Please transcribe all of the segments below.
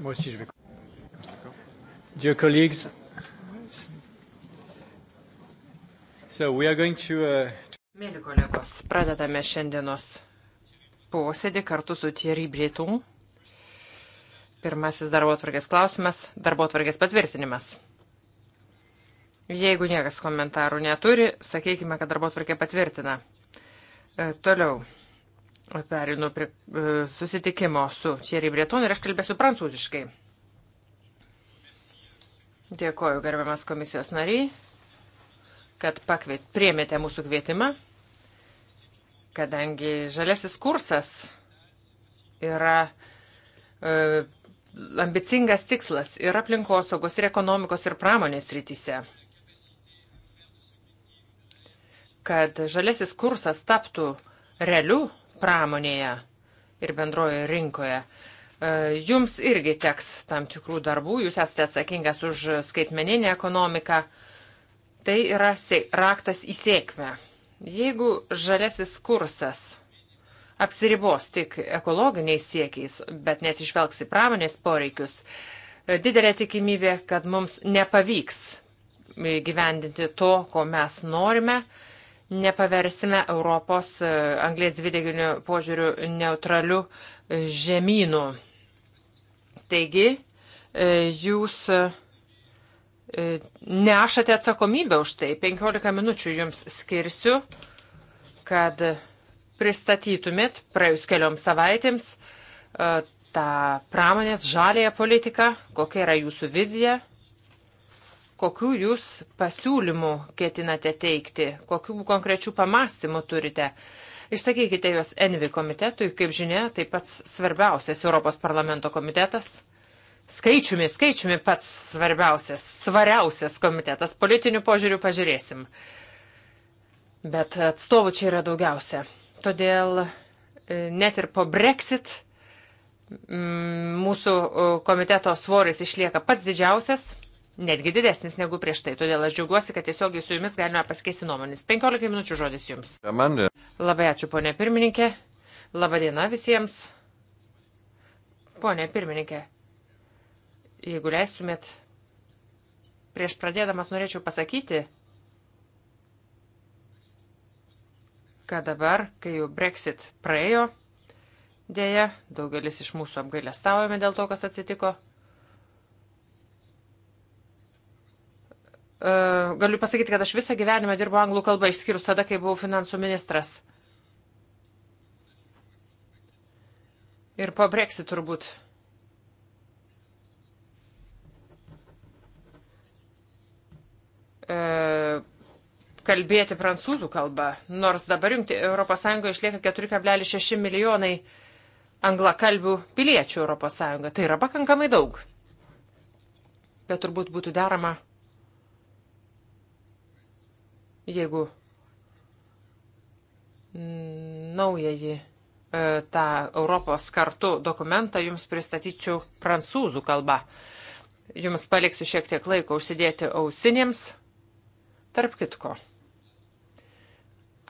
Moi aussi, je vais. Dear colleagues, so we are going to. Uh, Mėly kolegos, pradedame šiandienos posėdį kartu su Thierry Breton. Pirmasis darbo atvarkės klausimas - darbo atvarkės patvirtinimas. Jeigu niekas komentarų neturi, sakykime, kad darbo atvarkė patvirtina. E, toliau. Perinu prie e, susitikimo su Thierry Breton ir aš kalbėsiu prancūziškai. Dėkoju, gerbiamas komisijos nariai, kad pakviet, priemėte mūsų kvietimą, kadangi žalesis kursas yra e, ambicingas tikslas ir aplinkosaugos, ir ekonomikos, ir pramonės rytise kad žalesis kursas taptų realiu pramonėje ir bendroje rinkoje. E, jums irgi teks tam tikrų darbų, jūs esate atsakingas už skaitmeninę ekonomiką. Tai yra raktas į sėkmę. Jeigu žalesis kursas apsiribos tik ekologiniais siekiais, bet nesižvelgs į pramonės poreikius, e, didelė tikimybė, kad mums nepavyks gyvendinti to, ko mes norime, nepaversime Europos e, anglės dvideginių požiūrių neutralių e, žemynų. Taigi, e, jūs nešate atsakomybę už tai. 15 minučių jums skirsiu, kad pristatytumėt praėjus keliom savaitėms tą pramonės žalėją politiką, kokia yra jūsų vizija kokių jūs pasiūlymų ketinate teikti, kokių konkrečių pamastymų turite. Išsakykite juos Envi komitetui, kaip žinia, tai pats svarbiausias Europos parlamento komitetas. Skaičiumi, skaičiumi pats svarbiausias, svariausias komitetas. Politinių požiūrių pažiūrėsim. Bet atstovų čia yra daugiausia. Todėl e, net ir po Brexit mūsų e, komiteto svoris išlieka pats didžiausias netgi didesnis negu prieš tai. Todėl aš džiaugiuosi, kad tiesiogiai su jumis galime pasikeisti nuomonės. 15 minučių žodis jums. Amanda. Labai ačiū, ponė pirmininkė. Labadiena visiems. Pone pirmininkė, jeigu leistumėt, prieš pradėdamas norėčiau pasakyti, kad dabar, kai jau Brexit praėjo, dėja, daugelis iš mūsų apgailestavome dėl to, kas atsitiko. galiu pasakyti, kad aš visą gyvenimą dirbu anglų kalbą, išskyrus tada, kai buvau finansų ministras. Ir po Brexit turbūt. E, kalbėti prancūzų kalbą, nors dabar jungti ES išlieka 4,6 milijonai anglakalbių piliečių ES. Tai yra pakankamai daug. Bet turbūt būtų derama Jeigu naująjį e, tą Europos kartu dokumentą jums pristatyčiau prancūzų kalba. Jums paliksiu šiek tiek laiko užsidėti ausinėms. Tarp kitko,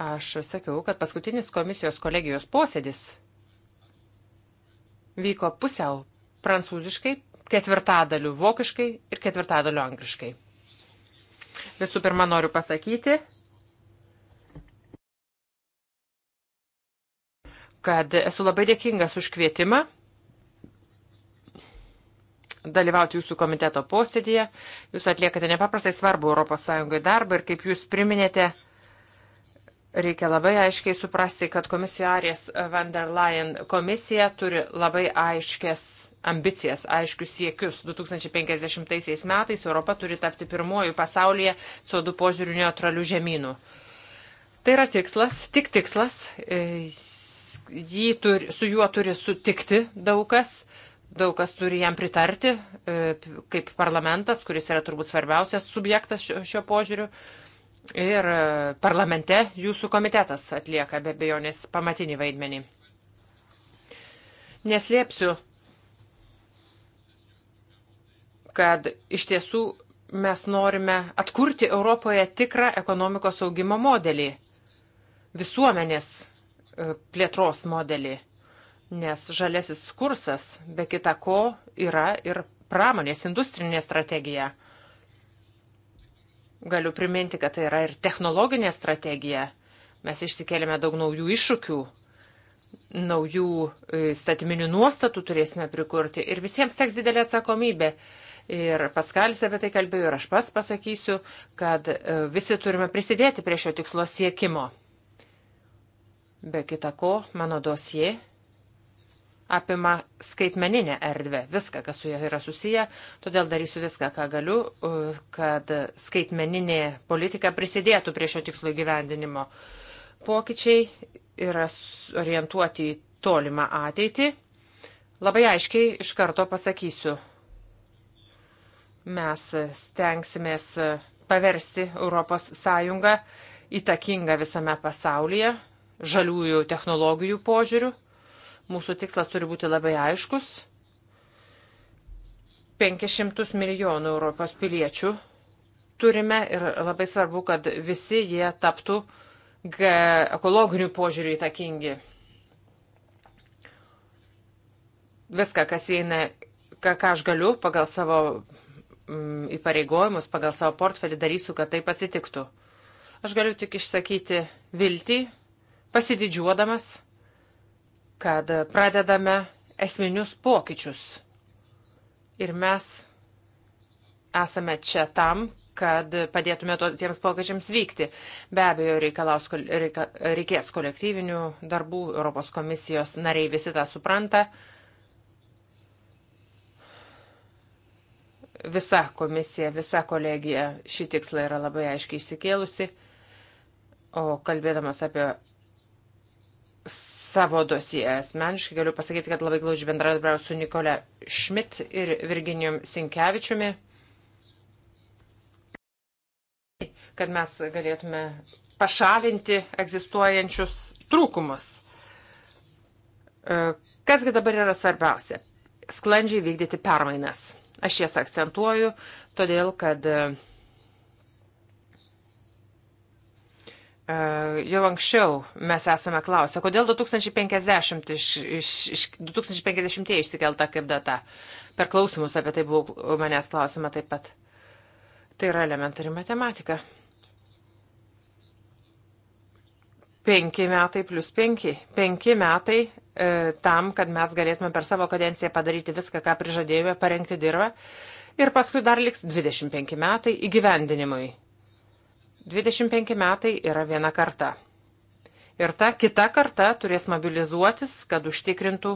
aš sakiau, kad paskutinis komisijos kolegijos posėdis vyko pusiau prancūziškai, ketvirtadaliu vokiškai ir ketvirtadaliu angliškai. Visų pirma, noriu pasakyti, kad esu labai dėkingas už kvietimą dalyvauti jūsų komiteto posėdėje. Jūs atliekate nepaprastai svarbu ES darbą ir kaip jūs priminėte, reikia labai aiškiai suprasti, kad komisijų Arės van der Leyen komisija turi labai aiškės ambicijas, aiškius siekius. 2050 metais Europa turi tapti pirmuoju pasaulyje sodų požiūrių neutralių žemynų. Tai yra tikslas, tik tikslas, e, turi, su juo turi sutikti daug kas, daug kas turi jam pritarti, e, kaip parlamentas, kuris yra turbūt svarbiausias subjektas šio, šio požiūriu. Ir e, parlamente jūsų komitetas atlieka be abejonės pamatinį vaidmenį. Neslėpsiu, kad iš tiesų mes norime atkurti Europoje tikrą ekonomikos augimo modelį, visuomenės e, plėtros modelį, nes žalesis kursas, be kita ko, yra ir pramonės industrinė strategija. Galiu priminti, kad tai yra ir technologinė strategija. Mes išsikėlėme daug naujų iššūkių, naujų e, statyminių nuostatų turėsime prikurti ir visiems teks didelė atsakomybė ir Paskalis apie tai kalbėjo, ir aš pats pasakysiu, kad e, visi turime prisidėti prie šio tikslo siekimo. Be kita ko, mano dosie apima skaitmeninę erdvę, viską, kas su ja yra susiję, todėl darysiu viską, ką galiu, e, kad skaitmeninė politika prisidėtų prie šio tikslo įgyvendinimo. Pokyčiai yra orientuoti į tolimą ateitį. Labai aiškiai iš karto pasakysiu, Mes stengsimės paversti ES įtakinga visame pasaulyje, žaliųjų technologijų požiūrių. Mūsų tikslas turi būti labai aiškus. 500 milijonų Europos piliečių turime ir labai svarbu, kad visi jie taptų ekologinių požiūrių įtakingi. Viską, kas įeina, ką, ką aš galiu pagal savo mm, įpareigojimus pagal savo portfelį darysiu, kad taip atsitiktų. Aš galiu tik išsakyti viltį, pasididžiuodamas, kad pradedame esminius pokyčius. Ir mes esame čia tam, kad padėtume to, tiems pokyčiams vykti. Be abejo, reikalaus, reika, reikės kolektyvinių darbų, Europos komisijos nariai visi tą supranta. Uh, visa komisija, visa kolegija šį tikslą yra labai aiškiai išsikėlusi. O kalbėdamas apie savo dosiją asmeniškai galiu pasakyti, kad labai glaužiai bendradarbiauju su Nikole Šmit ir Virginijum Sinkevičiumi, kad mes galėtume pašalinti egzistuojančius trūkumus. E, kasgi dabar yra svarbiausia? Sklandžiai vykdyti permainas Aš jas akcentuoju, todėl kad e, jau anksčiau mes esame klausę, kodėl 2050, iš, iš, iš, 2050 išsikelta kaip data. Per klausimus apie tai buvo manęs klausima taip pat. Tai yra elementari matematika. 5 metai plus 5. 5 metai E, tam, kad mes galėtume per savo kadenciją padaryti viską, ką prižadėjome, parengti dirbą. Ir paskui dar liks 25 metai įgyvendinimui. 25 metai yra viena karta. Ir ta kita karta turės mobilizuotis, kad užtikrintų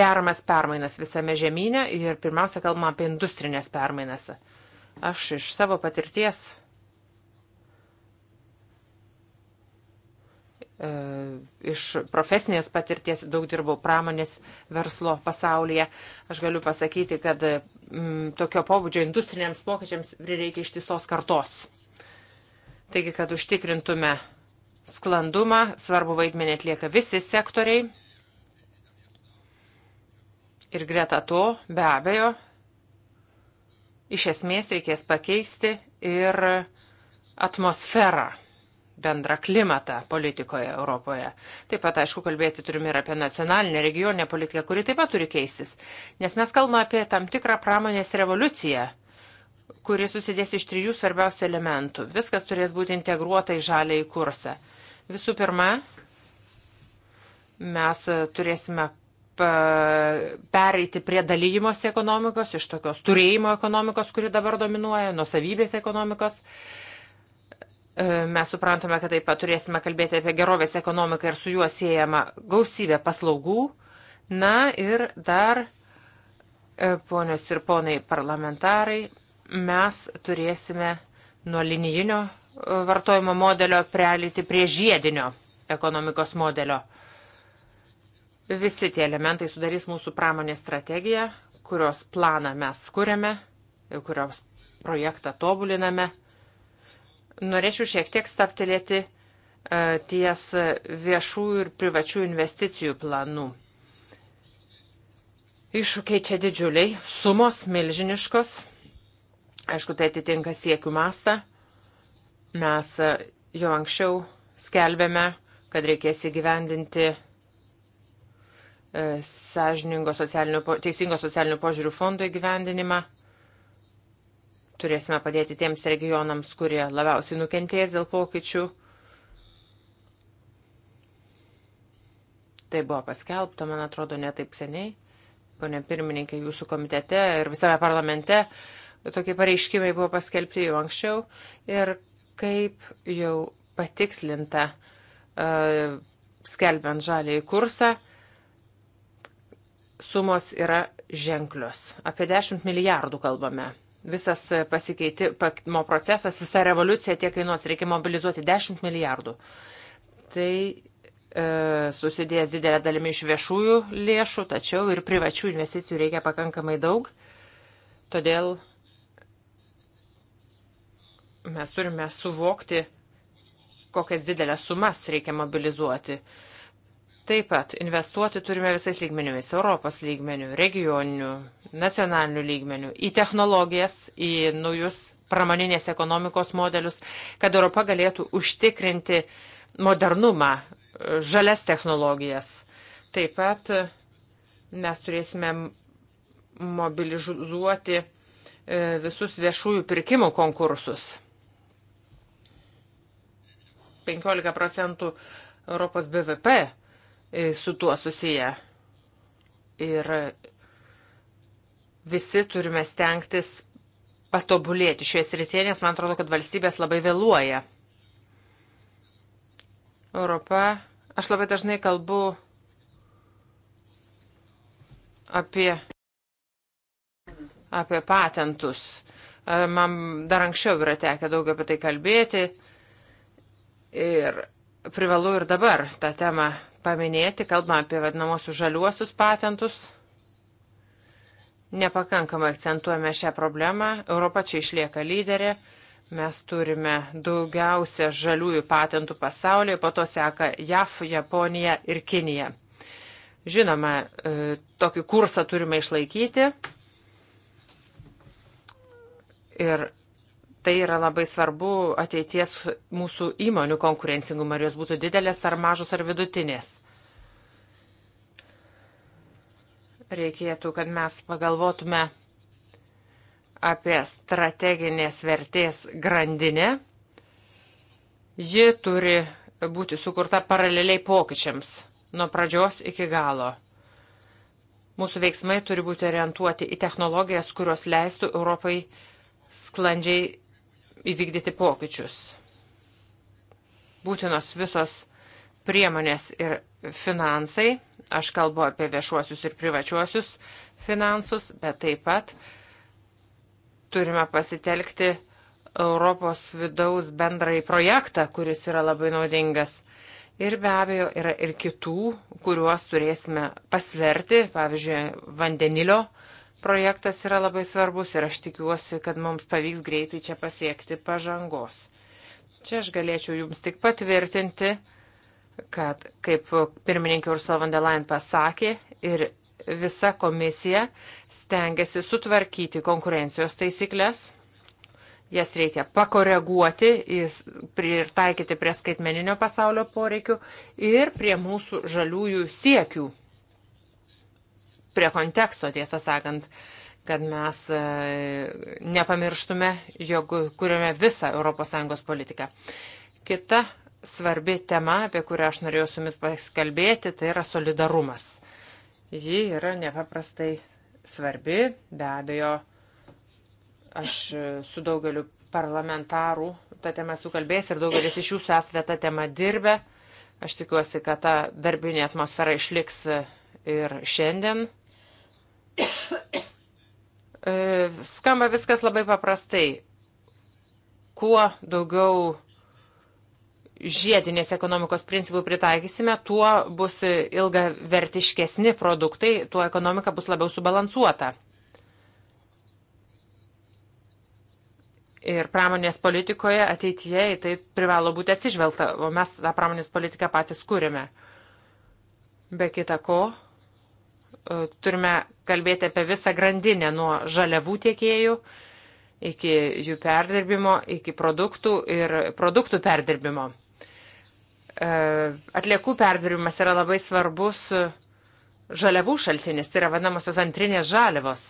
deramas permainas visame žemynė ir pirmiausia kalbama apie industrinės permainas. Aš iš savo patirties E, iš profesinės patirties daug dirbau pramonės verslo pasaulyje. Aš galiu pasakyti, kad m, mm, tokio pobūdžio industriniams pokyčiams prireikia ištisos kartos. Taigi, kad užtikrintume sklandumą, svarbu vaidmenį atlieka visi sektoriai. Ir greta to, be abejo, iš esmės reikės pakeisti ir atmosferą bendrą klimatą politikoje Europoje. Taip pat, aišku, kalbėti turime ir apie nacionalinę regioninę politiką, kuri taip pat turi keistis. Nes mes kalbame apie tam tikrą pramonės revoliuciją, kuri susidės iš trijų svarbiausių elementų. Viskas turės būti integruota į žalę į kursą. Visų pirma, mes turėsime pereiti prie dalymosi ekonomikos, iš tokios turėjimo ekonomikos, kuri dabar dominuoja, nusavybės ekonomikos. ekonomikos E, mes suprantame, kad taip pat turėsime kalbėti apie gerovės ekonomiką ir su juo siejama gausybė paslaugų. Na ir dar, e, ponios ir ponai parlamentarai, mes turėsime nuo linijinio e, vartojimo modelio prelyti prie žiedinio ekonomikos modelio. Visi tie elementai sudarys mūsų pramonės strategiją, kurios planą mes skūrėme, kurios projektą tobuliname Norėčiau šiek tiek staptelėti e, ties viešųjų ir privačių investicijų planų. Iššūkiai čia didžiuliai, sumos milžiniškos, aišku, tai atitinka siekių mastą. Mes e, jau anksčiau skelbėme, kad reikės įgyvendinti e, sąžiningo socialinio, teisingo socialinių požiūrių fondo įgyvendinimą. Turėsime padėti tiems regionams, kurie labiausiai nukentės dėl pokyčių. Tai buvo paskelbta, man atrodo, netaip seniai. Pone pirmininkė, jūsų komitete ir visame parlamente tokie pareiškimai buvo paskelbti jau anksčiau. Ir kaip jau patikslinta, uh, skelbiant žaliai kursą, sumos yra ženklios. Apie 10 milijardų kalbame visas pasikeitimo procesas, visa revoliucija tiek kainuos, reikia mobilizuoti 10 milijardų. Tai e, susidėjęs didelę dalimi iš viešųjų lėšų, tačiau ir privačių investicijų reikia pakankamai daug. Todėl mes turime suvokti, kokias didelės sumas reikia mobilizuoti. E, Taip pat investuoti turime visais lygmenimis - Europos lygmenių, regioninių, nacionalinių lygmenių, į technologijas, į naujus pramoninės ekonomikos modelius, kad Europa galėtų užtikrinti modernumą, žalias technologijas. Taip pat mes turėsime mobilizuoti e, visus viešųjų pirkimų konkursus. 15 procentų Europos BVP E, su tuo susiję. Ir visi turime stengtis patobulėti šioje srityje, nes man atrodo, kad valstybės labai vėluoja. Europa. Aš labai dažnai kalbu apie, apie patentus. E, man dar anksčiau yra tekę daug apie tai kalbėti. Ir privalu ir dabar tą temą paminėti, kalbam apie vadinamosius žaliuosius patentus. Nepakankamai akcentuojame šią problemą, Europa čia išlieka lyderė, mes turime daugiausia žaliųjų patentų pasaulyje, po to seka JAF, Japonija ir Kinija. Žinoma, e, tokį kursą turime išlaikyti ir Tai yra labai svarbu ateities mūsų įmonių konkurencingumą, ar jos būtų didelės ar mažos ar vidutinės. Reikėtų, kad mes pagalvotume apie strateginės vertės grandinę. Ji turi būti sukurta paraleliai pokyčiams nuo pradžios iki galo. Mūsų veiksmai turi būti orientuoti į technologijas, kurios leistų Europai sklandžiai įvykdyti pokyčius. Būtinos visos priemonės ir finansai, aš kalbu apie viešuosius ir privačiuosius finansus, bet taip pat turime pasitelkti Europos vidaus bendrąjį projektą, kuris yra labai naudingas. Ir be abejo yra ir kitų, kuriuos turėsime pasverti, pavyzdžiui, vandenilio uh, projektas yra labai svarbus ir aš tikiuosi, kad mums pavyks greitai čia pasiekti pažangos. Čia aš galėčiau jums tik patvirtinti, kad kaip pirmininkė Ursula von der Leyen pasakė ir visa komisija stengiasi sutvarkyti konkurencijos taisyklės, jas reikia pakoreguoti, pritaikyti prie skaitmeninio pasaulio poreikių ir prie mūsų žaliųjų siekių prie konteksto, tiesą sakant, kad mes e, nepamirštume, jog kuriame visą ES politiką. Kita svarbi tema, apie kurią aš norėjau su jumis pasikalbėti, tai yra solidarumas. Ji yra nepaprastai svarbi, be abejo, aš su daugeliu parlamentarų tą temą sukalbės ir daugelis iš jūsų esate tą temą dirbę. Aš tikiuosi, kad ta darbinė atmosfera išliks ir šiandien. Skamba viskas labai paprastai. Kuo daugiau žiedinės ekonomikos principų pritaikysime, tuo bus ilga vertiškesni produktai, tuo ekonomika bus labiau subalansuota. Ir pramonės politikoje ateityje į tai privalo būti atsižvelgta, o mes tą pramonės politiką patys kūrėme. Be kita ko, E, turime kalbėti apie visą grandinę nuo žaliavų tiekėjų iki jų perdirbimo, iki produktų ir produktų perdirbimo. E, atliekų perdirbimas yra labai svarbus žaliavų šaltinis, tai yra vadinamosios antrinės žaliavos.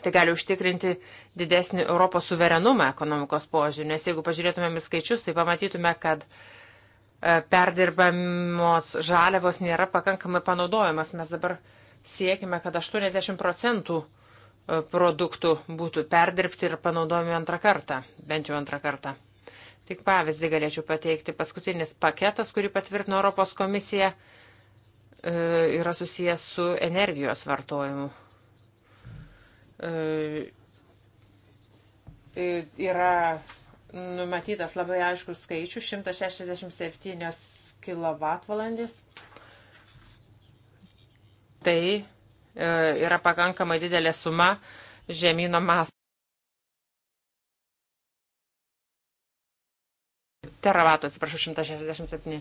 Tai gali užtikrinti didesnį Europos suverenumą ekonomikos požiūrį, nes jeigu pažiūrėtumėm į skaičius, tai pamatytume, kad uh, E, perdirbamos žaliavos nėra pakankamai panaudojamas. Mes dabar siekime, kad 80 procentų e, produktų būtų perdirbti ir panaudojami antrą kartą, bent jau antrą kartą. Tik pavyzdį galėčiau pateikti. Paskutinis paketas, kurį patvirtino Europos komisija, e, yra susijęs su energijos vartojimu. Yra numatytas labai aiškus skaičius - 167 kWh. Tai e, yra pakankamai didelė suma žemynų mastų. Teravatų, atsiprašau, 167.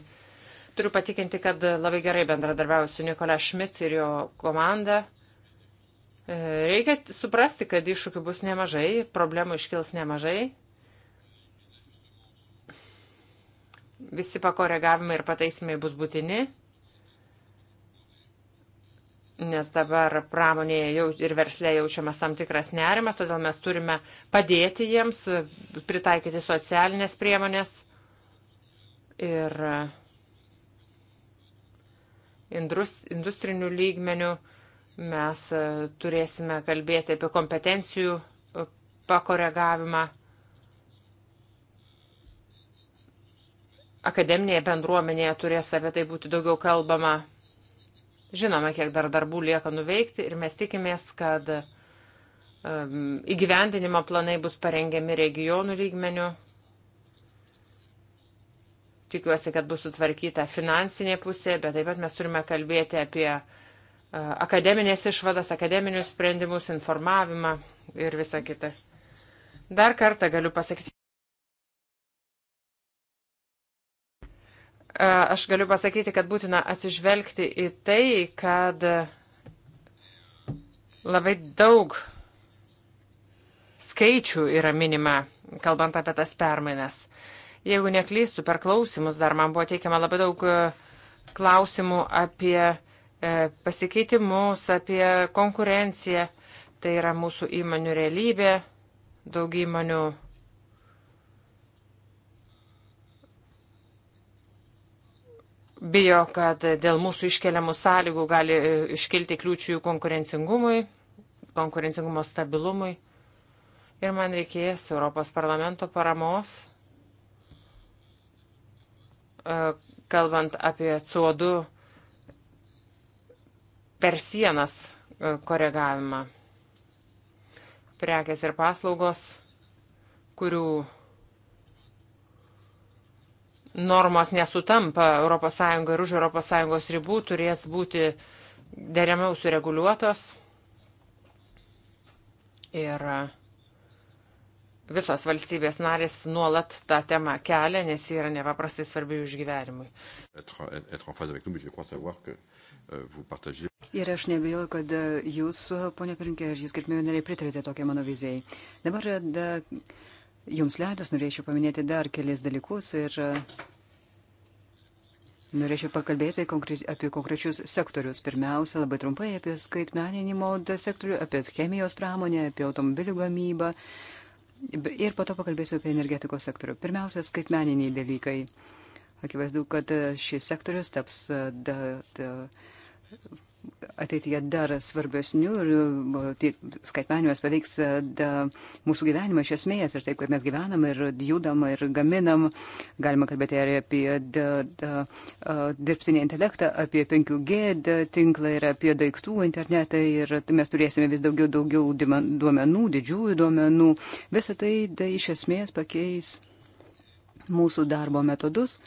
Turiu patikinti, kad labai gerai bendradarbiauju su Nikola Šmit ir jo komanda. E, reikia suprasti, kad iššūkių bus nemažai, problemų iškils nemažai, Visi pakoregavimai ir pataisimai bus būtini, nes dabar pramonėje jau ir verslė jaučiamas tam tikras nerimas, todėl mes turime padėti jiems, pritaikyti socialinės priemonės ir eh, industrinių lygmenių mes eh, turėsime kalbėti apie kompetencijų eh, pakoregavimą akademinėje bendruomenėje turės apie tai būti daugiau kalbama. Žinome, kiek dar darbų lieka nuveikti ir mes tikimės, kad um, įgyvendinimo planai bus parengiami regionų lygmenių. Tikiuosi, kad bus sutvarkyta finansinė pusė, bet taip pat mes turime kalbėti apie uh, akademinės išvadas, akademinius sprendimus, informavimą ir visą kitą. Dar kartą galiu pasakyti. Aš galiu pasakyti, kad būtina atsižvelgti į tai, kad labai daug skaičių yra minima, kalbant apie tas permainas. Jeigu neklystu, per klausimus dar man buvo teikiama labai daug e, klausimų apie e, pasikeitimus, apie konkurenciją. Tai yra mūsų įmonių realybė, daug įmonių bijo, kad dėl mūsų iškeliamų sąlygų gali e, iškilti kliūčių jų konkurencingumui, konkurencingumo stabilumui. Ir man reikės Europos parlamento paramos, e, kalbant apie CO2 per sienas e, koregavimą. Prekės ir paslaugos, kurių normos nesutampa ES ir už ES ribų, turės būti deriamiau sureguliuotos. Ir visos valstybės narės nuolat tą temą kelia, nes ji yra nepaprastai svarbi jų išgyvenimui. Euh, ir aš nebejoju, kad euh, jūs, euh, ponia Pirinkė, ir jūs, gerbėjai, nariai pritarėte tokiai mano vizijai. Dabar da, de Jums leidus norėčiau paminėti dar kelias dalykus ir e, norėčiau pakalbėti konkre apie konkrečius sektorius. Pirmiausia, labai trumpai apie skaitmeninimo sektorių, apie chemijos pramonę, apie automobilių gamybą. Ir po to pakalbėsiu apie energetikos sektorių. Pirmiausia, skaitmeniniai dalykai. Akivaizdu, kad e, šis sektorius taps e, da, da, ateityje dar svarbesnių ir skaitmenimas paveiks e, da, mūsų gyvenimą iš esmės ir taip, kaip mes gyvenam ir judam ir gaminam. Galima kalbėti ir apie da, da, dirbtinį intelektą, apie 5G da, tinklą ir apie daiktų internetą ir mes turėsime vis daugiau, daugiau duomenų, didžiųjų duomenų. Visą tai da, iš esmės pakeis mūsų darbo metodus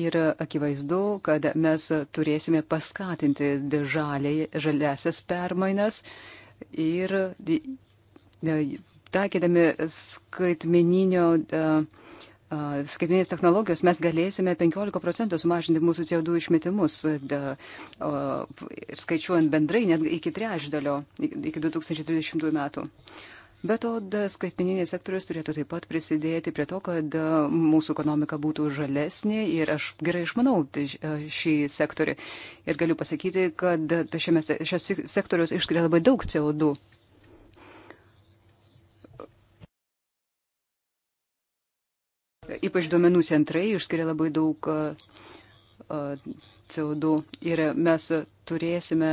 Ir akivaizdu, kad mes turėsime paskatinti žaliai, žaliasias permainas ir taikydami skaitmeninio. Uh, skaitmeninės technologijos mes galėsime 15 procentų sumažinti mūsų CO2 išmetimus, da, o, skaičiuojant bendrai net iki trečdalio, iki 2030 metų. Be to, skaitmininis sektorius turėtų taip pat prisidėti prie to, kad e, mūsų ekonomika būtų žalesnė ir aš gerai išmanau tai, e, šį sektorių. Ir galiu pasakyti, kad šiame, šis sektorius išskiria labai daug CO2. Ypač duomenų centrai išskiria labai daug e, CO2 ir mes turėsime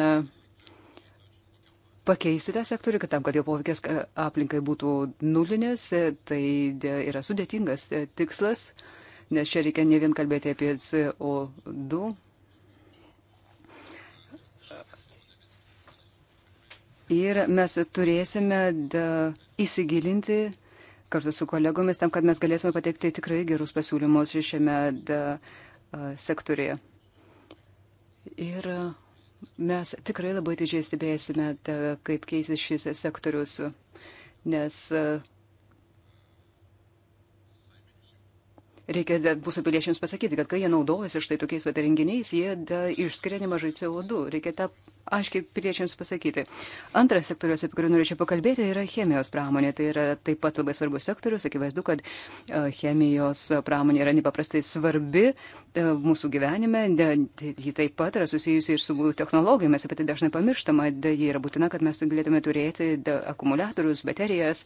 pakeisti tą sektorių, kad tam, kad jo poveikis e, aplinkai būtų nulinis, e, tai e, yra sudėtingas tikslas, nes čia reikia ne vien kalbėti apie CO2. Ir mes turėsime da, įsigilinti kartu su kolegomis tam, kad mes galėtume pateikti tikrai gerus pasiūlymus šiame da, sektorėje. Ir uh, Mes tikrai labai didžiai stebėsime, kaip keisis šis sektorius, nes e, reikia mūsų piliečiams pasakyti, kad kai jie naudojasi štai tokiais vat renginiais, jie da, išskiria nemažai CO2. Reikia tą aiškiai piliečiams pasakyti. Antras sektorius, apie kurį norėčiau pakalbėti, yra chemijos pramonė. Tai yra taip pat labai svarbus sektorius. Akivaizdu, kad e, chemijos pramonė yra nepaprastai svarbi e, mūsų gyvenime. Ji taip pat yra susijusi ir su technologijomis, apie tai dažnai pamirštama. Ji yra būtina, kad mes galėtume turėti akumuliatorius, baterijas.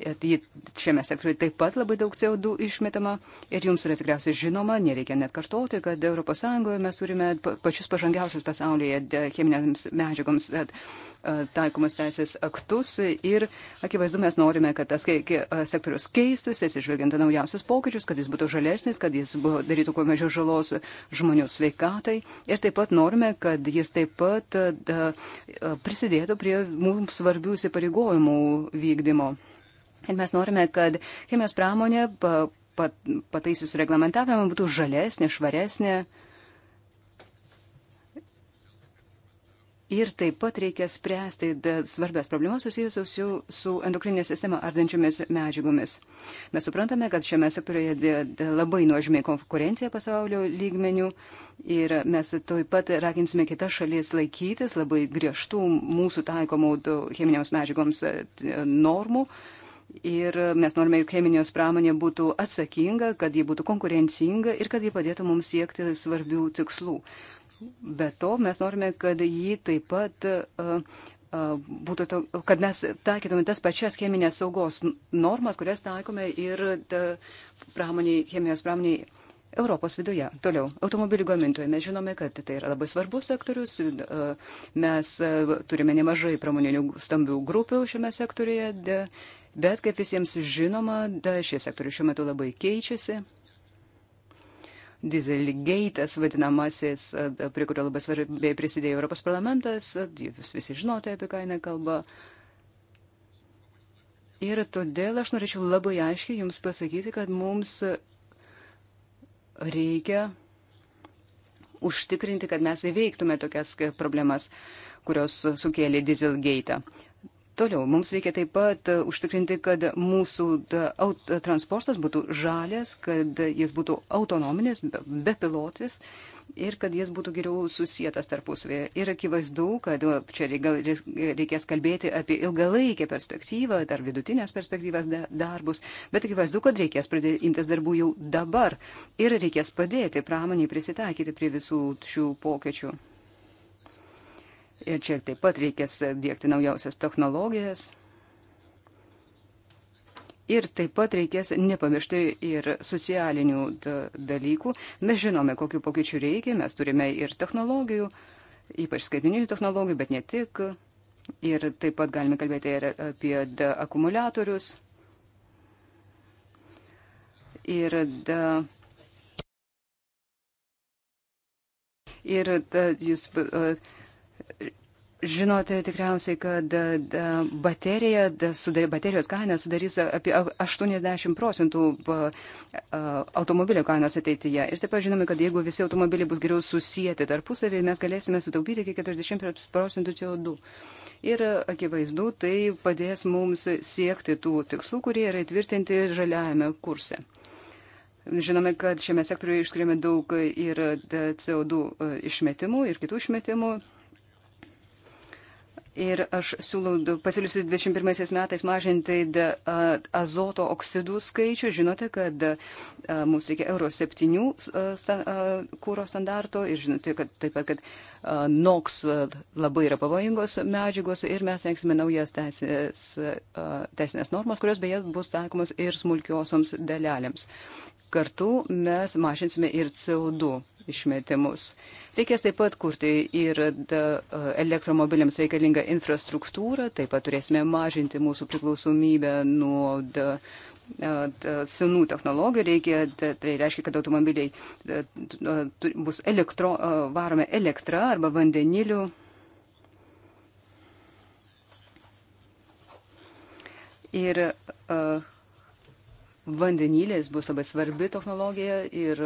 E, ji šiame sektoriuje taip pat labai daug CO2 išmetama. Ir jums yra tikriausiai žinoma, nereikia net kartoti, kad ES mes turime pačius pažangiausius pasaulyje cheminiams psichoaktyviams medžiagoms e, taikomus teisės aktus ir akivaizdu mes norime, kad tas e, sektorius keistųsi, atsižvelgiant į naujausius pokyčius, kad jis būtų žalesnis, kad jis darytų kuo mažiau žalos žmonių sveikatai ir taip pat norime, kad jis taip pat e, prisidėtų prie mums svarbių įsipareigojimų vykdymo. Ir mes norime, kad chemijos pramonė pataisius reglamentavimą būtų žalesnė, švaresnė. Ir taip pat reikia spręsti svarbės problemas susijusios su, su endokrininė sistema ardančiomis medžiagomis. Mes suprantame, kad šiame sektorioje de, de labai nuožmiai konkurencija pasaulio lygmenių ir mes taip pat raginsime kitas šalis laikytis labai griežtų mūsų taikomų cheminėms medžiagoms normų. Ir mes norime, kad cheminės pramonė būtų atsakinga, kad ji būtų konkurencinga ir kad ji padėtų mums siekti svarbių tikslų. Be to, mes norime, kad jį taip pat e, e, būtų, to, kad mes taikytume tas pačias cheminės saugos normas, kurias taikome ir e, pramoniai, chemijos pramoniai Europos viduje. Toliau, automobilių gamintojai. Mes žinome, kad tai yra labai svarbus sektorius. Mes turime nemažai pramoninių stambių grupių šiame sektorėje, bet kaip visiems žinoma, šie sektoriai šiuo metu labai keičiasi. Dieselgate'as vadinamasis, prie kurio labai svarbiai prisidėjo Europos parlamentas, jūs visi žinote, apie ką jinai kalba. Ir todėl aš norėčiau labai aiškiai jums pasakyti, kad mums reikia užtikrinti, kad mes įveiktume tokias problemas, kurios sukėlė Dieselgate'ą. Toliau, mums reikia taip pat e, užtikrinti, kad mūsų e, e, transportas būtų žalės, kad jis būtų autonominis, bepilotis. Be ir kad jis būtų geriau susijęs tarpusavėje. Ir akivaizdu, kad čia reikės kalbėti apie ilgalaikę perspektyvą, dar vidutinės perspektyvas darbus, bet akivaizdu, kad reikės imtis darbų jau dabar ir reikės padėti pramoniai prisitaikyti prie visų šių pokyčių. Ir čia taip pat reikės dėkti naujausias technologijas. Ir taip pat reikės nepamiršti ir socialinių dalykų. Mes žinome, kokiu pokyčiu reikia, mes turime ir technologijų, ypač skaitmeninių technologijų, bet ne tik. Ir taip pat galime kalbėti ir apie akumuliatorius. Ir da, Ir ta, jūs Žinote tikriausiai, kad baterija, baterijos kaina sudarys apie 80 procentų automobilio kainos ateityje. Ir taip pat žinome, kad jeigu visi automobiliai bus geriau susijęti tarpusavį, mes galėsime sutaupyti iki 40 procentų CO2. Ir akivaizdu, tai padės mums siekti tų tikslų, kurie yra įtvirtinti žaliajame kurse. Žinome, kad šiame sektoriuje išskiriame daug ir CO2 e, išmetimų ir kitų išmetimų. Ir aš siūlau pasiūlysiu 21 metais mažinti azoto oksidų skaičių. Žinote, kad mums reikia euro 7 kūro standarto ir žinote, kad taip pat, kad NOX labai yra pavojingos medžiagos ir mes rengsime naujas teisinės normas, kurios beje bus taikomos ir smulkiosioms dalelėms kartu mes mažinsime ir CO2 išmetimus. Reikės taip pat kurti ir e, elektromobiliams reikalingą infrastruktūrą, taip pat turėsime mažinti mūsų priklausomybę nuo da, e, senų technologijų reikia, tai reiškia, kad automobiliai bus elektro, e, varomi elektra arba vandeniliu. Ir uh, vandenylės bus labai svarbi technologija ir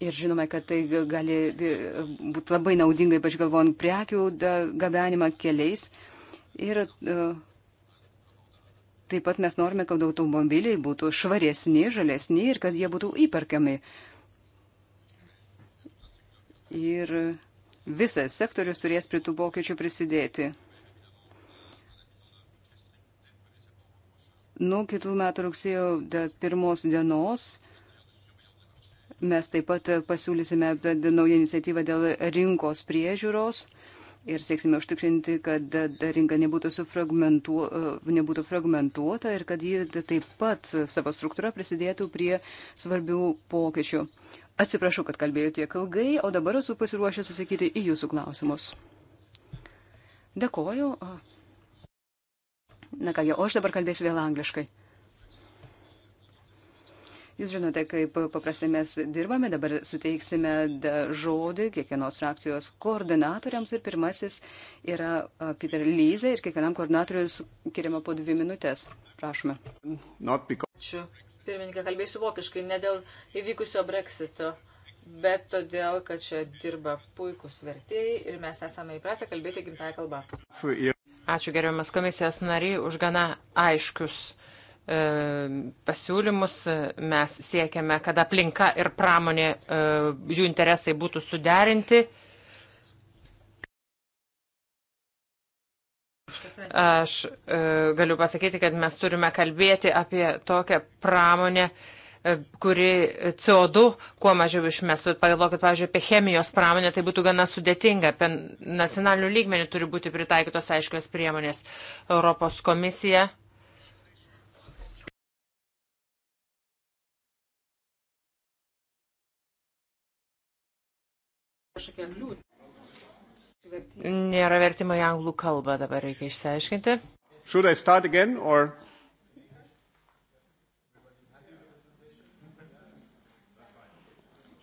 Ir žinome, kad tai gali būti labai naudinga, ypač galvojant prekių gabenimą keliais. Ir e, taip pat mes norime, kad automobiliai būtų švaresni, žalesni ir kad jie būtų įperkami. Ir visas sektorius turės prie tų pokyčių prisidėti. Nuo kitų metų rugsėjo pirmos dienos mes taip pat pasiūlysime naują iniciatyvą dėl rinkos priežiūros ir sieksime užtikrinti, kad rinka nebūtų, fragmentuo, e, nebūtų fragmentuota ir kad ji taip pat savo struktūrą prisidėtų prie svarbių pokyčių. Atsiprašau, kad kalbėjau tiek ilgai, o dabar esu pasiruošęs atsakyti į jūsų klausimus. Dėkoju. Na kągi, o aš dabar kalbėsiu vėl angliškai. Jūs žinote, kaip paprastai mes dirbame, dabar suteiksime žodį kiekvienos frakcijos koordinatoriams ir pirmasis yra Peter Lyze ir kiekvienam koordinatoriui skiriama po dvi minutės. Prašome. Ačiū. Pirmininkė, kalbėsiu vokiškai, ne dėl įvykusio breksito, bet todėl, kad čia dirba puikus vertėjai ir mes esame įpratę kalbėti gimtąją kalbą. Ačiū gerbiamas komisijos nariai už gana aiškius e, pasiūlymus. Mes siekiame, kad aplinka ir pramonė, e, jų interesai būtų suderinti. Aš e, galiu pasakyti, kad mes turime kalbėti apie tokią pramonę, E, kuri CO2 kuo mažiau išmestų. Pagalvokit, pavyzdžiui, apie chemijos pramonę, tai būtų gana sudėtinga. Apie nacionalinių lygmenių turi būti pritaikytos aiškios priemonės. Europos komisija. Nėra vertimo į anglų kalbą, dabar reikia išsiaiškinti. Should I start again or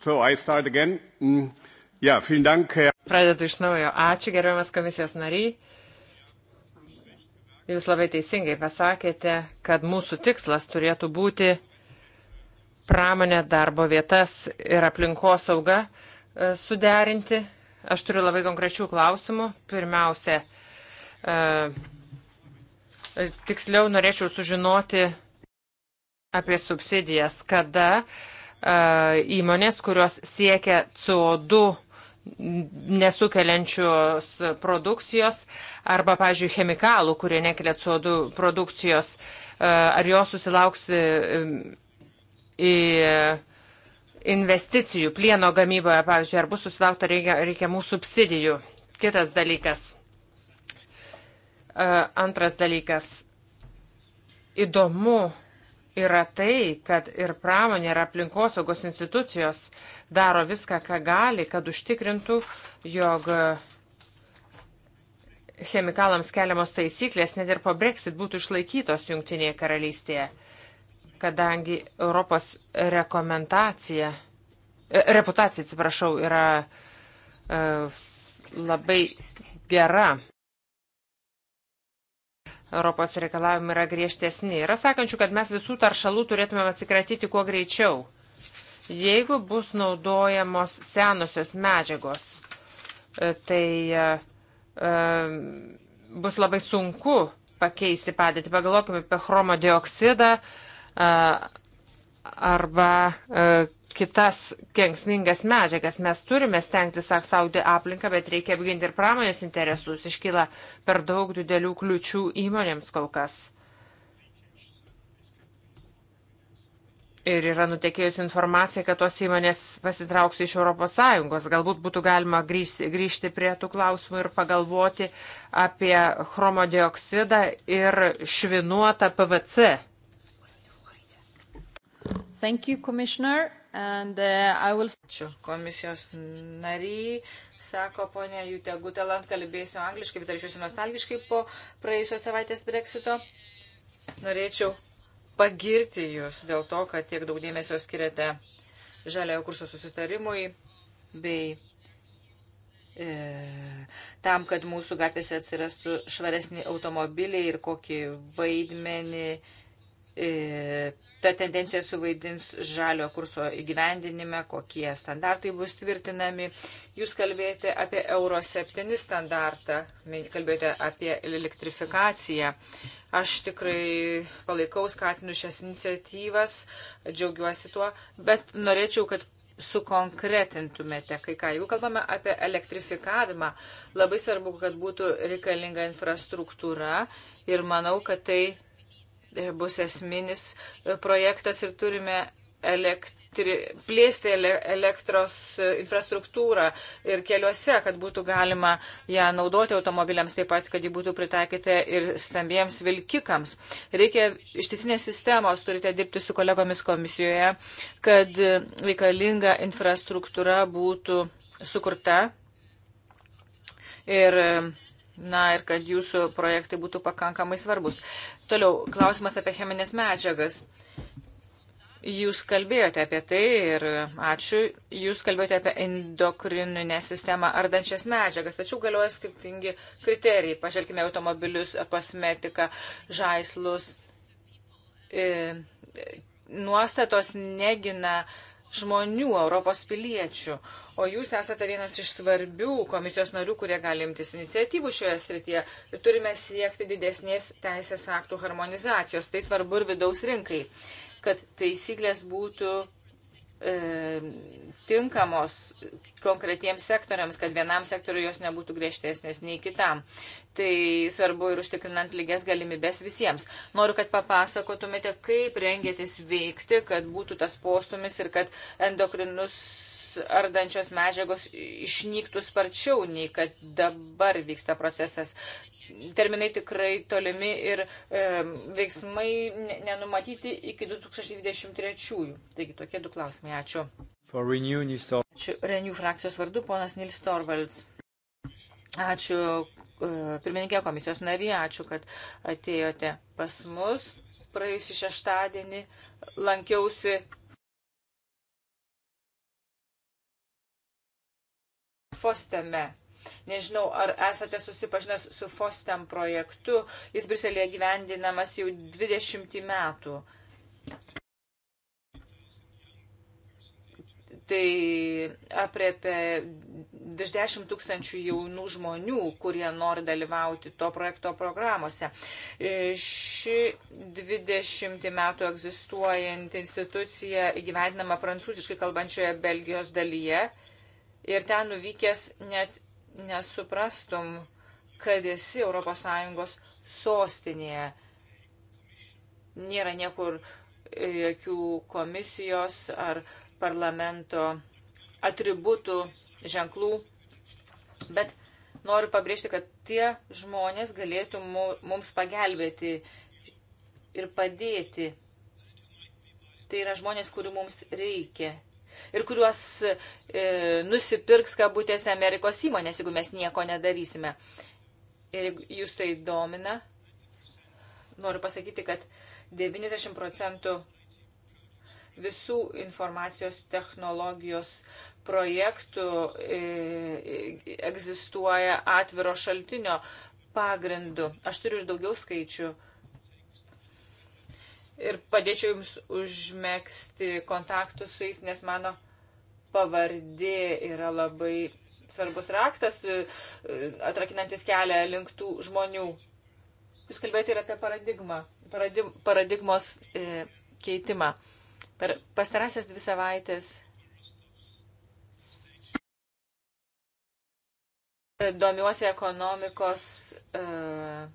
So I start again. Mm. Yeah, vielen Dank. Pradedu iš naujo. Ačiū, gerbiamas komisijos nariai. Jūs labai teisingai pasakėte, kad mūsų tikslas turėtų būti pramonę, darbo vietas ir aplinkosaugą e, suderinti. Aš turiu labai konkrečių klausimų. Pirmiausia, e, e, tiksliau norėčiau sužinoti apie subsidijas, kada uh, E, įmonės, kurios siekia CO2 nesukeliančios produkcijos arba, pavyzdžiui, chemikalų, kurie nekelia CO2 produkcijos, e, ar jos susilauks e, į investicijų plieno gamyboje, pavyzdžiui, ar bus susilaukta reikiamų subsidijų. Kitas dalykas. Antras dalykas. Įdomu yra tai, kad ir pramonė, ir aplinkosaugos institucijos daro viską, ką gali, kad užtikrintų, jog chemikalams keliamos taisyklės net ir po Brexit būtų išlaikytos Junktinėje karalystėje, kadangi Europos rekomendacija, e, reputacija, atsiprašau, yra e, labai gera. Europos reikalavimai yra griežtesni. Yra sakančių, kad mes visų taršalų turėtume atsikratyti kuo greičiau, jeigu bus naudojamos senosios medžiagos. E, tai e, e, bus labai sunku pakeisti padėtį. Pagalvokime apie chromo dioksidą, arba e, kitas kenksmingas medžiagas. Mes turime stengtis apsaugoti aplinką, bet reikia apginti ir pramonės interesus. Iškyla per daug didelių kliučių įmonėms kol kas. Ir yra nutekėjusi informacija, kad tos įmonės pasitrauks iš ES. Galbūt būtų galima grįžti, grįžti prie tų klausimų ir pagalvoti apie chromodioksidą ir švinuotą PVC Thank you, Commissioner. And, uh, will... Ačiū komisijos nariai, sako ponė Jutė Gutelant, kalbėsiu angliškai, bet elgsiuosi nostalgiškai po praėjusios savaitės breksito. Norėčiau pagirti Jūs dėl to, kad tiek daug dėmesio skiriate žaliojo kurso susitarimui bei e, tam, kad mūsų gatvėse atsirastų švaresni automobiliai ir kokį vaidmenį e, E, ta tendencija suvaidins žalio kurso įgyvendinime, kokie standartai bus tvirtinami. Jūs kalbėjote apie Euro 7 standartą, kalbėjote apie elektrifikaciją. Aš tikrai palaikau, skatinu šias iniciatyvas, džiaugiuosi tuo, bet norėčiau, kad sukonkretintumėte kai ką. Jeigu kalbame apie elektrifikavimą, labai svarbu, kad būtų reikalinga infrastruktūra ir manau, kad tai E, bus esminis e, projektas ir turime elektri, plėsti ele, elektros e, infrastruktūrą ir keliuose, kad būtų galima ją naudoti automobiliams, taip pat, kad ji būtų pritaikyta ir stambiems vilkikams. Reikia ištisinės sistemos, turite dirbti su kolegomis komisijoje, kad reikalinga infrastruktūra būtų sukurta ir, na, ir kad jūsų projektai būtų pakankamai svarbus. Toliau, klausimas apie cheminės medžiagas. Jūs kalbėjote apie tai ir ačiū, jūs kalbėjote apie endokrininę sistemą ardančias medžiagas, tačiau galioja skirtingi kriterijai. Pažvelkime automobilius, kosmetiką, žaislus. E, nuostatos negina žmonių, Europos piliečių. O jūs esate vienas iš svarbių komisijos narių, kurie gali imtis iniciatyvų šioje srityje. Ir turime siekti didesnės teisės aktų harmonizacijos. Tai svarbu ir vidaus rinkai, kad taisyklės būtų e, tinkamos konkretiems sektoriams, kad vienam sektoriui jos nebūtų griežtesnės nei kitam. Tai svarbu ir užtikrinant lygias galimybės visiems. Noriu, kad papasakotumėte, kaip rengėtės veikti, kad būtų tas postumis ir kad endokrinus ardančios medžiagos išnyktų sparčiau, nei kad dabar vyksta procesas. Terminai tikrai tolimi ir e, veiksmai nenumatyti iki 2023. Taigi tokie du klausimai. Ačiū. Renew, Ačiū Renew frakcijos vardu, ponas Nils Torvalds. Ačiū E, pirmininkė komisijos narė, ačiū, kad atėjote pas mus. Praėjusį šeštadienį lankiausi Fosteme. Nežinau, ar esate susipažinęs su Fostem projektu. Jis Briselėje gyvendinamas jau 20 metų. tai apriepia virš 10 tūkstančių jaunų žmonių, kurie nori dalyvauti to projekto programuose. E, ši 20 metų egzistuojanti institucija įgyvendinama prancūziškai kalbančioje Belgijos dalyje ir ten nuvykęs net nesuprastum, kad esi ES sostinėje. Nėra niekur e, jokių komisijos ar uh, parlamento atributų, ženklų, bet noriu pabrėžti, kad tie žmonės galėtų mums pagelbėti ir padėti. Tai yra žmonės, kurių mums reikia. Ir kuriuos e, nusipirks kabutėse Amerikos įmonės, jeigu mes nieko nedarysime. Ir jūs tai domina, noriu pasakyti, kad 90 procentų visų informacijos technologijos projektų e, e, egzistuoja atviro šaltinio pagrindu. Aš turiu ir daugiau skaičių. Ir padėčiau Jums užmėgsti kontaktus su jais, nes mano pavardė yra labai svarbus raktas, e, atrakinantis kelią link tų žmonių. Jūs kalbėjote ir apie paradigmą, paradig, paradigmos e, keitimą. Per pastarąsias dvi savaitės domiuosi ekonomikos uh,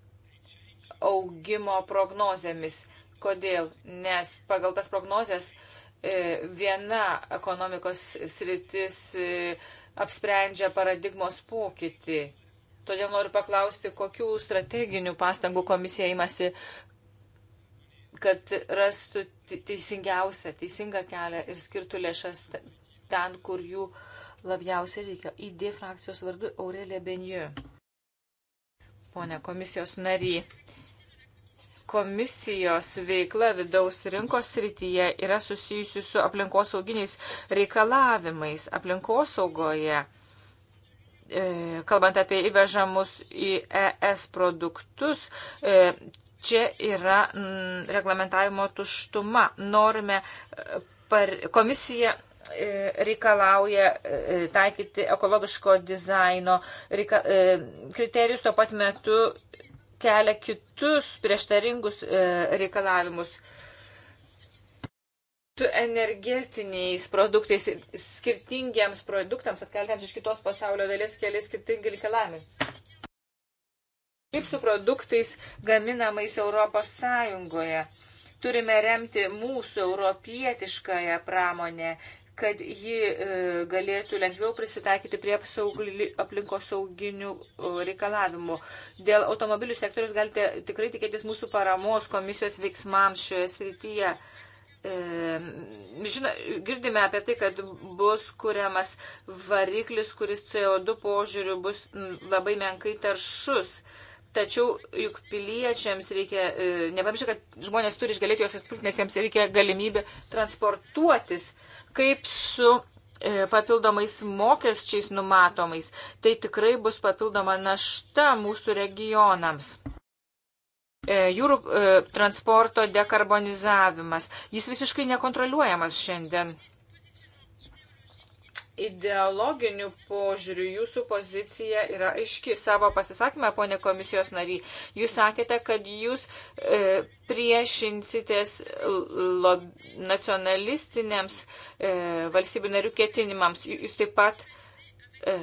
augimo prognozėmis. Kodėl? Nes pagal tas prognozes uh, viena ekonomikos sritis uh, apsprendžia paradigmos pokytį. Todėl noriu paklausti, kokių strateginių pastangų komisija imasi, kad rastų teisingiausią, teisingą kelią ir skirtų lėšas ten, kur jų labiausiai reikia. ID frakcijos vardu Aurelė Benjė. Pone komisijos nary, komisijos veikla vidaus rinkos srityje yra susijusi su aplinkosauginiais reikalavimais aplinkosaugoje. E, kalbant apie įvežamus į ES produktus, e, čia yra m, mm, reglamentavimo tuštuma. Norime, e, par, komisija e, reikalauja e, taikyti ekologiško dizaino reika, kriterijus, tuo pat metu kelia kitus prieštaringus reikalavimus. Su energetiniais produktais, skirtingiems produktams atkeltiems iš kitos pasaulio dalies keli skirtingi reikalavimai kaip su produktais gaminamais Europos Sąjungoje. Turime remti mūsų europietiškąją pramonę, kad ji e, galėtų lengviau prisitaikyti prie aplinkosauginių e, reikalavimų. Dėl automobilių sektorius galite tikrai tikėtis mūsų paramos komisijos veiksmams šioje srityje. E, žino, girdime apie tai, kad bus kuriamas variklis, kuris CO2 požiūriu bus labai menkai taršus. E, Tačiau juk piliečiams reikia, e, nepamirškite, kad žmonės turi išgalėti josios pult, nes jiems reikia galimybę transportuotis. Kaip su e, papildomais mokesčiais numatomais, tai tikrai bus papildoma našta mūsų regionams. E, jūrų e, transporto dekarbonizavimas, jis visiškai nekontroliuojamas šiandien ideologiniu požiūriu jūsų pozicija yra aiški. Savo pasisakymą, ponė komisijos nary, jūs sakėte, kad jūs e, priešinsitės lo, nacionalistiniams e, valstybių narių ketinimams. Jūs taip pat e,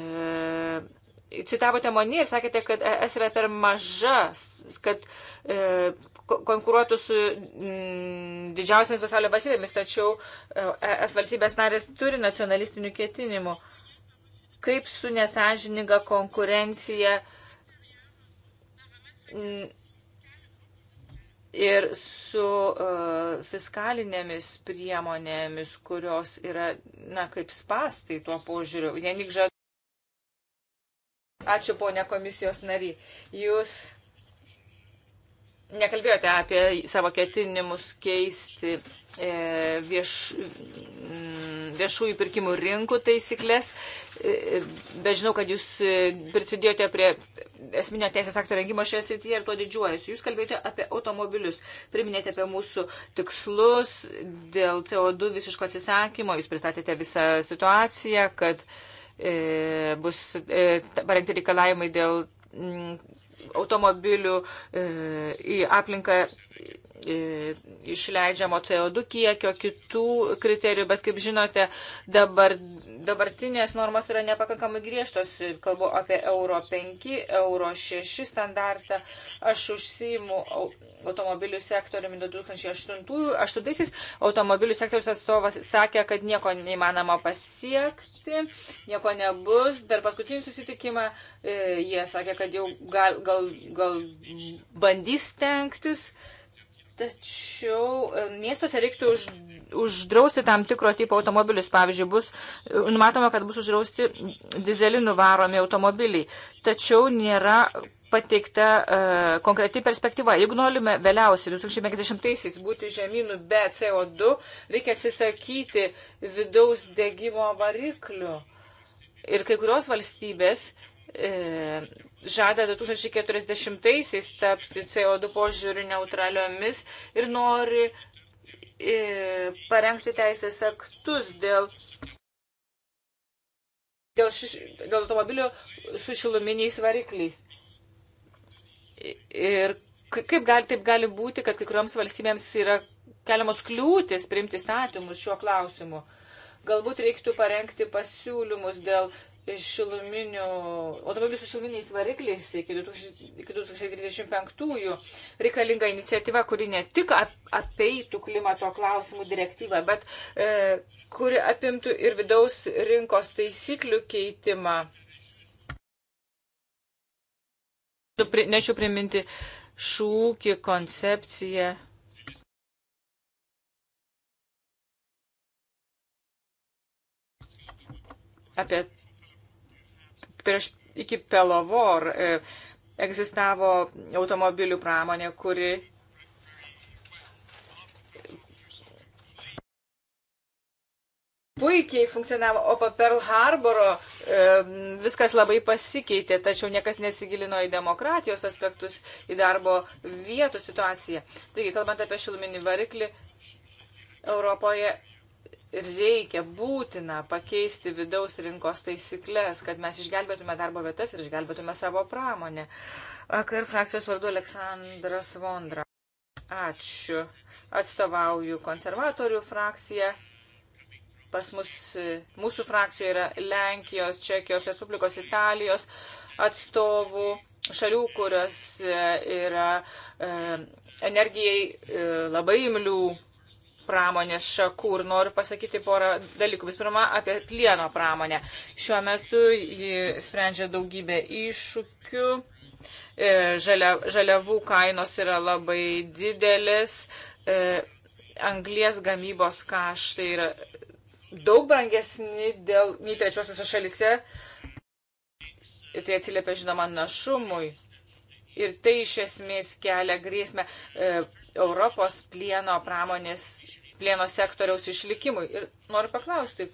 citavote Monį ir sakėte, kad es yra per mažas, kad e, konkuruotų su mm, didžiausiamis pasaulio valstybėmis, tačiau e, ES valstybės narės turi nacionalistinių ketinimų. Kaip su nesažininga konkurencija mm, ir su uh, fiskalinėmis priemonėmis, kurios yra, na, kaip spastai tuo požiūriu. Janik žadu. Ačiū, ponė komisijos nary. Jūs Nekalbėjote apie savo ketinimus keisti e, vieš, mm, viešųjų pirkimų rinkų taisyklės, e, bet žinau, kad jūs e, prisidėjote prie esminio teisės akto rengimo šioje srityje ir tuo didžiuojasi. Jūs kalbėjote apie automobilius, priminėte apie mūsų tikslus dėl CO2 visiško atsisakymo, jūs pristatėte visą situaciją, kad bus parengti reikalavimai dėl mm, automobilių e, į aplinką E, išleidžiamo CO2 kiekio, kitų kriterijų, bet kaip žinote, dabar, dabartinės normos yra nepakankamai griežtos. Kalbu apie Euro 5, Euro 6 standartą. Aš užsijimu automobilių sektoriumi 2008-aisiais. Automobilių sektorius atstovas sakė, kad nieko neįmanoma pasiekti, nieko nebus. Per paskutinį susitikimą e, jie sakė, kad jau gal, gal, gal bandys tenktis. Tačiau e, miestuose reiktų už, uždrausti tam tikro tipo automobilius. Pavyzdžiui, bus e, numatoma, kad bus uždrausti dizelinų varomi automobiliai. Tačiau nėra pateikta uh, konkreti perspektyva. Jeigu norime vėliausiai 2050-aisiais būti žemynų be CO2, reikia atsisakyti vidaus degimo variklių. Ir kai kurios valstybės e, žada 2040-aisiais tapti CO2 požiūrių neutraliomis ir nori e, parengti teisės aktus dėl, dėl, šiš, dėl automobilio su šiluminiais varikliais. Ir kaip gali, taip gali būti, kad kai kurioms valstybėms yra keliamos kliūtis priimti statymus šiuo klausimu. Galbūt reiktų parengti pasiūlymus dėl šiluminių, automobilių su šiluminiais varikliais iki 2035-ųjų reikalinga iniciatyva, kuri ne tik apeitų klimato klausimų direktyvą, bet e, kuri apimtų ir vidaus rinkos taisyklių keitimą. Nešiu priminti šūkį, koncepciją. Apie prieš, iki Pelovor e, egzistavo automobilių pramonė, kuri puikiai funkcionavo, o po Pearl Harboro e, viskas labai pasikeitė, tačiau niekas nesigilino į demokratijos aspektus, į darbo vietų situaciją. Taigi, kalbant apie šiluminį variklį, Europoje reikia būtina pakeisti vidaus rinkos taisyklės, kad mes išgelbėtume darbo vietas ir išgelbėtume savo pramonę. AKR frakcijos vardu Aleksandras Vondra. Ačiū. Atstovauju konservatorių frakciją. Pas mus, mūsų frakcijoje yra Lenkijos, Čekijos, Respublikos, Italijos atstovų, šalių, kurios e, yra e, energijai e, labai imlių pramonės šakų ir noriu pasakyti porą dalykų. Visų pirma, apie plieno pramonę. Šiuo metu ji sprendžia daugybę iššūkių. E, žaliavų kainos yra labai didelis, e, anglies gamybos kaštai yra daug brangesni dėl, nei trečiosiuose šalise. Tai atsiliepia, žinoma, našumui. Ir tai iš esmės kelia grėsmę e, Europos plieno pramonės plieno sektoriaus išlikimui. Ir noriu paklausti,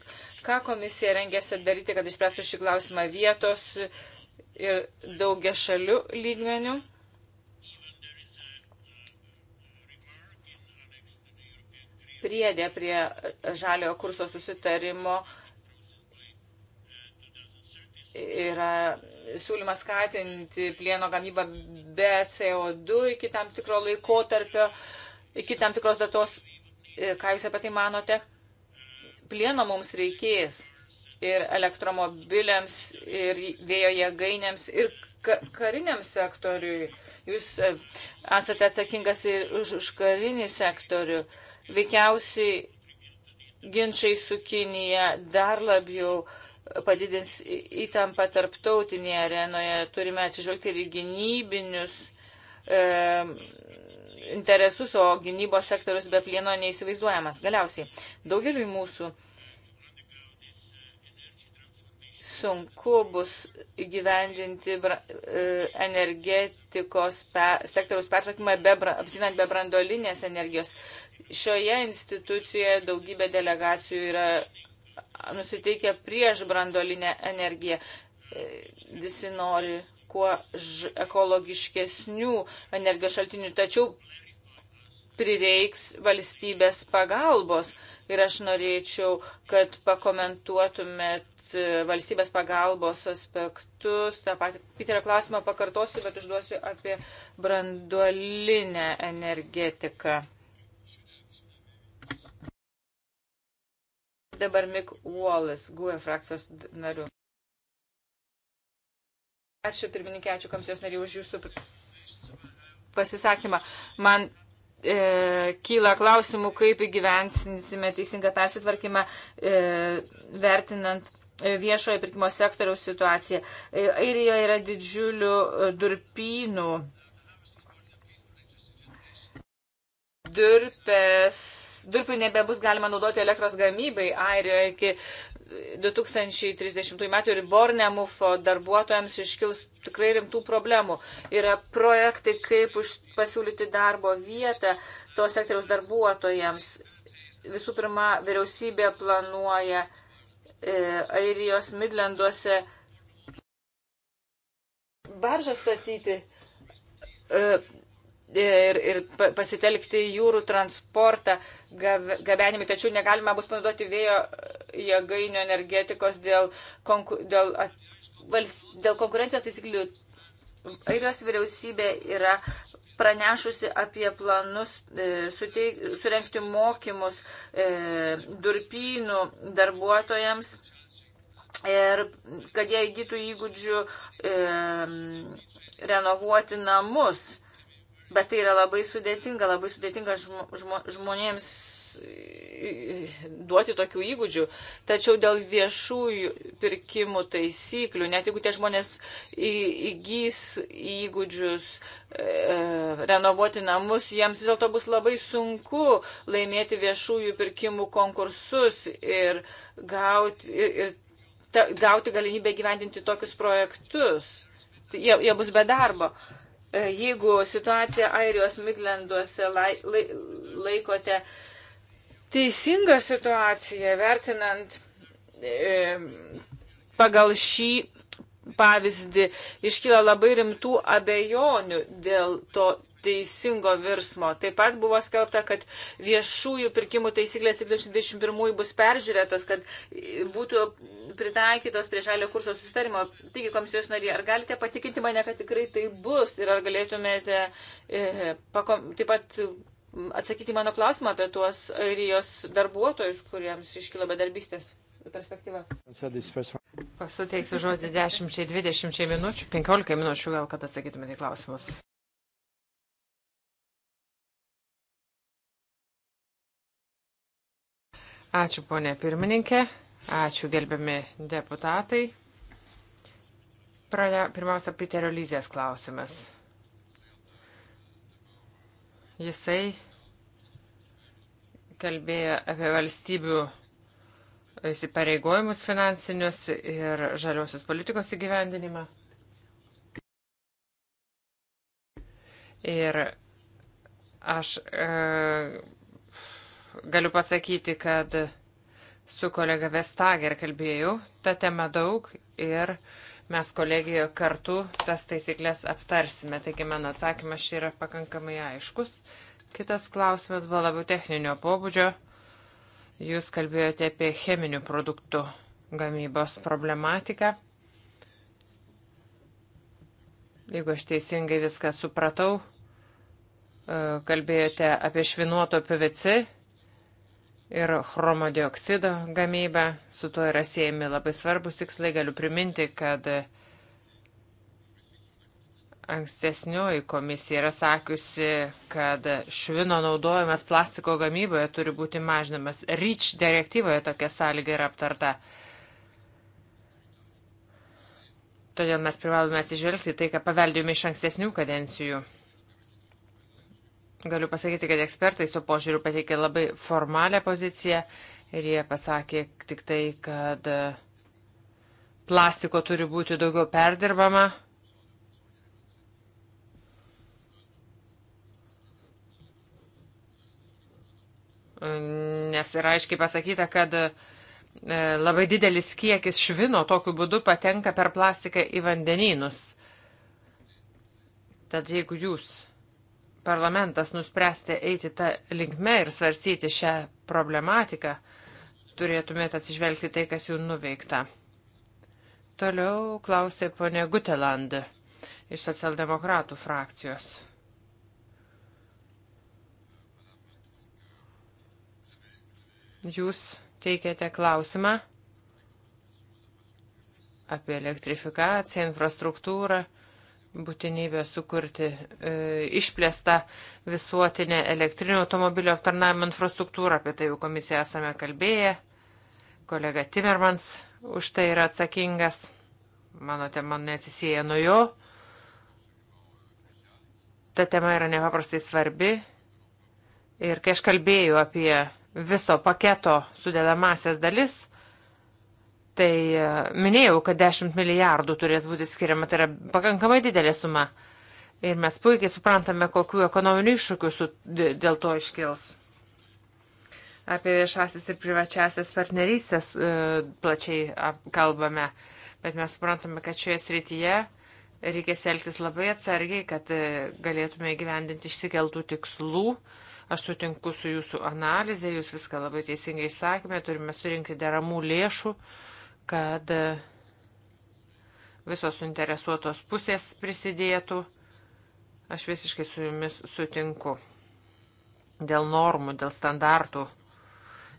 ką komisija rengėsi daryti, kad išspręstų šį klausimą vietos ir daugia šalių lygmenių. Priedė prie žaliojo kurso susitarimo yra siūlymas skatinti plieno gamybą be CO2 iki tam tikro laikotarpio, iki tam tikros datos E, ką Jūs apie tai manote? Plieno mums reikės ir elektromobiliams, ir vėjo jėgainėms, ir kariniam sektoriui. Jūs e, esate atsakingas ir už, už karinį sektorių. Veikiausiai ginčiai su Kinija dar labiau padidins įtampą tarptautinėje arenoje. Turime atsižvelgti ir į gynybinius e, interesus, o gynybos sektorius be plieno neįsivaizduojamas. Galiausiai, daugeliui mūsų sunku bus įgyvendinti e, energetikos pe, sektoriaus pertvarkymą be, apsinant be brandolinės energijos. Šioje institucijoje daugybė delegacijų yra nusiteikę prieš brandolinę energiją. E, visi nori kuo ekologiškesnių energijos šaltinių, tačiau prireiks valstybės pagalbos. Ir aš norėčiau, kad pakomentuotumėt e, valstybės pagalbos aspektus. Ta pati Piterio klausimą pakartosiu, bet užduosiu apie branduolinę energetiką. Dabar Mick Wallace, GUE frakcijos nariu. Ačiū pirmininkė, ačiū komisijos nariai už jūsų pasisakymą. Man e, kyla klausimų, kaip įgyvensinsime teisingą persitvarkymą, e, vertinant e, viešojo pirkimo sektoriaus situaciją. E, Airijoje yra didžiulių e, durpynų. Durpės, durpių nebebus galima naudoti elektros gamybai Airijoje iki 2030 metų ir Bornemufo darbuotojams iškils tikrai rimtų problemų. Yra projektai, kaip pasiūlyti darbo vietą to sektoriaus darbuotojams. Visų pirma, vyriausybė planuoja e, Airijos Midlanduose baržą statyti. E, ir, ir pasitelkti jūrų transportą gabenimui, tačiau negalima bus panaudoti vėjo e, jėgainių energetikos dėl, konku, dėl, vals, dėl konkurencijos taisyklių. Airijos vyriausybė yra pranešusi apie planus e, suteik, surenkti mokymus e, durpynų darbuotojams ir kad jie įgytų įgūdžių e, renovuoti namus. Bet tai yra labai sudėtinga, labai sudėtinga žmo, žmonėms e, duoti tokių įgūdžių. Tačiau dėl viešųjų pirkimų taisyklių, net jeigu tie žmonės įgys įgūdžius e, renovuoti namus, jiems vis dėlto bus labai sunku laimėti viešųjų pirkimų konkursus ir gauti, ir, ir ta, gauti galimybę gyvendinti tokius projektus. Jie, jie bus be darbo. E, E, jeigu situaciją Airijos Midlanduose lai, lai, laikote teisingą situaciją, vertinant e, pagal šį pavyzdį, iškyla labai rimtų abejonių dėl to teisingo virsmo. Taip pat buvo skelbta, kad viešųjų pirkimų taisyklės 2021 bus peržiūrėtos, kad būtų pritaikytos prie žalio kurso sustarimo. Taigi, komisijos nariai, ar galite patikinti mane, kad tikrai tai bus ir ar galėtumėte e, pakom, taip pat atsakyti mano klausimą apie tuos airijos darbuotojus, kuriems iškyla bedarbystės perspektyva. Pasuteiksiu žodį 10-20 minučių, 15 minučių gal, kad atsakytumėte į klausimus. Ačiū, ponė pirmininkė. Ačiū, gerbiami deputatai. Prale, pirmiausia, Piterio Lyzės klausimas. Jisai kalbėjo apie valstybių įsipareigojimus finansinius ir žaliosios politikos įgyvendinimą. Ir aš e, galiu pasakyti, kad su kolega Vestager kalbėjau tą temą daug ir mes kolegijoje kartu tas taisyklės aptarsime. Taigi mano atsakymas čia yra pakankamai aiškus. Kitas klausimas buvo labiau techninio pobūdžio. Jūs kalbėjote apie cheminių produktų gamybos problematiką. Jeigu aš teisingai viską supratau, e, kalbėjote apie švinuoto PVC ir chromo dioksido gamyba. Su tuo yra siejami labai svarbus tikslai. Galiu priminti, kad ankstesnioji komisija yra sakiusi, kad švino naudojimas plastiko gamyboje turi būti mažinamas. REACH direktyvoje tokia sąlyga yra aptarta. Todėl mes privalome atsižvelgti tai, ką paveldėjome iš ankstesnių kadencijų. Galiu pasakyti, kad ekspertai su požiūriu pateikė labai formalią poziciją ir jie pasakė tik tai, kad e, plastiko turi būti daugiau perdirbama. E, nes yra aiškiai pasakyta, kad e, labai didelis kiekis švino tokiu būdu patenka per plastiką į vandenynus. Tad jeigu jūs parlamentas nuspręsite eiti tą linkme ir svarsyti šią problematiką, turėtumėte atsižvelgti tai, kas jau nuveikta. Toliau klausė ponė Guteland iš socialdemokratų frakcijos. Jūs teikėte klausimą apie elektrifikaciją, infrastruktūrą būtinybę sukurti e, išplėstą visuotinę elektrinio automobilio aptarnavimo infrastruktūrą, apie tai jau komisija esame kalbėję. Kolega Timermans už tai yra atsakingas, mano tema neatsisėja nuo jo. Ta tema yra nepaprastai svarbi ir kai aš kalbėjau apie viso paketo sudėdamasias dalis, Tai e, minėjau, kad 10 milijardų turės būti skiriama, tai yra pakankamai didelė suma. Ir mes puikiai suprantame, kokiu ekonominiu iššūkiu su, dėl to iškils. Apie viešasis ir privačiasis partnerystės e, plačiai kalbame, bet mes suprantame, kad šioje srityje reikės elgtis labai atsargiai, kad e, galėtume įgyvendinti išsikeltų tikslų. Aš sutinku su jūsų analizė, jūs viską labai teisingai išsakėme, turime surinkti deramų lėšų. E, kad e, visos suinteresuotos pusės prisidėtų. Aš visiškai su jumis sutinku. Dėl normų, dėl standartų,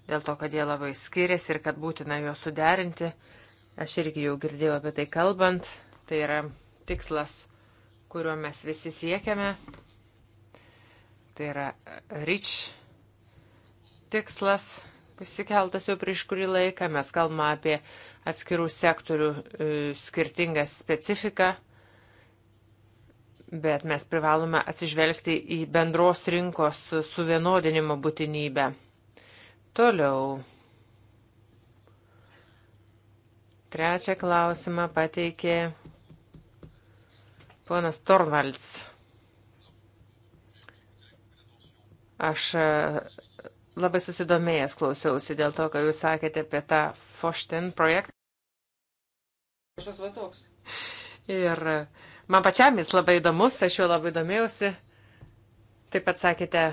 dėl to, kad jie labai skiriasi ir kad būtina juos suderinti. Aš irgi jau girdėjau apie tai kalbant. Tai yra tikslas, kuriuo mes visi siekiame. Tai yra e, rich tikslas, pasikeltas jau prieš kurį laiką. Mes kalbame apie atskirų sektorių e, skirtingą specifiką, bet mes privalome atsižvelgti į bendros rinkos suvienodinimo būtinybę. Toliau. Trečią klausimą pateikė ponas Torvalds. Aš Labai susidomėjęs klausiausi dėl to, ką jūs sakėte apie tą Fošten projektą. Aš va toks. Ir man pačiam jis labai įdomus, aš juo labai domėjausi. Taip pat sakėte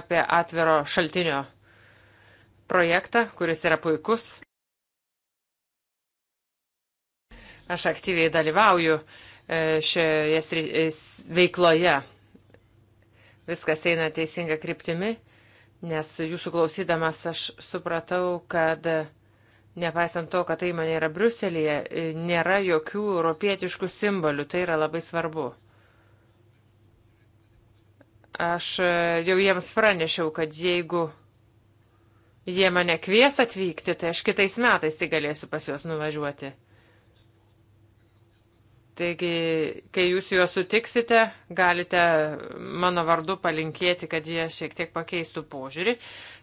apie atviro šaltinio projektą, kuris yra puikus. Aš aktyviai dalyvauju e, šioje e, veikloje. Viskas eina teisinga kryptimi nes jūsų klausydamas aš supratau, kad nepaisant to, kad tai man yra Bruselėje, nėra jokių europietiškų simbolių. Tai yra labai svarbu. Aš jau jiems pranešiau, kad jeigu jie mane kvies atvykti, tai aš kitais metais tai galėsiu pas juos nuvažiuoti. Taigi, kai jūs juos sutiksite, galite mano vardu palinkėti, kad jie šiek tiek pakeistų požiūrį.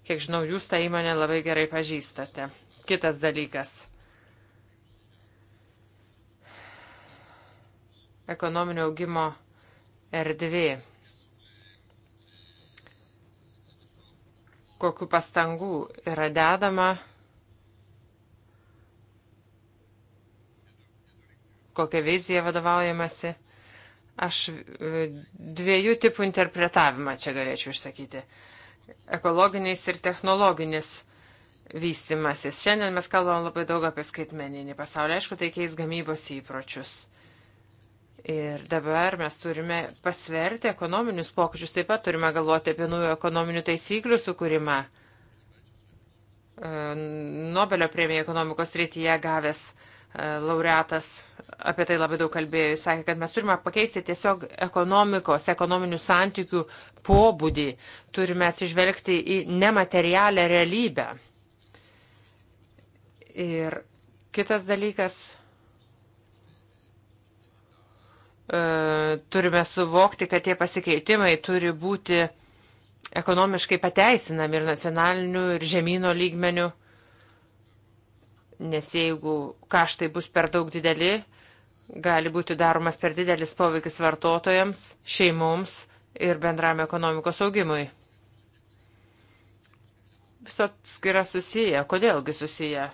Kiek žinau, jūs tą įmonę labai gerai pažįstate. Kitas dalykas. Ekonominio augimo erdvė. Kokiu pastangu yra dedama kokią viziją vadovaujamasi. Aš e, dviejų tipų interpretavimą čia galėčiau išsakyti. Ekologinis ir technologinis vystimasis. Šiandien mes kalbam labai daug apie skaitmeninį pasaulį. Aišku, tai keis gamybos įpročius. Ir dabar mes turime pasverti ekonominius pokyčius, taip pat turime galvoti apie naujų ekonominių taisyklių sukūrimą. E, Nobelio premiją ekonomikos rytyje gavęs uh, E, laureatas apie tai labai daug kalbėjo. Jis sakė, kad mes turime pakeisti tiesiog ekonomikos, ekonominių santykių pobūdį. Turime atsižvelgti į nematerialią realybę. Ir kitas dalykas. E, turime suvokti, kad tie pasikeitimai turi būti ekonomiškai pateisinami ir nacionaliniu, ir žemynų lygmeniu nes jeigu kaštai bus per daug dideli, gali būti daromas per didelis poveikis vartotojams, šeimoms ir bendram ekonomikos augimui. Visas yra susiję. Kodėlgi susiję?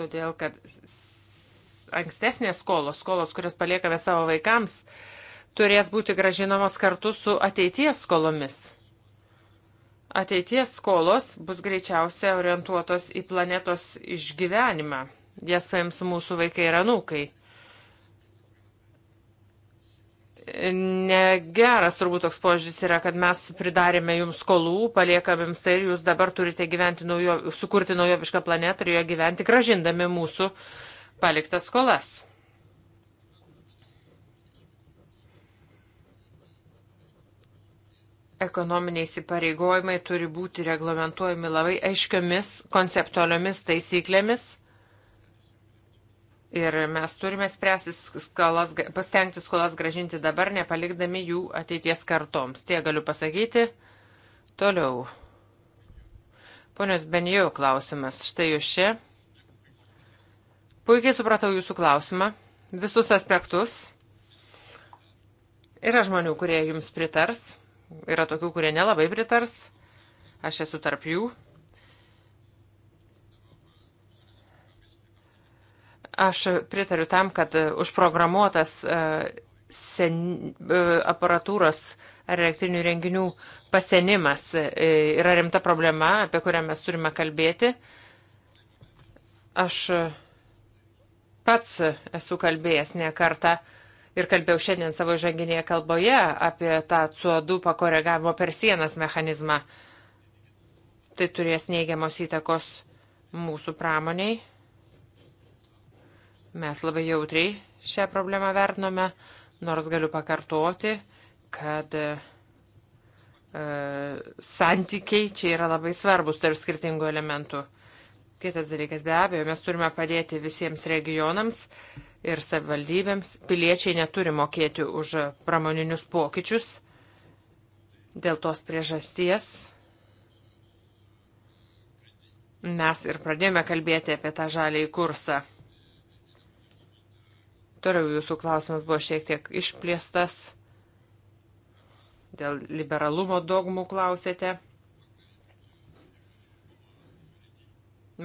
Todėl, kad ankstesnės skolos, skolos, kurias paliekame savo vaikams, turės būti gražinamos kartu su ateities skolomis. Ateities skolos bus greičiausiai orientuotos į planetos išgyvenimą. Jas paims mūsų vaikai ir anūkai. Negeras turbūt toks požiūris yra, kad mes pridarėme jums skolų, paliekame jums tai ir jūs dabar turite gyventi naujo, sukurti naujovišką planetą ir joje gyventi, gražindami mūsų paliktas skolas. ekonominiai įsipareigojimai turi būti reglamentuojami labai aiškiomis konceptualiomis taisyklėmis. Ir mes turime spręsti skolas, pasitengti skolas gražinti dabar, nepalikdami jų ateities kartoms. Tie galiu pasakyti. Toliau. Ponios Benijau klausimas. Štai jūs čia. Puikiai supratau jūsų klausimą. Visus aspektus. Yra žmonių, kurie jums pritars. Yra tokių, kurie nelabai pritars. Aš esu tarp jų. Aš pritariu tam, kad užprogramuotas e, sen, e, aparatūros ar elektrinių renginių pasenimas e, yra rimta problema, apie kurią mes turime kalbėti. Aš pats esu kalbėjęs ne kartą uh, ir kalbėjau šiandien savo žanginėje kalboje apie tą CO2 pakoregavimo per sienas mechanizmą. Tai turės neigiamos įtakos mūsų pramoniai. Mes labai jautriai šią problemą vertinome, nors galiu pakartoti, kad e, santykiai čia yra labai svarbus tarp skirtingų elementų. Kitas dalykas, be abejo, mes turime padėti visiems regionams ir savivaldybėms. Piliečiai neturi mokėti už pramoninius pokyčius. Dėl tos priežasties mes ir pradėjome kalbėti apie tą žalį į kursą. Toliau jūsų klausimas buvo šiek tiek išplėstas. Dėl liberalumo dogmų klausėte.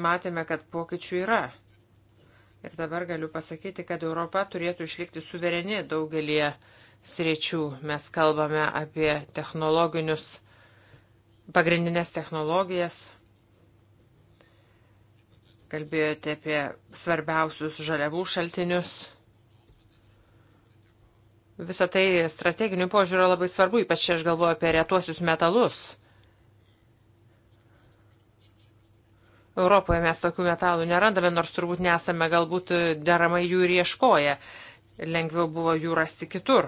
Matėme, kad pokyčių yra. Ir dabar galiu pasakyti, kad Europa turėtų išlikti suvereni daugelį sričių. Mes kalbame apie technologinius, pagrindinės technologijas. Kalbėjote apie svarbiausius žaliavų šaltinius. Visą tai strateginių požiūrio labai svarbu, ypač aš galvoju apie retuosius metalus Europoje mes tokių metalų nerandame, nors turbūt nesame galbūt deramai jų ir ieškoję. Lengviau buvo jų rasti kitur.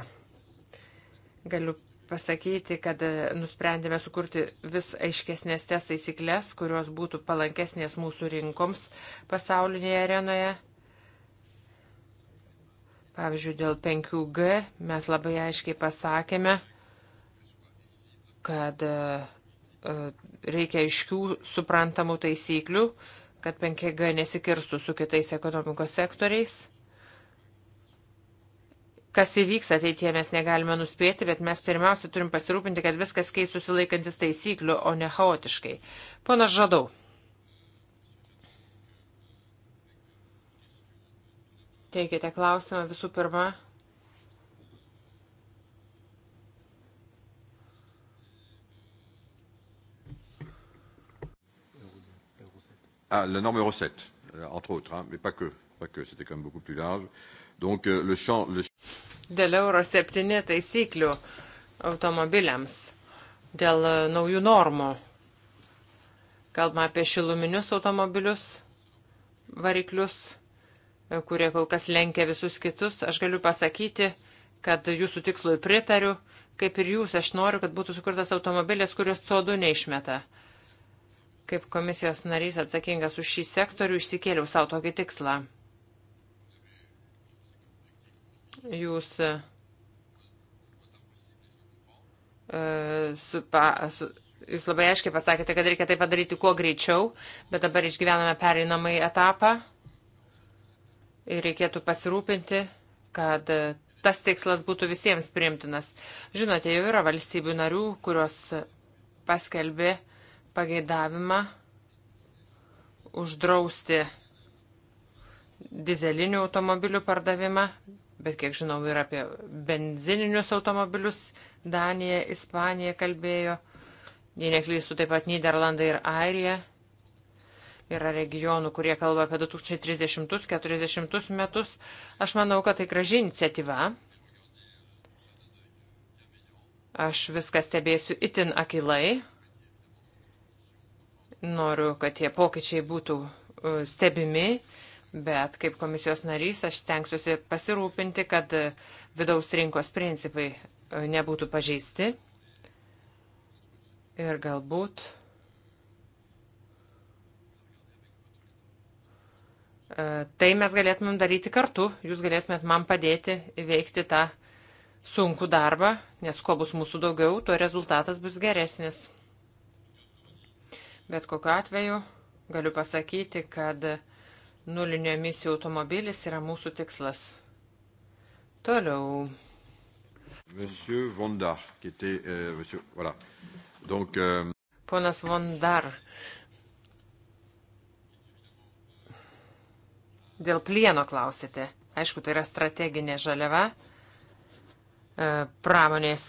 Galiu pasakyti, kad e, nusprendėme sukurti vis aiškesnės tes taisyklės, kurios būtų palankesnės mūsų rinkoms pasaulinėje arenoje. Pavyzdžiui, dėl 5G mes labai aiškiai pasakėme, kad uh, E, reikia aiškių suprantamų taisyklių, kad 5G nesikirstų su kitais ekonomikos sektoriais. Kas įvyks ateitie mes negalime nuspėti, bet mes pirmiausia turim pasirūpinti, kad viskas keistųsi laikantis taisyklių, o ne chaotiškai. Pana Žadau. Teikite klausimą visų pirma Ah, la norme Euro 7, euh, entre autres, hein, mais pas que. Pas que, c'était quand même beaucoup plus large. Donc, euh, le champ. Le... Dėl Euro 7 taisyklių automobiliams, dėl euh, naujų normų. Kalbame apie šiluminius automobilius, variklius, kurie kol kas lenkia visus kitus. Aš galiu pasakyti, kad jūsų tikslui pritariu, kaip ir jūs, aš noriu, kad būtų sukurtas automobilis, kurios CO2 neišmeta. Uh, Kaip komisijos narys atsakingas už šį sektorių, išsikėliau savo tokį tikslą. Jūs e, su, pa, su, jūs labai aiškiai pasakėte, kad reikia tai padaryti kuo greičiau, bet dabar išgyvename pereinamai etapą ir reikėtų pasirūpinti, kad e, tas tikslas būtų visiems priimtinas. Žinote, jau yra valstybių narių, kurios paskelbė pageidavimą uždrausti dizelinių automobilių pardavimą, bet kiek žinau ir apie benzininius automobilius Danija, Ispanija kalbėjo, jei neklystų taip pat Niderlandai ir Airija. Yra regionų, kurie kalba apie 2030-40 metus. Aš manau, kad tai graži iniciatyva. Aš viską stebėsiu itin akilai. Noriu, kad tie pokyčiai būtų e, stebimi, bet kaip komisijos narys aš stengsiuosi pasirūpinti, kad vidaus rinkos principai e, nebūtų pažeisti. Ir galbūt e, tai mes galėtumėm daryti kartu, jūs galėtumėt man padėti įveikti tą sunku darbą, nes kuo bus mūsų daugiau, tuo rezultatas bus geresnis. Bet kokiu atveju galiu pasakyti, kad nulinio emisijų automobilis yra mūsų tikslas. Toliau. Monsieur Vondar, qui était, euh, monsieur, voilà. Donc, euh... Ponas Vondar. Dėl plieno klausėte. Aišku, tai yra strateginė žaliava e, pramonės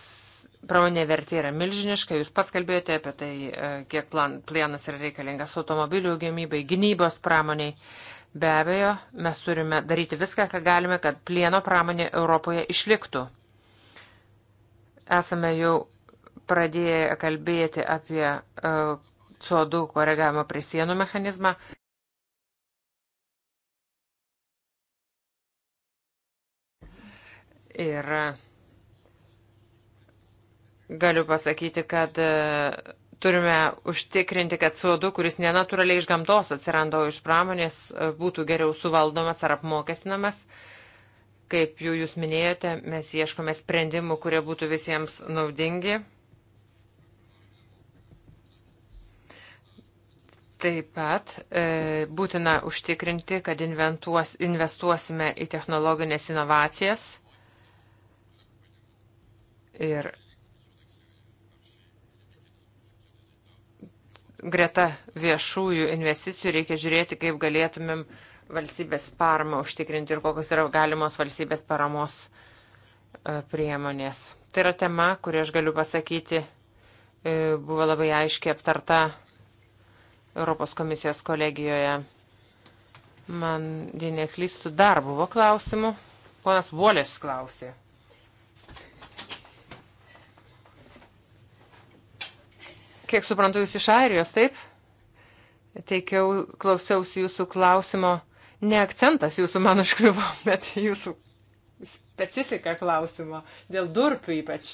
pramonė vertė yra milžiniška, jūs pats kalbėjote apie tai, e, kiek plan, plienas yra reikalingas automobilių gamybai, gynybos pramoniai. Be abejo, mes turime daryti viską, ką galime, kad plieno pramonė Europoje išliktų. Esame jau pradėję kalbėti apie e, CO2 koregavimo prie sienų mechanizmą. Ir Galiu pasakyti, kad e, turime užtikrinti, kad CO2, kuris nenatūraliai iš gamtos atsiranda iš pramonės, e, būtų geriau suvaldomas ar apmokestinamas. Kaip jau jūs minėjote, mes ieškome sprendimų, kurie būtų visiems naudingi. Taip pat e, būtina užtikrinti, kad investuosime į technologinės inovacijas ir greta viešųjų investicijų reikia žiūrėti, kaip galėtumėm valstybės paramą užtikrinti ir kokios yra galimos valstybės paramos e, priemonės. Tai yra tema, kuri aš galiu pasakyti, e, buvo labai aiškiai aptarta Europos komisijos kolegijoje. Man, jei neklystų, dar buvo klausimų. Ponas Volės klausė. Kiek suprantu, jūs iš Airijos, taip? Teikiau, klausiausi jūsų klausimo. Ne akcentas jūsų man užkliuvo, bet jūsų specifika klausimo. Dėl durpių ypač.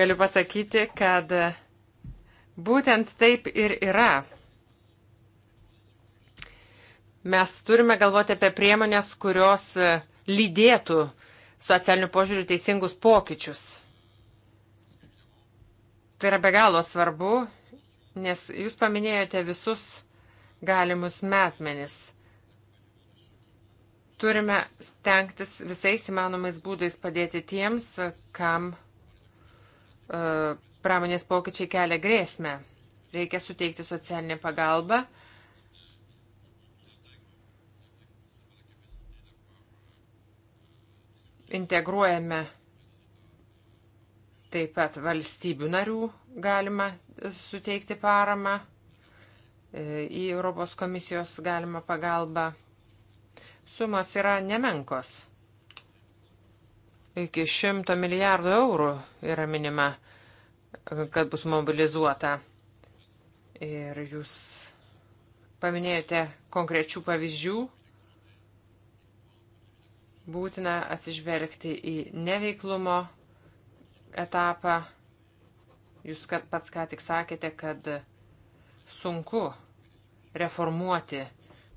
Galiu pasakyti, kad būtent taip ir yra. Mes turime galvoti apie priemonės, kurios lydėtų socialinių požiūrių teisingus pokyčius. Tai yra be galo svarbu, nes jūs paminėjote visus galimus metmenis. Turime stengtis visais įmanomais būdais padėti tiems, kam uh, pramonės pokyčiai kelia grėsmę. Reikia suteikti socialinę pagalbą, uh, Integruojame taip pat valstybių narių galima suteikti paramą, e, į Europos komisijos galima pagalbą. Sumos yra nemenkos. Iki šimto milijardų eurų yra minima, kad bus mobilizuota. Ir jūs paminėjote konkrečių pavyzdžių būtina atsižvelgti į neveiklumo etapą. Jūs pats ką tik sakėte, kad sunku reformuoti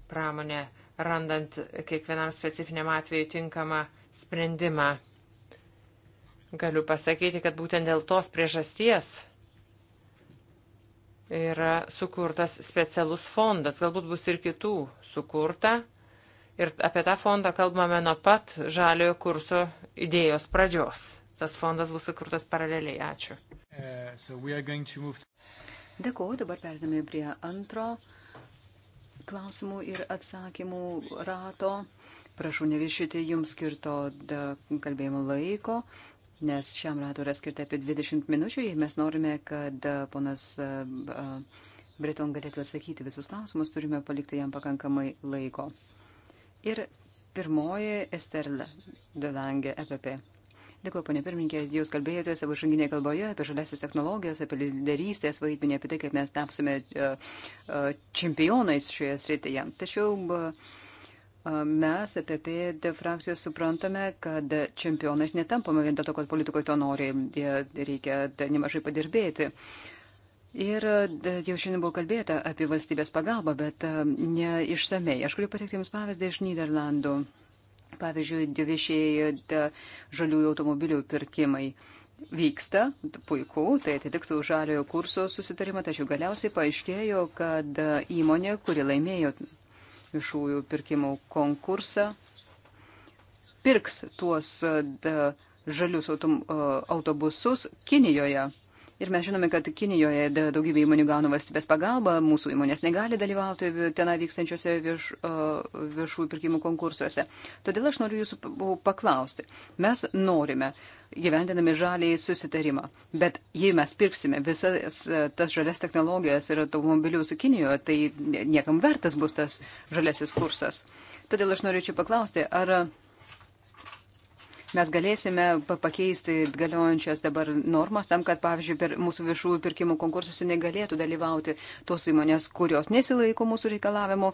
pramonę, randant kiekvienam specifiniam atveju tinkamą sprendimą. Galiu pasakyti, kad būtent dėl tos priežasties yra sukurtas specialus fondas. Galbūt bus ir kitų sukurta Ir apie tą fondą kalbame nuo pat žaliojo kurso idėjos pradžios. Tas fondas bus sukurtas paraleliai. Ačiū. Uh, so to... Dėkuoju, dabar perėdame prie antro klausimų ir atsakymų rato. Prašau neviršyti jums skirto kalbėjimo laiko, nes šiam ratui yra skirta apie 20 minučių. Jei mes norime, kad ponas Breton galėtų atsakyti visus klausimus, turime palikti jam pakankamai laiko. Ir pirmoji Esterla Delangė EPP. Dėkuoju, ponė pirmininkė, jūs kalbėjote savo žanginėje kalboje apie žaliasis technologijas, apie lyderystės vaidmenį, apie tai, kaip mes tapsime e, e, čempionais šioje srityje. Tačiau e, mes apie PD frakciją suprantame, kad čempionais netampame vien dėl to, kad politikai to nori, reikia nemažai padirbėti. Uh, Ir e, jau šiandien buvo kalbėta apie valstybės pagalbą, bet e, neišsamei. Aš galiu pateikti Jums pavyzdį iš Niderlandų. Pavyzdžiui, viešieji žaliųjų automobilių pirkimai vyksta, puiku, tai atitiktų žaliojo kurso susitarimą, tačiau galiausiai paaiškėjo, kad e, įmonė, kuri laimėjo viešųjų pirkimų konkursą, pirks tuos da, žalius autom, autobusus Kinijoje. Ir mes žinome, kad Kinijoje daugybė įmonių gauna valstybės pagalbą, mūsų įmonės negali dalyvauti ten vykstančiose vieš, viešųjų pirkimų konkursuose. Todėl aš noriu jūsų paklausti. Mes norime gyvendinami žaliai susitarimą, bet jei mes pirksime visas e, tas žalias technologijas ir automobilius Kinijoje, tai niekam vertas bus tas žaliasis kursas. Todėl aš norėčiau paklausti, ar mes galėsime pakeisti galiojančias dabar normas tam, kad, pavyzdžiui, per mūsų viešųjų pirkimų konkursuose negalėtų dalyvauti tos įmonės, kurios nesilaiko mūsų reikalavimų,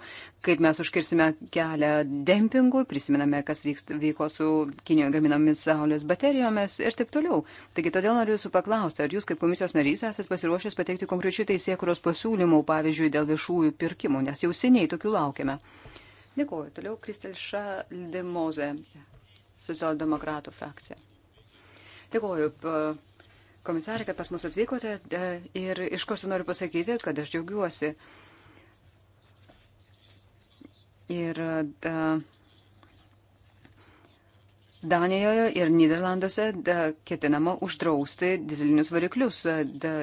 kaip mes užkirsime kelią dempingui, prisiminame, kas vykst, vyko su Kinijoje gaminamomis saulės baterijomis ir taip toliau. Taigi todėl noriu jūsų paklausti, ar jūs kaip komisijos narys esate pasiruošęs pateikti konkrečių teisėkuros pasiūlymų, pavyzdžiui, dėl viešųjų pirkimų, nes jau seniai tokių laukiame. Dėkuoju. Toliau Kristel Šaldemozė socialdemokratų frakcija. Dėkuoju, komisarė, kad pas mus atvykote e, ir iš karto noriu pasakyti, kad aš džiaugiuosi. Ir da, e, Danijoje ir Niderlanduose da, e, ketinama uždrausti dizelinius variklius da,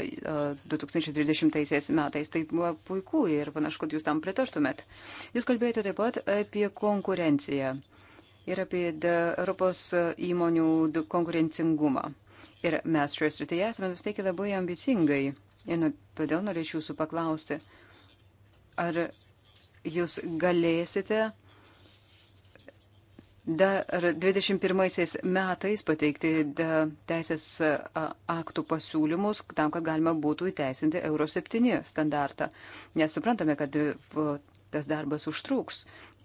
2030 metais. Tai buvo puiku ir panašu, kad jūs tam pritartumėt. Jūs kalbėjote taip pat apie konkurenciją ir apie Europos įmonių konkurencingumą. Ir mes šioje srityje esame nusteikę labai ambicingai. Ir nu, todėl norėčiau jūsų paklausti, ar jūs galėsite dar 21 metais pateikti teisės aktų pasiūlymus tam, kad galima būtų įteisinti Euro 7 standartą. Nes suprantame, kad tas darbas užtruks.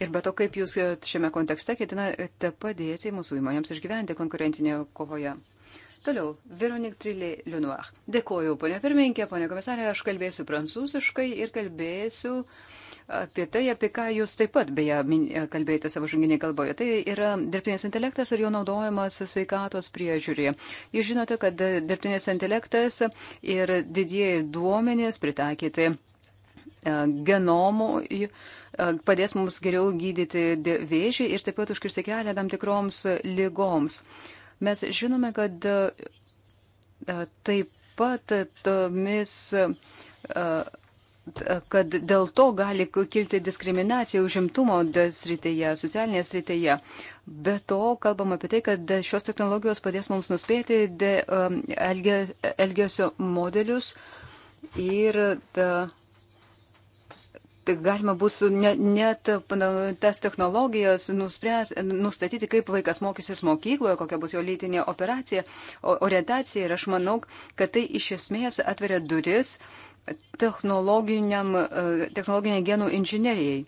Ir be to, kaip jūs šiame kontekste ketinate padėti mūsų įmonėms išgyventi konkurencinėje kovoje. Toliau, Veronik Trilė Lenoir. Dėkoju, ponia pirmininkė, ponia komisarė, aš kalbėsiu prancūziškai ir kalbėsiu apie tai, apie ką jūs taip pat beje kalbėjote savo žanginėje kalboje. Tai yra dirbtinis intelektas ir jo naudojimas sveikatos priežiūrėje. Jūs žinote, kad dirbtinis intelektas ir didieji duomenys pritaikyti E, genomui, e, padės mums geriau gydyti vėžį ir taip pat užkirsti kelią tam tikroms lygoms. Mes žinome, kad e, taip pat tomis, kad dėl to gali kilti diskriminacija užimtumo srityje, socialinėje srityje. Be to, kalbam apie tai, kad šios technologijos padės mums nuspėti elgesio modelius ir ta, tai galima bus ne, net tas technologijas nuspręs, nustatyti, kaip vaikas mokysis mokykloje, kokia bus jo lytinė operacija, orientacija. Ir aš manau, kad tai iš esmės atveria duris e, technologiniai genų inžinerijai.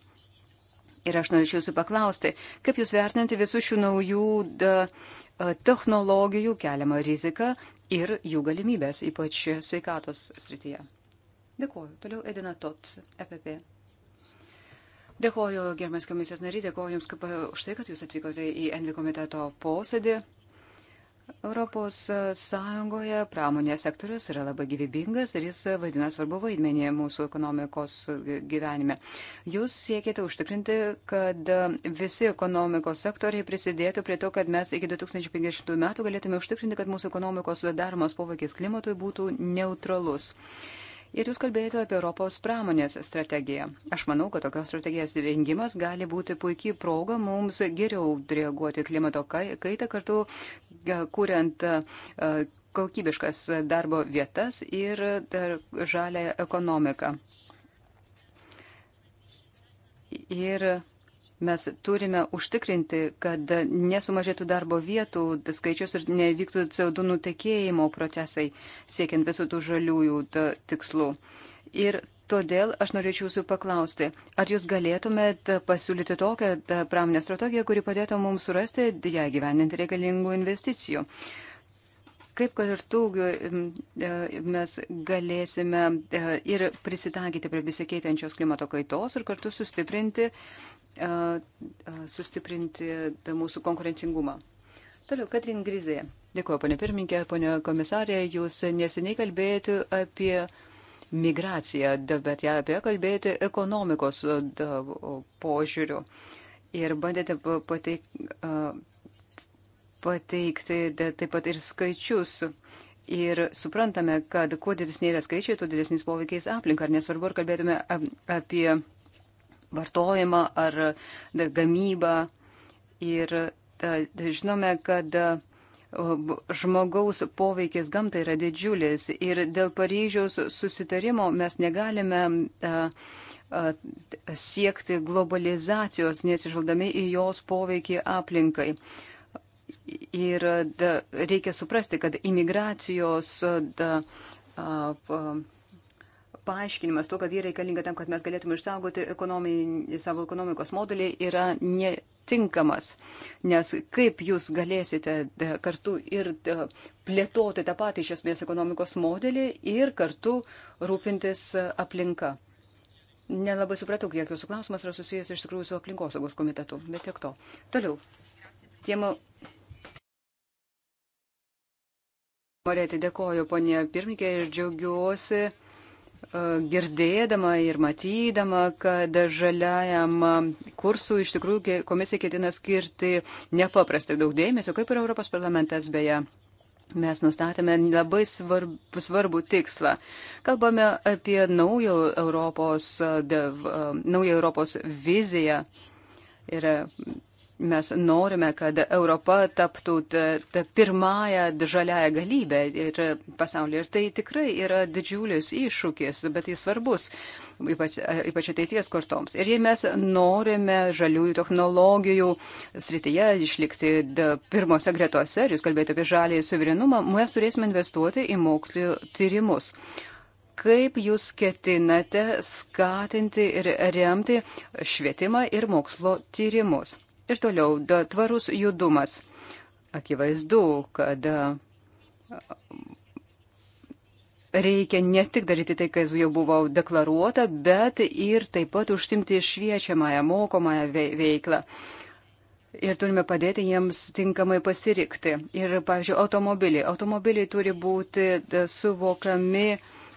Ir aš norėčiau jūsų paklausti, kaip jūs vertinate visų šių naujų da, e, technologijų keliamą riziką ir jų galimybės, ypač sveikatos srityje. Dėkuoju. Toliau Edina Tot, EPP. Dėkoju, gerbiamas komisijos nariai, dėkoju Jums kaip, e, už tai, kad Jūs atvykote į Envi komiteto posėdį. Europos Sąjungoje pramonės sektorius yra labai gyvybingas ir jis vaidina svarbu vaidmenį mūsų ekonomikos gyvenime. Jūs siekite užtikrinti, kad visi ekonomikos sektoriai prisidėtų prie to, kad mes iki 2050 metų galėtume užtikrinti, kad mūsų ekonomikos daromas poveikis klimatui būtų neutralus. Ir jūs kalbėjote apie Europos pramonės strategiją. Aš manau, kad tokios strategijos rengimas gali būti puikiai proga mums geriau reaguoti klimato kaitą kartu, e, kuriant e, kokybiškas darbo vietas ir e, žalę ekonomiką. Ir Mes turime užtikrinti, kad nesumažėtų darbo vietų skaičius ir nevyktų CO2 nutekėjimo procesai, siekiant visų tų žaliųjų tikslų. Ir Todėl aš norėčiau jūsų paklausti, ar jūs galėtumėt pasiūlyti tokią pramonę strategiją, kuri padėtų mums surasti ją gyveninti reikalingų investicijų? Kaip kartu e, mes galėsime e, ir prisitaikyti prie besikeitančios klimato kaitos ir kartu sustiprinti sustiprinti mūsų konkurencingumą. Toliau, Katrin Grizė. Dėkuoju, ponė pirmininkė, ponė komisarė, jūs neseniai kalbėjote apie migraciją, bet ją apie kalbėjote ekonomikos požiūriu. Ir bandėte pateik, pateikti taip pat ir skaičius. Ir suprantame, kad kuo didesnė yra skaičiai, tuo didesnis poveikis aplinka. Ar nesvarbu, ar kalbėtume apie. apie vartojimą ar gamybą. Ir žinome, kad žmogaus poveikis gamtai yra didžiulis ir dėl Paryžiaus susitarimo mes negalime siekti globalizacijos, nesižvaldami į jos poveikį aplinkai. Ir da, reikia suprasti, kad imigracijos da, a, a, paaiškinimas to, kad jie reikalinga tam, kad mes galėtume išsaugoti ekonomi, savo ekonomikos modelį, yra netinkamas. Nes kaip jūs galėsite e, kartu ir e, plėtoti tą patį iš esmės ekonomikos modelį ir kartu rūpintis e, aplinka. Nelabai supratau, kiek jūsų klausimas yra susijęs iš tikrųjų su aplinkosaugos komitetu, bet tiek to. Toliau. Tiemo Morėti, dėkoju, ponė pirmininkė, ir džiaugiuosi E, girdėdama ir matydama, kad žaliajam kursui iš tikrųjų komisija ketina skirti nepaprastai daug dėmesio, kaip ir Europos parlamentas beje. Mes nustatėme labai svarb, svarbų tikslą. Kalbame apie naujo Europos, de, e, naują Europos viziją. Ir Mes norime, kad Europa taptų tą pirmąją žaliąją galybę ir pasaulyje. Ir tai tikrai yra didžiulis iššūkis, bet jis svarbus, ypač, ypač ateities kortoms. Ir jei mes norime žaliųjų technologijų srityje išlikti pirmose gretose, ir jūs kalbėjote apie žalį suverenumą, mes turėsime investuoti į mokslių tyrimus kaip jūs ketinate skatinti ir remti švietimą ir mokslo tyrimus. Ir toliau da, tvarus judumas. Akivaizdu, kad reikia ne tik daryti tai, kas jau buvo deklaruota, bet ir taip pat užsimti šviečiamąją, mokomąją veiklą. Ir turime padėti jiems tinkamai pasirikti. Ir, pavyzdžiui, automobiliai. Automobiliai turi būti suvokami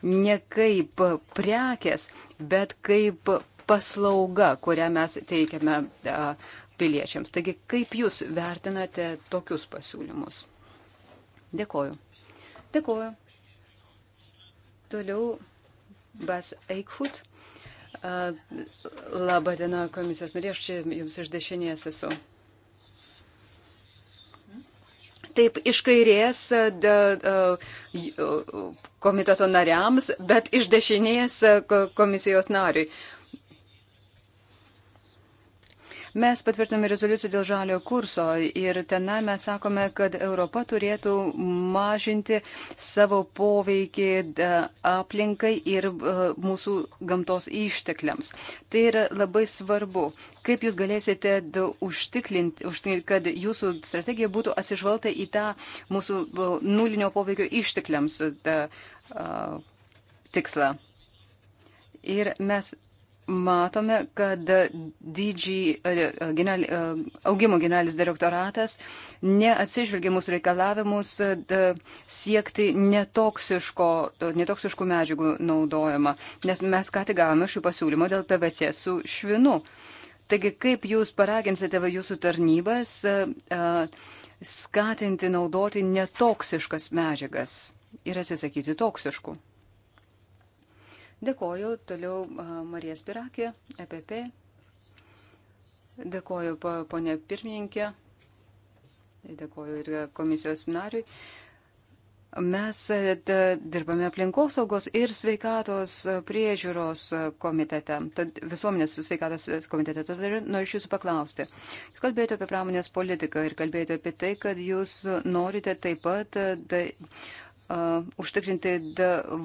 ne kaip prekės, bet kaip paslauga, kurią mes teikiame. Uh, piliečiams. Taigi, kaip Jūs vertinate tokius pasiūlymus? Dėkoju. Dėkoju. Toliau Bas Eikhut. Labą dieną, komisijos narė, aš čia Jums iš dešinės esu. Taip, iš kairės da, komiteto nariams, bet iš dešinės komisijos nariui. Mes patvirtiname rezoliuciją dėl žalio kurso ir tenai mes sakome, kad Europa turėtų mažinti savo poveikį e, aplinkai ir e, mūsų gamtos ištekliams. Tai yra labai svarbu. Kaip jūs galėsite užtikrinti, kad jūsų strategija būtų atsižvalgta į tą mūsų e, nulinio poveikio ištekliams tikslą? Ir mes matome, kad DG, e, general, e, augimo generalinis direktoratas neatsižvelgia mūsų reikalavimus e, siekti netoksiškų medžiagų naudojimą, nes mes ką tik gavome šių pasiūlymų dėl PVC su švinu. Taigi, kaip jūs paraginsite jūsų tarnybas skatinti naudoti netoksiškas medžiagas ir atsisakyti toksiškų? Dėkoju toliau Marija Spirakė, EPP. Dėkoju ponė pirmininkė. Dėkoju ir komisijos nariui. Mes e, dirbame aplinkosaugos ir sveikatos priežiūros komitete, tad, visuomenės sveikatos komitete. Tad noriu iš jūsų paklausti. Jūs kalbėjote apie pramonės politiką ir kalbėjote apie tai, kad jūs norite taip pat. E, da, uh, užtikrinti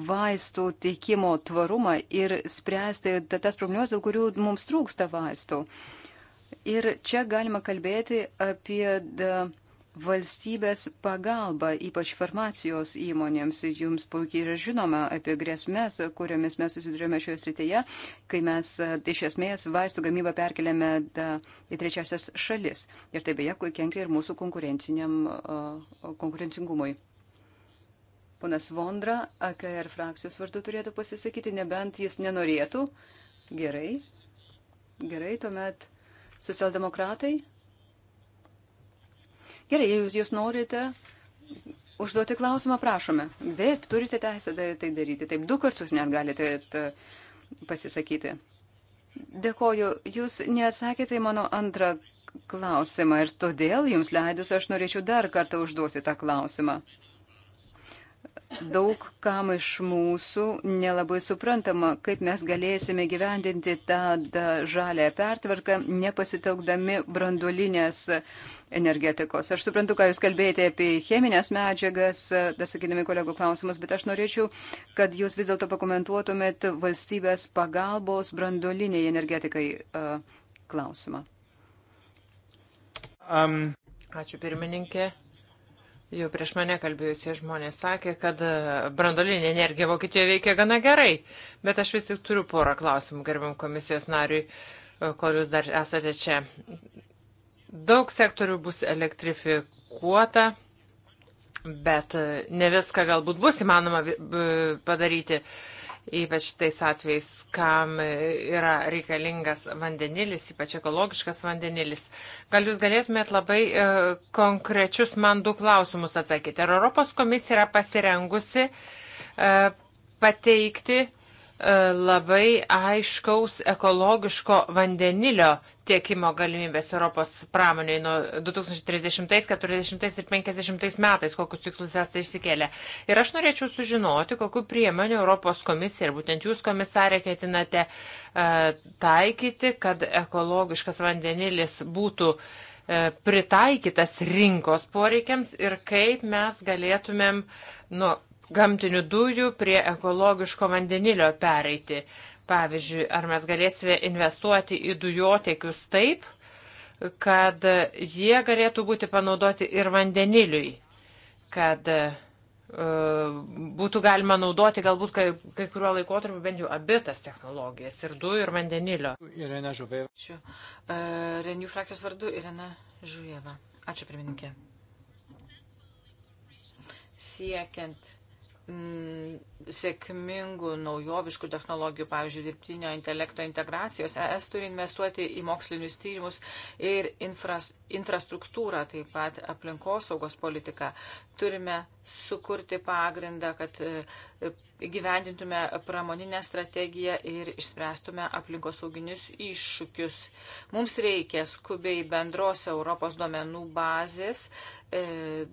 vaistų teikimo tvarumą ir spręsti tas problemas, dėl kurių mums trūksta vaistų. Ir čia galima kalbėti apie valstybės pagalbą, ypač farmacijos įmonėms. Jums puikiai yra žinoma apie grėsmės, kuriomis mes susidurėjome šioje srityje, kai mes iš esmės vaistų gamybą perkeliame į trečiasias šalis. Ir tai beje, kai kenkia ir mūsų konkurencingumui. Ponas Vondra, AKR frakcijos vardu turėtų pasisakyti, nebent jis nenorėtų. Gerai. Gerai, tuomet socialdemokratai. Gerai, jei jūs, jūs norite užduoti klausimą, prašome. Taip, turite teisę tai, tai daryti. Taip, du kartus net galite pasisakyti. Dėkoju, jūs neatsakėte į mano antrą klausimą ir todėl jums leidus aš norėčiau dar kartą užduoti tą klausimą daug kam iš mūsų nelabai suprantama, kaip mes galėsime gyvendinti tą žalę pertvarką, nepasitelkdami branduolinės energetikos. Aš suprantu, ką Jūs kalbėjote apie cheminės medžiagas, sakydami kolegų klausimus, bet aš norėčiau, kad Jūs vis dėlto pakomentuotumėt valstybės pagalbos branduoliniai energetikai klausimą. Um. Ačiū pirmininkė. Jau prieš mane kalbėjusie žmonės sakė, kad e, brandolinė energija Vokietijoje veikia gana gerai, bet aš vis tik turiu porą klausimų gerbiam komisijos nariui, e, kol jūs dar esate čia. Daug sektorių bus elektrifikuota, bet e, ne viską galbūt bus įmanoma padaryti. Uh, ypač tais atvejais, kam yra reikalingas vandenilis, ypač ekologiškas vandenilis. Gal jūs galėtumėt labai e, konkrečius man du klausimus atsakyti. Ar Europos komisija yra pasirengusi e, pateikti e, labai aiškaus ekologiško vandenilio tiekimo galimybės Europos pramoniai nuo 2030, 40 ir 50 metais, kokius tikslus esate išsikėlę. Ir aš norėčiau sužinoti, kokiu priemonių Europos komisija ir būtent jūs komisarė ketinate e, taikyti, kad ekologiškas vandenilis būtų e, pritaikytas rinkos poreikiams ir kaip mes galėtumėm nuo gamtinių dujų prie ekologiško vandenilio pereiti. Pavyzdžiui, ar mes galėsime investuoti į dujotiekius taip, kad jie galėtų būti panaudoti ir vandeniliui, kad e, būtų galima naudoti galbūt kai, kai kuriuo laikotarpiu bent jau abi tas technologijas ir dujų ir vandenilio. Irena Žuvėva. Ačiū. E, Renių frakcijos vardu Irena Žuvėva. Ačiū, pirmininkė. Siekiant Mm, sėkmingų naujoviškų technologijų, pavyzdžiui, dirbtinio intelekto integracijos. ES turi investuoti į mokslinius tyrimus ir infras, infrastruktūrą, taip pat aplinkosaugos politiką. Turime sukurti pagrindą, kad e, gyvendintume pramoninę strategiją ir išspręstume aplinkosauginius iššūkius. Mums reikia skubiai bendros Europos duomenų bazės E,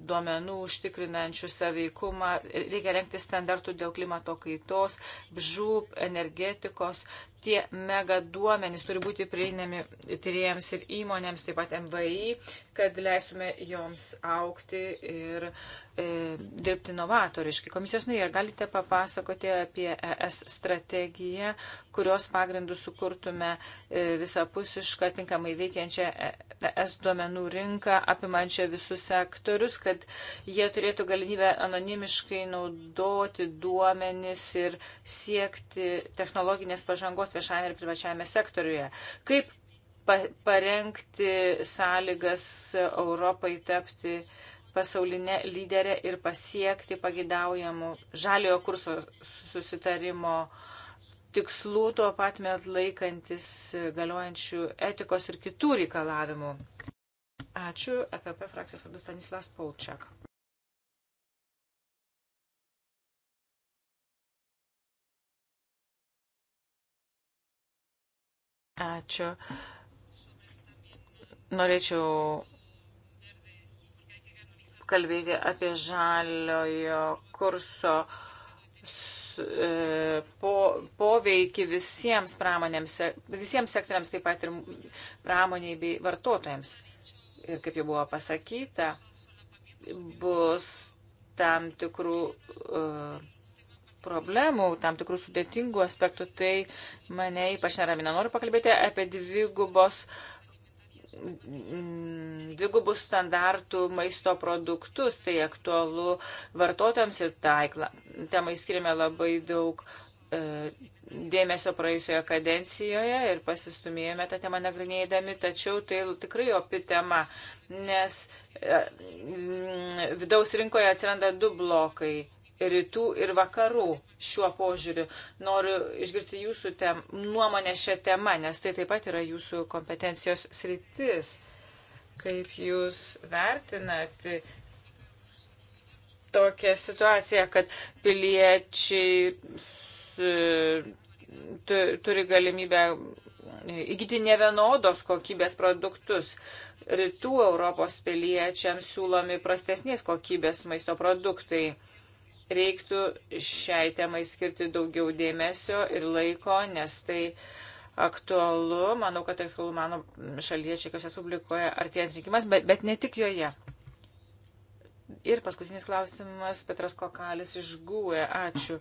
duomenų užtikrinančių saveikumą, reikia renkti standartų dėl klimato kaitos, bžūp, energetikos, tie mega duomenys turi būti prieinami tyriejams ir įmonėms, taip pat MVI, kad leisime joms aukti ir e, dirbti novatoriškai. Komisijos nariai, ar galite papasakoti apie ES strategiją, kurios pagrindų sukurtume e, visapusišką, tinkamai veikiančią ES duomenų rinką, apimančią visus sektorius, kad jie turėtų galimybę anonimiškai naudoti duomenis ir siekti technologinės pažangos viešajame ir privačiajame sektoriuje. Kaip pa parengti sąlygas Europai tapti pasaulinė lyderė ir pasiekti pagidaujamų žaliojo kurso susitarimo tikslų, tuo pat met laikantis galiojančių etikos ir kitų reikalavimų. Ačiū, EPP frakcijos vardas Stanislas Paučiak. Ačiū. Norėčiau kalbėti apie žaliojo kurso e, po, poveikį visiems pramonėms, visiems sektoriams, taip pat ir pramoniai bei vartotojams. Ir kaip jau buvo pasakyta, bus tam tikrų uh, problemų, tam tikrų sudėtingų aspektų, tai mane ypač neramina. Noriu pakalbėti apie dvigubos dvigubus standartų maisto produktus, tai aktualu vartotojams ir taiklą. Temai skiriame labai daug e, dėmesio praėjusioje kadencijoje ir pasistumėjome tą temą nagrinėdami, tačiau tai tikrai opi tema, nes e, vidaus rinkoje atsiranda du blokai rytų ir vakarų šiuo požiūriu. Noriu išgirsti jūsų tem, nuomonę šią temą, nes tai taip pat yra jūsų kompetencijos sritis. Kaip jūs vertinat tokią situaciją, kad piliečiai turi galimybę įgyti nevienodos kokybės produktus rytų Europos piliečiams siūlomi prastesnės kokybės maisto produktai reiktų šiai temai skirti daugiau dėmesio ir laiko, nes tai aktualu. Manau, kad tai aktualu mano šalyje Čekijos Respublikoje artėjant rinkimas, bet, bet ne tik joje. Ir paskutinis klausimas Petras Kokalis iš Gūė. E. Ačiū.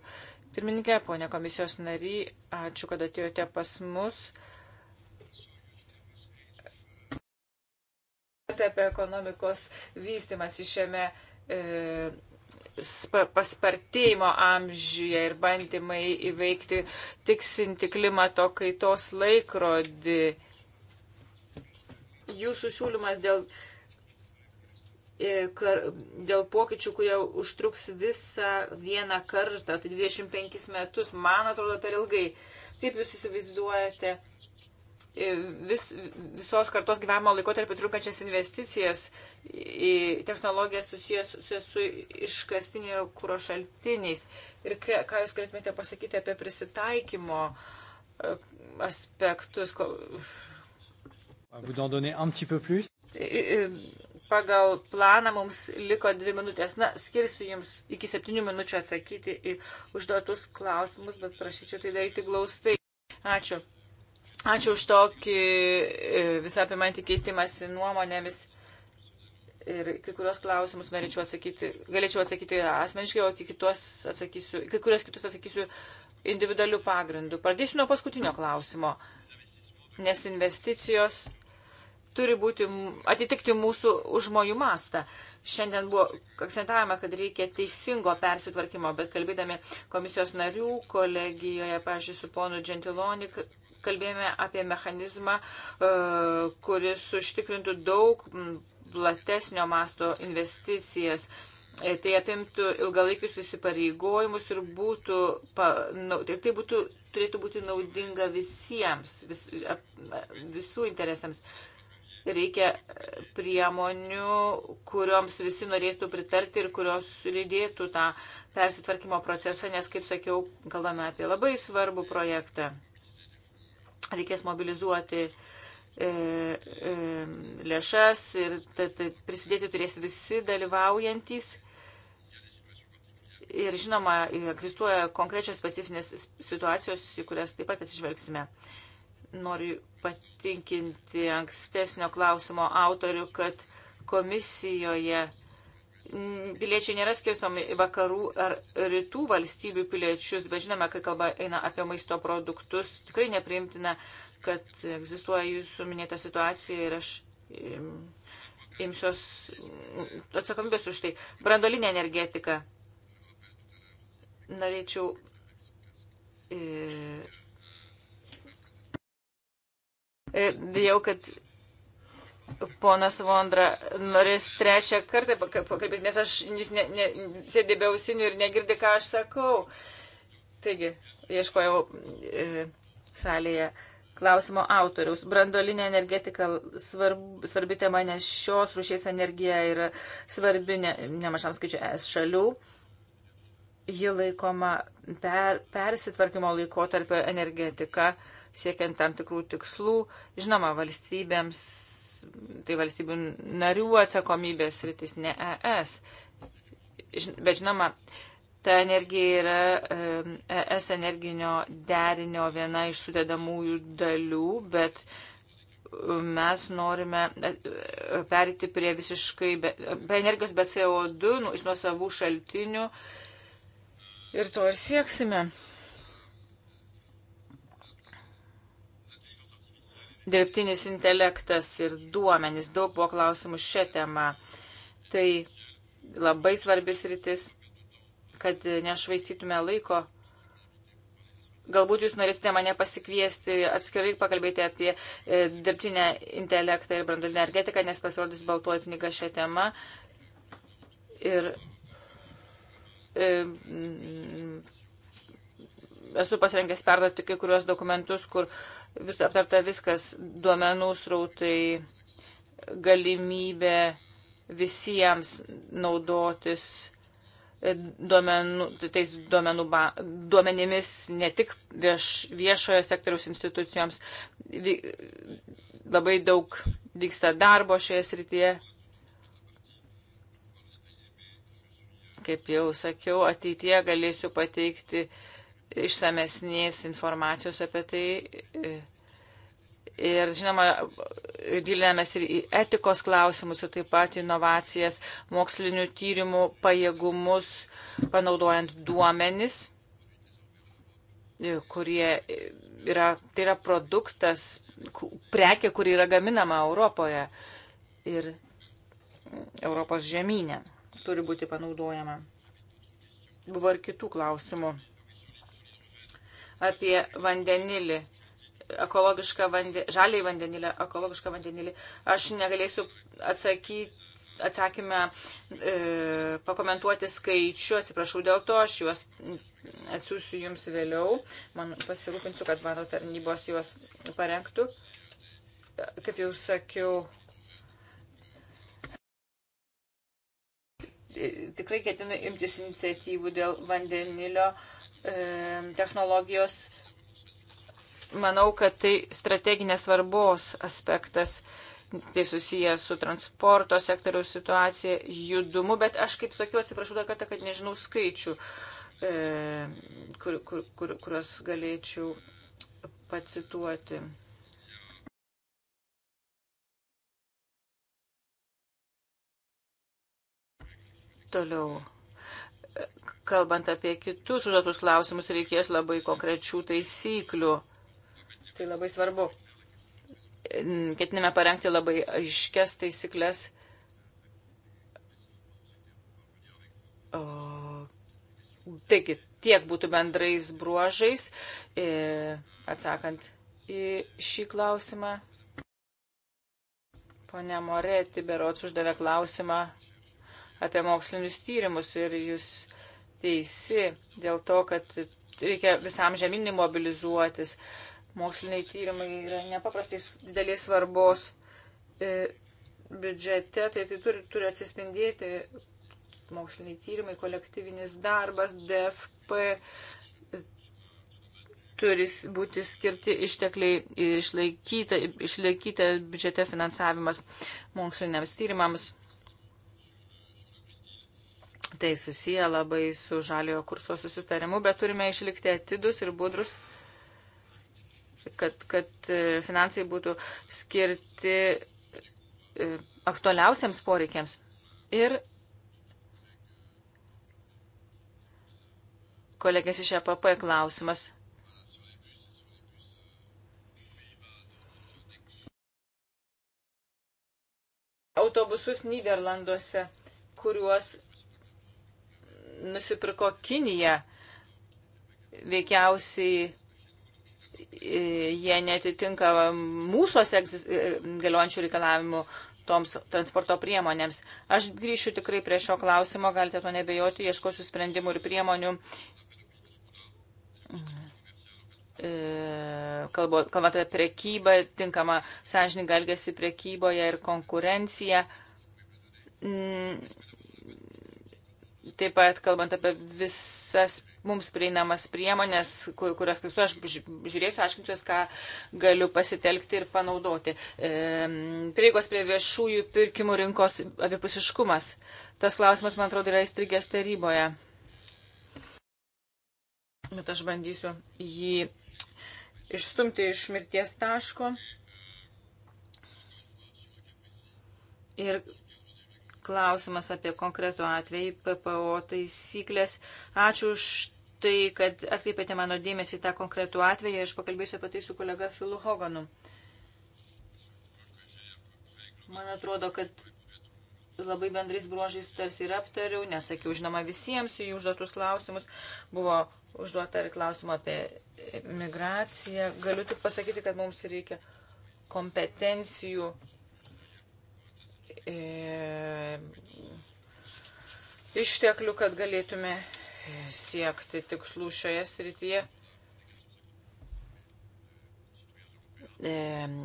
Pirmininkė, ponė komisijos nary, ačiū, kad atėjote pas mus. apie ekonomikos vystimas šiame e, paspartėjimo amžiuje ir bandymai įveikti tiksinti klimato kaitos laikrodį. Jūsų siūlymas dėl, e, dėl pokyčių, kurie užtruks visą vieną kartą, tai 25 metus, man atrodo per ilgai. Kaip jūs įsivaizduojate? E, vis, visos kartos gyvenimo laikotarpį trunkančias investicijas į technologijas susijęs, susijęs su iškastinio kūro šaltiniais. Ir ką, ką Jūs galėtumėte pasakyti apie prisitaikymo e, aspektus? Pagal planą mums liko dvi minutės. Na, skirsiu Jums iki septynių minučių atsakyti į užduotus klausimus, bet prašyčiau tai daryti glaustai. Ačiū. Ačiū už tokį e, visą apimantį keitimąsi nuomonėmis. Ir kai kurios klausimus norėčiau atsakyti, galėčiau atsakyti asmeniškai, o kai, atsakysiu, kai kurios kitus atsakysiu individualių pagrindų. Pradėsiu nuo paskutinio klausimo, nes investicijos turi būti, atitikti mūsų užmojų mastą. Šiandien buvo akcentavimą, kad reikia teisingo persitvarkymo, bet kalbėdami komisijos narių kolegijoje, pažiūrėjau, su ponu Gentiloni, kalbėjome apie mechanizmą, e, kuris užtikrintų daug platesnio masto investicijas. E, tai apimtų ilgalaikius įsipareigojimus ir, būtų, ir tai būtų, turėtų būti naudinga visiems, vis, visų interesams reikia priemonių, kurioms visi norėtų pritarti ir kurios lydėtų tą persitvarkymo procesą, nes, kaip sakiau, kalbame apie labai svarbų projektą reikės mobilizuoti e, e, lėšas ir prisidėti turės visi dalyvaujantys. Ir žinoma, egzistuoja konkrečios specifinės situacijos, į kurias taip pat atsižvelgsime. Noriu patinkinti ankstesnio klausimo autorių, kad komisijoje Mm, piliečiai nėra skirstomi vakarų ar rytų valstybių piliečius, bet žinome, kai kalba eina apie maisto produktus, tikrai nepriimtina, kad egzistuoja jūsų minėta situacija ir aš imsiuos mm, atsakomybės už tai. Brandolinė energetika. Norėčiau. Dėjau, e, e, kad ponas Vondra norės trečią kartą pakalbėti, nes aš jis ne, ne, sėdė be ausinių ir negirdi, ką aš sakau. Taigi, ieškojau e, salėje klausimo autoriaus. Brandolinė energetika svarb, svarbi tema, nes šios rušies energija yra svarbi ne, nemažam skaičiu es šalių. Ji laikoma per, persitvarkymo laikotarpio energetika, siekiant tam tikrų tikslų. Žinoma, valstybėms tai valstybių narių atsakomybės rytis, ne ES. Bet žinoma, ta energija yra ES e energinio derinio viena iš sudėdamųjų dalių, bet mes norime e, e, perėti prie visiškai be, be energijos, be CO2, nu, iš nuosavų šaltinių. Ir to ir sieksime. dirbtinis intelektas ir duomenys. Daug buvo klausimų šią temą. Tai labai svarbis rytis, kad nešvaistytume laiko. Galbūt jūs norėsite mane pasikviesti atskirai pakalbėti apie e, dirbtinę intelektą ir branduolinę energetiką, nes pasirodys baltoji knyga šią temą. Ir e, esu pasirengęs perduoti kai kurios dokumentus, kur e, vis aptarta viskas duomenų srautai, galimybė visiems naudotis e, duomenų, tai tais duomenų, duomenimis ne tik vieš, viešojo sektoriaus institucijoms. Vi, labai daug vyksta darbo šioje srityje. Kaip jau sakiau, ateitie galėsiu pateikti uh, išsamesnės informacijos apie tai. Ir žinoma, gilinamės ir į etikos klausimus, ir taip pat inovacijas, mokslinių tyrimų pajėgumus, panaudojant duomenis, kurie yra, tai yra produktas, prekė, kuri yra gaminama Europoje ir Europos žemynė, turi būti panaudojama. Buvo ir kitų klausimų apie vandenilį, ekologišką vandenilį, žaliai vandenilį, ekologišką vandenilį. Aš negalėsiu atsakyti. Atsakymę e, pakomentuoti skaičių, atsiprašau dėl to, aš juos atsiųsiu jums vėliau, man pasirūpinsiu, kad mano tarnybos juos parengtų. Kaip jau sakiau, e, tikrai ketinu imtis iniciatyvų dėl vandenilio e, E, technologijos, manau, kad tai strateginės svarbos aspektas. Tai susijęs su transporto sektoriaus situacija, judumu, bet aš kaip sakiau, atsiprašau dar kartą, kad nežinau skaičių, e, kur, kur, kur, kuriuos galėčiau pacituoti. Toliau kalbant apie kitus užduotus klausimus, reikės labai konkrečių taisyklių. Tai labai svarbu. Ketiname parengti labai aiškias taisyklės. O, taigi, tiek būtų bendrais bruožais, e, atsakant į šį klausimą. Pone Moreti, berots uždavė klausimą apie mokslinius tyrimus ir jūs teisi dėl to, kad reikia visam žemynį mobilizuotis. Moksliniai tyrimai yra nepaprastai didelės svarbos e, biudžete, tai tai turi, turi atsispindėti moksliniai tyrimai, kolektyvinis darbas, DFP e, turi būti skirti ištekliai ir išlaikyta, išlaikyta biudžete finansavimas moksliniams tyrimams. Tai susiję labai su žaliojo kurso susitarimu, bet turime išlikti atidus ir budrus, kad, kad e, finansai būtų skirti e, aktualiausiams poreikiams. Ir kolegės iš EPP klausimas. Autobusus Niderlanduose, kuriuos nusipirko Kinija. Veikiausiai e, jie netitinka mūsų e, galiojančių reikalavimų toms transporto priemonėms. Aš grįšiu tikrai prie šio klausimo, galite to nebejoti, ieškosiu sprendimų ir priemonių. E, kalbant apie prekybą, tinkamą sąžininką elgesį prekyboje ir konkurenciją. Mm, Taip pat, kalbant apie visas mums prieinamas priemonės, kur, kurias klasu, aš žiūrėsiu, aiškinsiu, ką galiu pasitelkti ir panaudoti. E, prieigos prie viešųjų pirkimų rinkos abipusiškumas. Tas klausimas, man atrodo, yra įstrigęs taryboje. Bet aš bandysiu jį išstumti iš mirties taško. Ir klausimas apie konkretų atvejį PPO taisyklės. Ačiū už tai, kad atkreipėte mano dėmesį tą konkretų atvejį. Aš pakalbėsiu apie tai su kolega Filu Hoganu. Man atrodo, kad labai bendrais bruožais tarsi ir aptariau, nesakiau, žinoma, visiems į jų užduotus klausimus. Buvo užduota ir klausimą apie migraciją. Galiu tik pasakyti, kad mums reikia kompetencijų e, išteklių, kad galėtume siekti tikslų šioje srityje. E,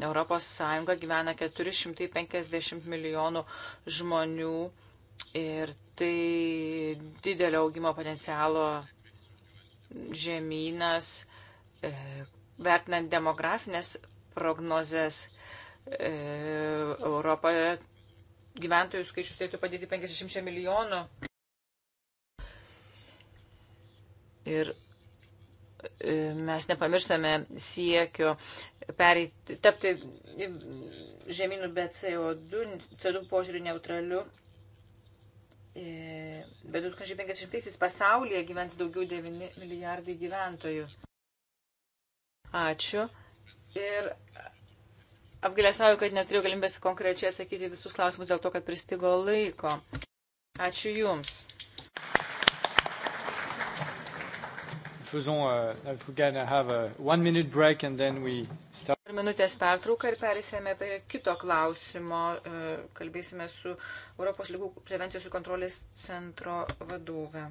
Europos Sąjunga gyvena 450 milijonų žmonių ir tai didelio augimo potencialo žemynas, e, vertinant demografinės prognozes e, Europoje gyventojų skaičius turėtų padėti 50 milijonų. Ir e, mes nepamirštame siekio pereiti, tapti žemynų be CO2, CO2 požiūrių neutraliu. E, Bet 2050-aisiais pasaulyje gyvens daugiau 9 milijardai gyventojų. Ačiū. Ir Apgailėsauju, kad neturiu galimybės konkrečiai atsakyti visus klausimus dėl to, kad pristigo laiko. Ačiū Jums. Per euh, minutės pertrauką ir perėsime prie kito klausimo. Uh, kalbėsime su Europos lygų prevencijos ir kontrolės centro vadove.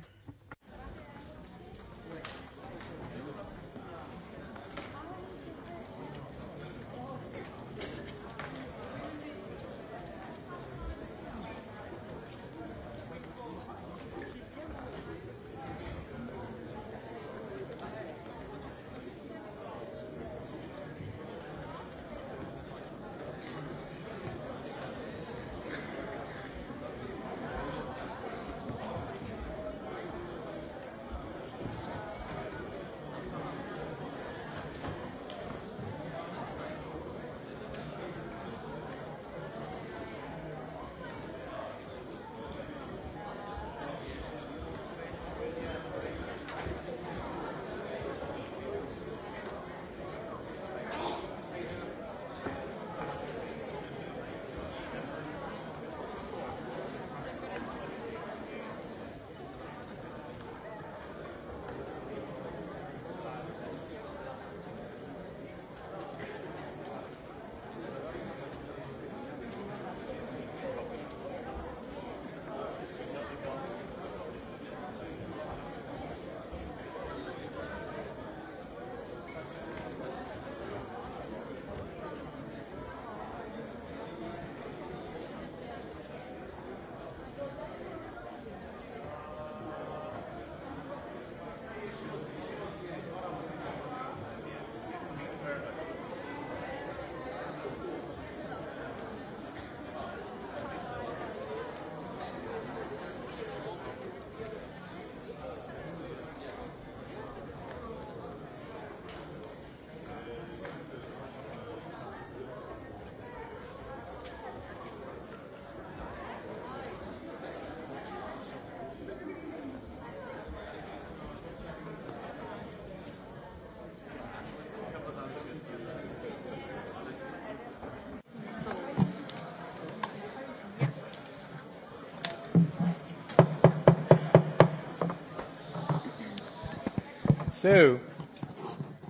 So,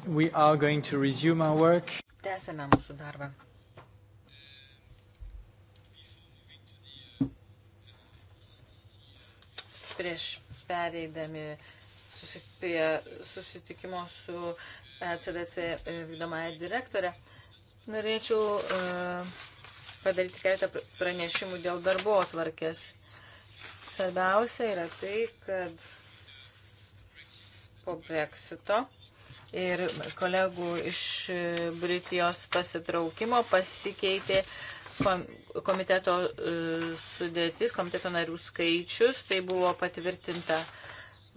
we are going to resume our work. Tęsėme mūsų darbą. Prieš pereidami susi prie susitikimo su CDC e vykdomąją direktorę, norėčiau uh, padaryti keletą pranešimų dėl darbo atvarkės. Svarbiausia yra tai, kad po Brexito ir kolegų iš Britijos pasitraukimo pasikeitė komiteto e, sudėtis, komiteto narių skaičius. Tai buvo patvirtinta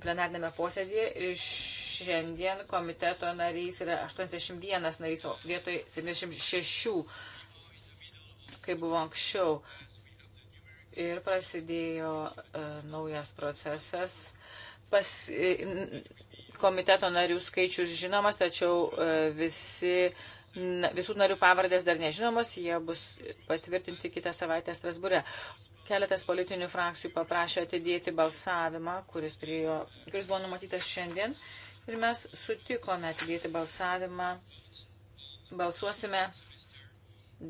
plenarnėme posėdėje ir šiandien komiteto narys yra 81 narys, o vietoj 76, kai buvo anksčiau. Ir prasidėjo uh, naujas procesas. Pas, uh, Komiteto narių skaičius žinomas, tačiau e, visi, visų narių pavardės dar nežinomos, jie bus patvirtinti kitą savaitę Strasbūre. Keletas politinių frakcijų paprašė atidėti balsavimą, kuris, prijo, kuris buvo numatytas šiandien. Ir mes sutikome atidėti balsavimą. Balsuosime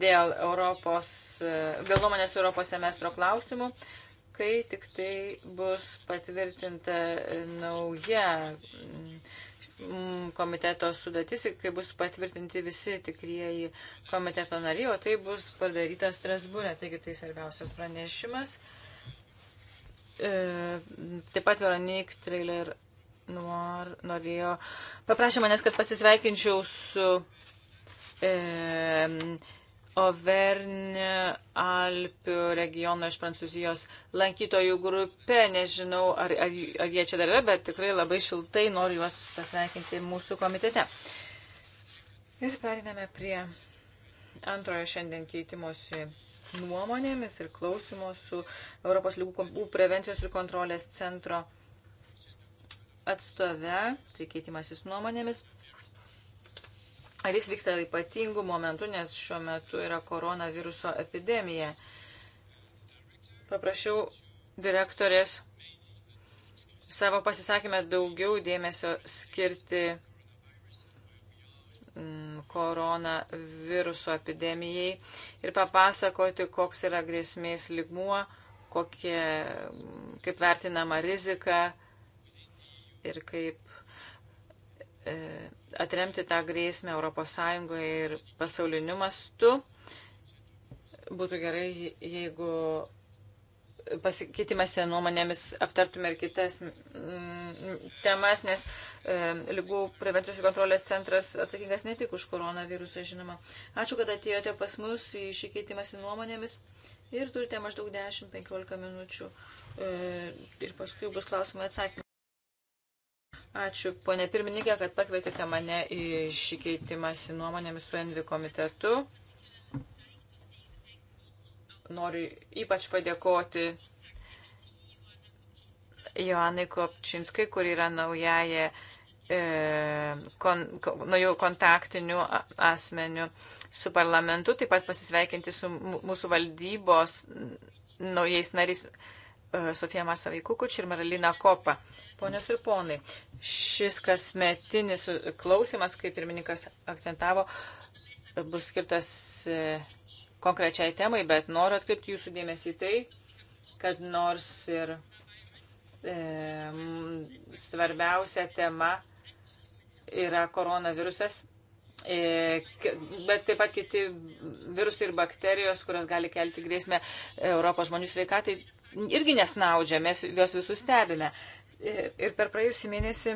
dėl, Europos, e, dėl nuomonės Europos semestro klausimų kai tik tai bus patvirtinta nauja mm, komiteto sudatis, kai bus patvirtinti visi tikrieji komiteto nariai, o tai bus padaryta Strasbūrė. Taigi tai svarbiausias pranešimas. E, taip pat Veronik Trailer Noir norėjo, paprašė manęs, kad pasisveikinčiau su e, Overnė Alpių regiono iš Prancūzijos lankytojų grupė. Nežinau, ar, ar, ar jie čia dar yra, bet tikrai labai šiltai noriu juos pasveikinti mūsų komitete. Ir periname prie antrojo šiandien keitimosi nuomonėmis ir klausimo su Europos lygų prevencijos ir kontrolės centro atstove, tai keitimasis nuomonėmis. Ar jis vyksta ypatingų momentų, nes šiuo metu yra koronaviruso epidemija. Paprašiau direktorės savo pasisakymę daugiau dėmesio skirti mm, koronaviruso epidemijai ir papasakoti, koks yra grėsmės ligmuo, kokie, kaip vertinama rizika ir kaip E, atremti tą grėsmę ES ir pasauliniu mastu. Būtų gerai, jeigu pasikeitimąsi nuomonėmis aptartume ir kitas mm, temas, nes e, lygų prevencijos ir kontrolės centras atsakingas ne tik už koronavirusą, žinoma. Ačiū, kad atėjote pas mus į šį keitimąsi nuomonėmis ir turite maždaug 10-15 minučių e, ir paskui bus klausimai atsakymai. Ačiū, ponė pirmininkė, kad pakvietėte mane į šį keitimąsi nuomonėmis su Envi komitetu. Noriu ypač padėkoti Joanai Kopčinskai, kur yra naujaje kon, naujų kontaktinių asmenių su parlamentu, taip pat pasisveikinti su mūsų valdybos naujais narys. Sofija Masavykukuč ir Maralina Kopa. Ponios ir ponai, šis kasmetinis klausimas, kaip pirmininkas akcentavo, bus skirtas e, konkrečiai temai, bet noriu atkreipti jūsų dėmesį tai, kad nors ir e, svarbiausia tema yra koronavirusas, e, bet taip pat kiti virusai ir bakterijos, kurios gali kelti grėsmę Europos žmonių sveikatai, irgi nesnaudžia, mes juos visus stebime. Ir per praėjusį mėnesį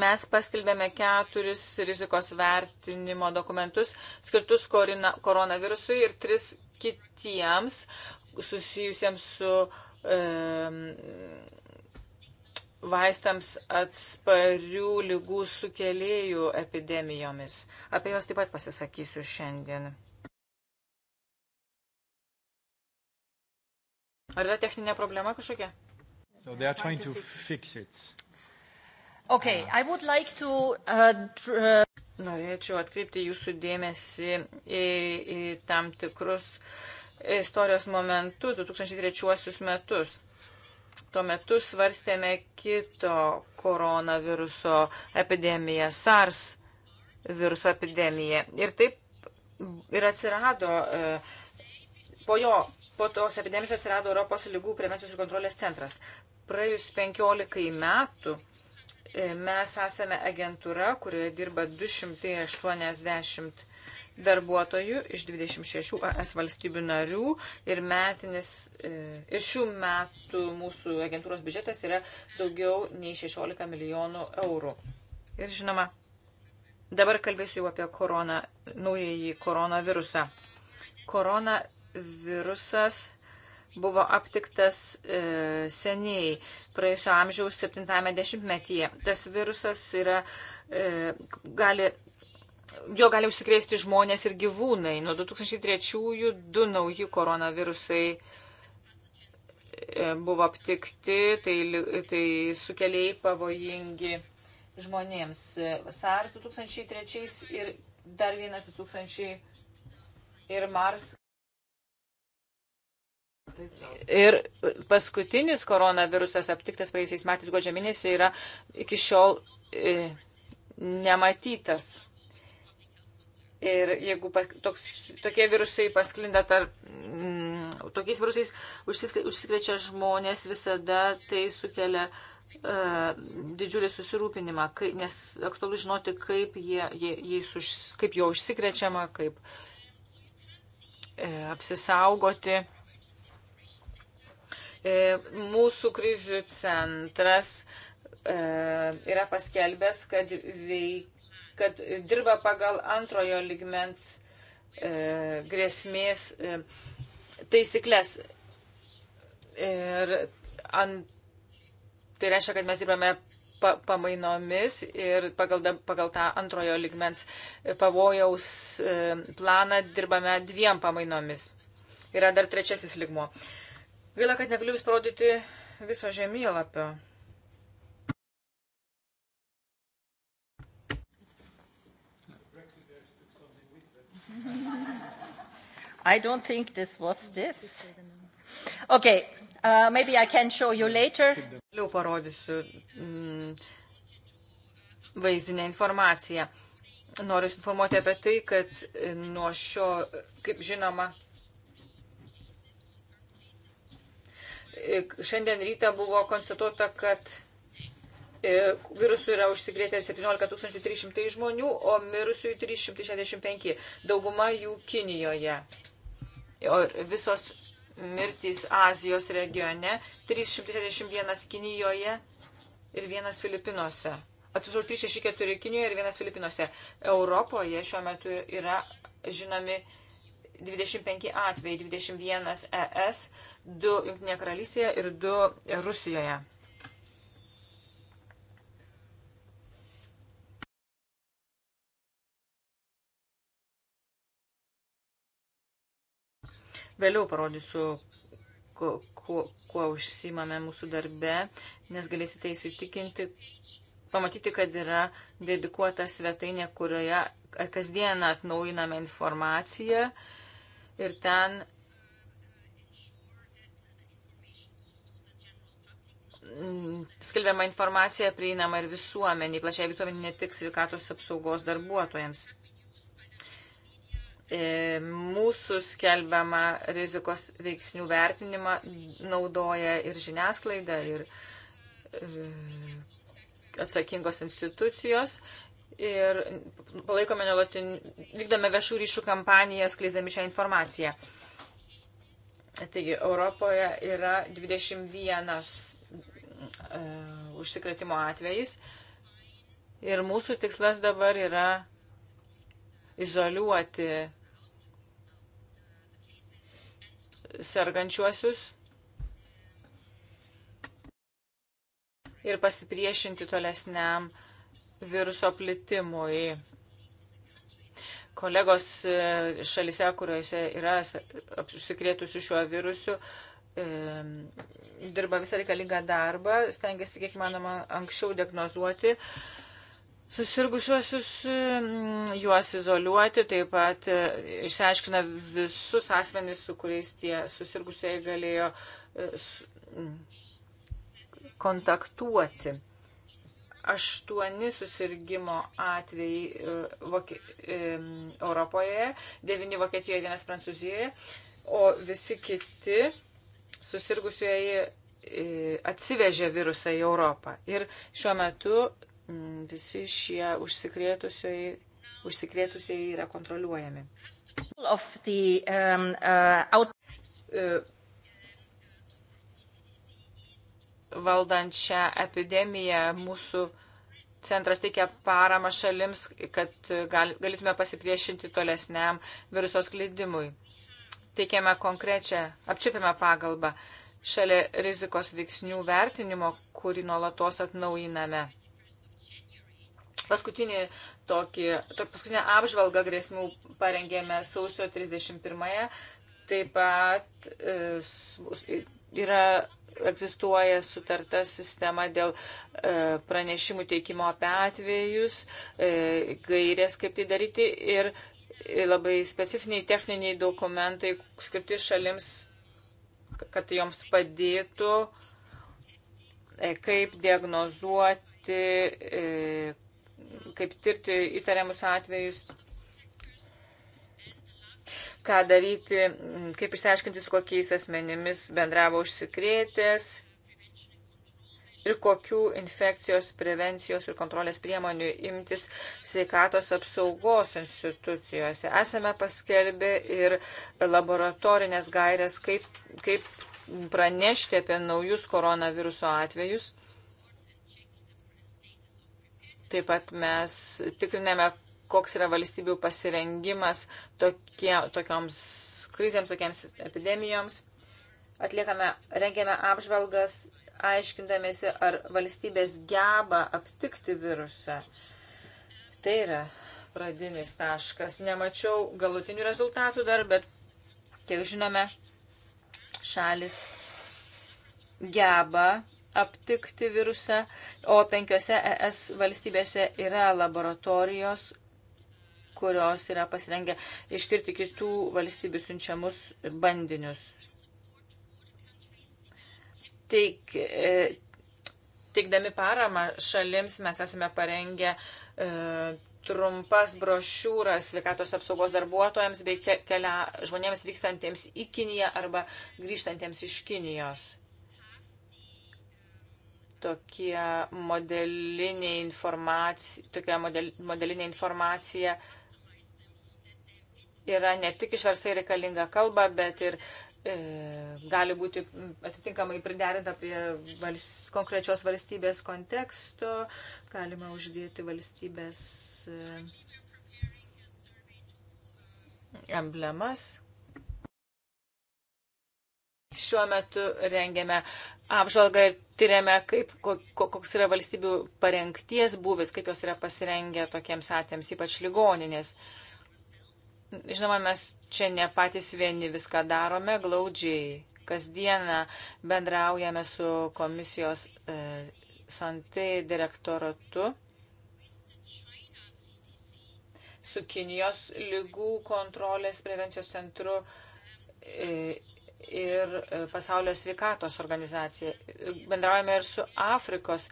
mes paskelbėme keturis rizikos vertinimo dokumentus skirtus koronavirusui ir tris kitiems susijusiems su e, vaistams atsparių lygų sukėlėjų epidemijomis. Apie juos taip pat pasisakysiu šiandien. Ar yra techninė problema kažkokia? So they are trying to fix it. Okay, I would like to uh, uh Norėčiau atkreipti jūsų dėmesį į, į tam tikrus istorijos momentus 2003 metus. Tuo metu svarstėme kito koronaviruso epidemiją, SARS viruso epidemiją. Ir taip ir atsirado uh, po jo po tos epidemijos atsirado Europos lygų prevencijos ir kontrolės centras. Praėjus 15 metų e, mes esame agentūra, kurioje dirba 280 darbuotojų iš 26 AS valstybių narių ir metinis e, ir šių metų mūsų agentūros biudžetas yra daugiau nei 16 milijonų eurų. Ir žinoma, dabar kalbėsiu jau apie korona, naująjį koronavirusą. Korona virusas buvo aptiktas e, seniai, praėjusio amžiaus 70-metyje. Tas virusas yra, e, gali, jo gali užsikrėsti žmonės ir gyvūnai. Nuo 2003-ųjų du nauji koronavirusai e, buvo aptikti, tai, tai sukeliai pavojingi žmonėms. E, SARS 2003 ir dar vienas 2000 ir Mars Ir paskutinis koronavirusas aptiktas praėjusiais metais gruodžio mėnesį yra iki šiol e, nematytas. Ir jeigu pas, toks, tokie virusai pasklinda tarp, mm, tokiais virusais užsikrečia žmonės, visada tai sukelia e, didžiulį susirūpinimą, kai, nes aktualu žinoti, kaip, jie, jie, jais už, kaip jo užsikrečiama, kaip e, apsisaugoti. E, mūsų krizių centras e, yra paskelbęs, kad, veik, kad dirba pagal antrojo ligmens e, grėsmės taisyklės. Ir ant, tai reiškia, kad mes dirbame pa, pamainomis ir pagal, pagal tą antrojo ligmens pavojaus planą dirbame dviem pamainomis. Yra dar trečiasis ligmo. E, Gaila, kad negaliu jums parodyti viso žemėlapio. I don't think this was this. Okay, uh, maybe I can show you later. Vėliau parodysiu mm, vaizdinę informaciją. Noriu informuoti apie tai, kad e, nuo šio, kaip žinoma, Šiandien ryte buvo konstatuota, kad e, virusų yra užsikrėtę 17 300 žmonių, o mirusiųjų 365, dauguma jų Kinijoje. O visos mirtys Azijos regione, 371 Kinijoje ir vienas Filipinuose. Atsiprašau, 364 Kinijoje ir vienas Filipinuose. Europoje šiuo metu yra žinomi 25 atvejai, 21 ES, 2 Junktinė karalystėje ir 2 Rusijoje. Vėliau parodysiu, kuo, kuo, kuo užsimame mūsų darbe, nes galėsite įsitikinti, pamatyti, kad yra dedikuota svetainė, kurioje kasdieną atnaujiname informaciją. Uh, ir ten skelbiama informacija prieinama ir visuomeniai, plačiai visuomeniai, ne tik sveikatos apsaugos darbuotojams. E, mūsų skelbiama rizikos veiksnių vertinimą naudoja ir žiniasklaida, ir e, atsakingos institucijos ir palaikome nuolatin, vykdome viešų ryšių kampaniją, skleisdami šią informaciją. Taigi, Europoje yra 21 uh, e, užsikretimo atvejais ir mūsų tikslas dabar yra izoliuoti sergančiuosius ir pasipriešinti tolesniam uh, viruso plitimui. Kolegos e, šalise, kuriuose yra apsikrėtusių šiuo virusu, e, dirba visą reikalingą darbą, stengiasi kiek manoma anksčiau diagnozuoti susirgusiuosius, e, juos izoliuoti, taip pat išsiaiškina visus asmenys, su kuriais tie susirgusieji galėjo kontaktuoti aštuoni susirgymo atvejai e, vokie, Europoje, devyni Vokietijoje, vienas Prancūzijoje, o visi kiti susirgusieji atsivežė virusą į Europą. Ir šiuo metu visi šie užsikrėtusieji, užsikrėtusieji yra kontroliuojami. valdant šią epidemiją mūsų centras teikia paramą šalims, kad galėtume pasipriešinti tolesniam viruso sklidimui. Teikiame konkrečią apčiupiamą pagalbą šalia rizikos veiksnių vertinimo, kurį nuolatos atnaujiname. Paskutinį tokį, tokį paskutinę apžvalgą grėsmių parengėme sausio 31-ąją, taip pat e, yra, egzistuoja sutarta sistema dėl e, pranešimų teikimo apie atvejus, e, gairės kaip tai daryti ir e, labai specifiniai techniniai dokumentai skirti šalims, kad joms padėtų, e, kaip diagnozuoti, e, kaip tirti įtariamus atvejus ką daryti, kaip išsiaiškinti, su kokiais asmenimis bendravo užsikrėtęs ir kokių infekcijos prevencijos ir kontrolės priemonių imtis sveikatos apsaugos institucijose. Esame paskelbę ir laboratorinės gairės, kaip, kaip pranešti apie naujus koronaviruso atvejus. Taip pat mes tikriname, koks yra valstybių pasirengimas tokie, tokioms krizėms, tokiems epidemijoms. Atliekame, rengiame apžvalgas, aiškindamėsi, ar valstybės geba aptikti virusą. Tai yra pradinis taškas. Nemačiau galutinių rezultatų dar, bet kiek žinome, šalis geba aptikti virusą, o penkiose ES valstybėse yra laboratorijos, kurios yra pasirengę ištirti kitų valstybių siunčiamus bandinius. Teik, e, teikdami paramą šalims mes esame parengę e, trumpas brošiūras sveikatos apsaugos darbuotojams bei kelia žmonėms vykstantiems į Kiniją arba grįžtantiems iš Kinijos tokie modelinė informacija, tokia model, modelinė informacija yra ne tik išversta į reikalingą kalbą, bet ir e, gali būti atitinkamai priderinta prie vals, konkrečios valstybės konteksto, galima uždėti valstybės e, emblemas. Šiuo metu rengiame apžvalgą ir tyriame, kaip, koks yra valstybių parengties būvis, kaip jos yra pasirengę tokiems atvejams, ypač ligoninės. E, Žinoma, mes čia ne patys vieni viską darome glaudžiai. Kasdieną bendraujame su komisijos e, santai direktoratu, su Kinijos lygų kontrolės prevencijos centru e, ir e, pasaulio sveikatos organizacija. Bendraujame ir su Afrikos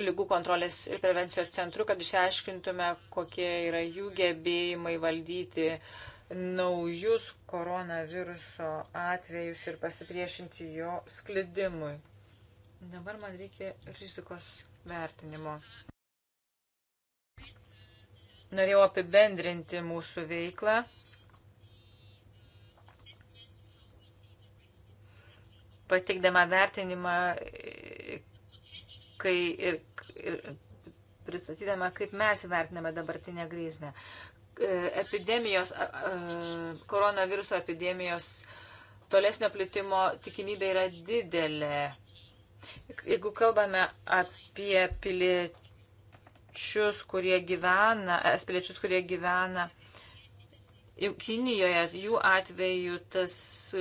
lygų kontrolės ir prevencijos centru, kad išsiaiškintume, kokie yra jų gebėjimai valdyti naujus koronaviruso atvejus ir pasipriešinti jo sklidimui. Dabar man reikia rizikos vertinimo. Norėjau apibendrinti mūsų veiklą. pateikdama vertinimą, kai ir, ir pristatydama, kaip mes vertiname dabartinę grėsmę. E, epidemijos, koronaviruso epidemijos tolesnio plitimo tikimybė yra didelė. Jeigu kalbame apie piliečius, kurie gyvena, es piliečius, kurie gyvena Kinijoje, jų atveju tas e,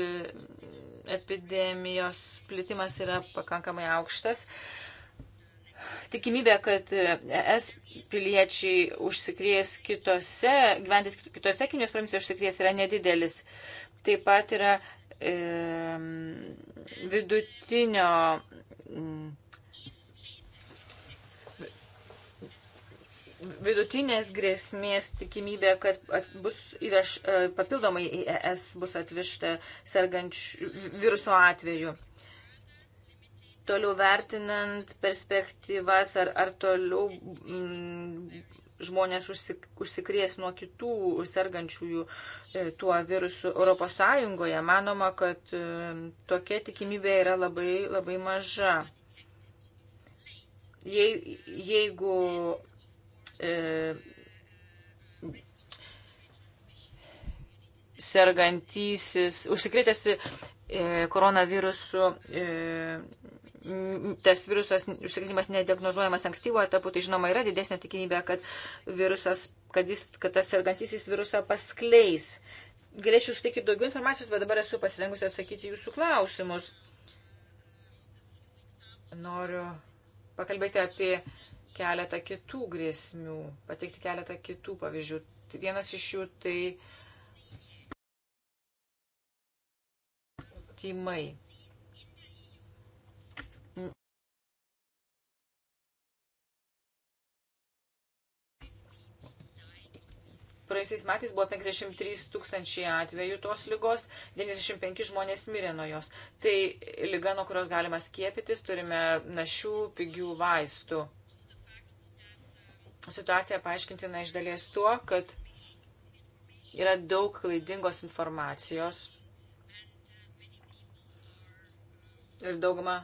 epidemijos plitimas yra pakankamai aukštas. Uh, tikimybė, kad ES piliečiai užsikrės kitose, gyventis kitose Kinijos provincijose užsikrės yra nedidelis. Taip pat yra e, vidutinio. Mm, vidutinės grėsmės tikimybė, kad at, bus įveš, e, papildomai į ES bus atvišta sergančių viruso atveju toliau vertinant perspektyvas, ar, ar toliau mm, žmonės užsik, užsikrės nuo kitų sergančiųjų e, tuo virusu Europos Sąjungoje. Manoma, kad e, tokia tikimybė yra labai, labai maža. Je, jeigu e, sergantysis, užsikrėtęs e, koronavirusu e, tas virusas užsikrėtimas nediagnozuojamas ankstyvoje etapu, tai žinoma yra didesnė tikimybė, kad, virusas, kad, jis, kad tas sergantysis virusą paskleis. Galėčiau suteikti daugiau informacijos, bet dabar esu pasirengusi atsakyti jūsų klausimus. Noriu pakalbėti apie keletą kitų grėsmių, pateikti keletą kitų pavyzdžių. Tai vienas iš jų tai tymai. Praėjusiais metais buvo 53 tūkstančiai atvejų tos lygos, 95 žmonės mirė nuo jos. Tai lyga, nuo kurios galima skiepytis, turime našių, pigių vaistų. Situacija paaiškintina iš dalies tuo, kad yra daug klaidingos informacijos ir dauguma,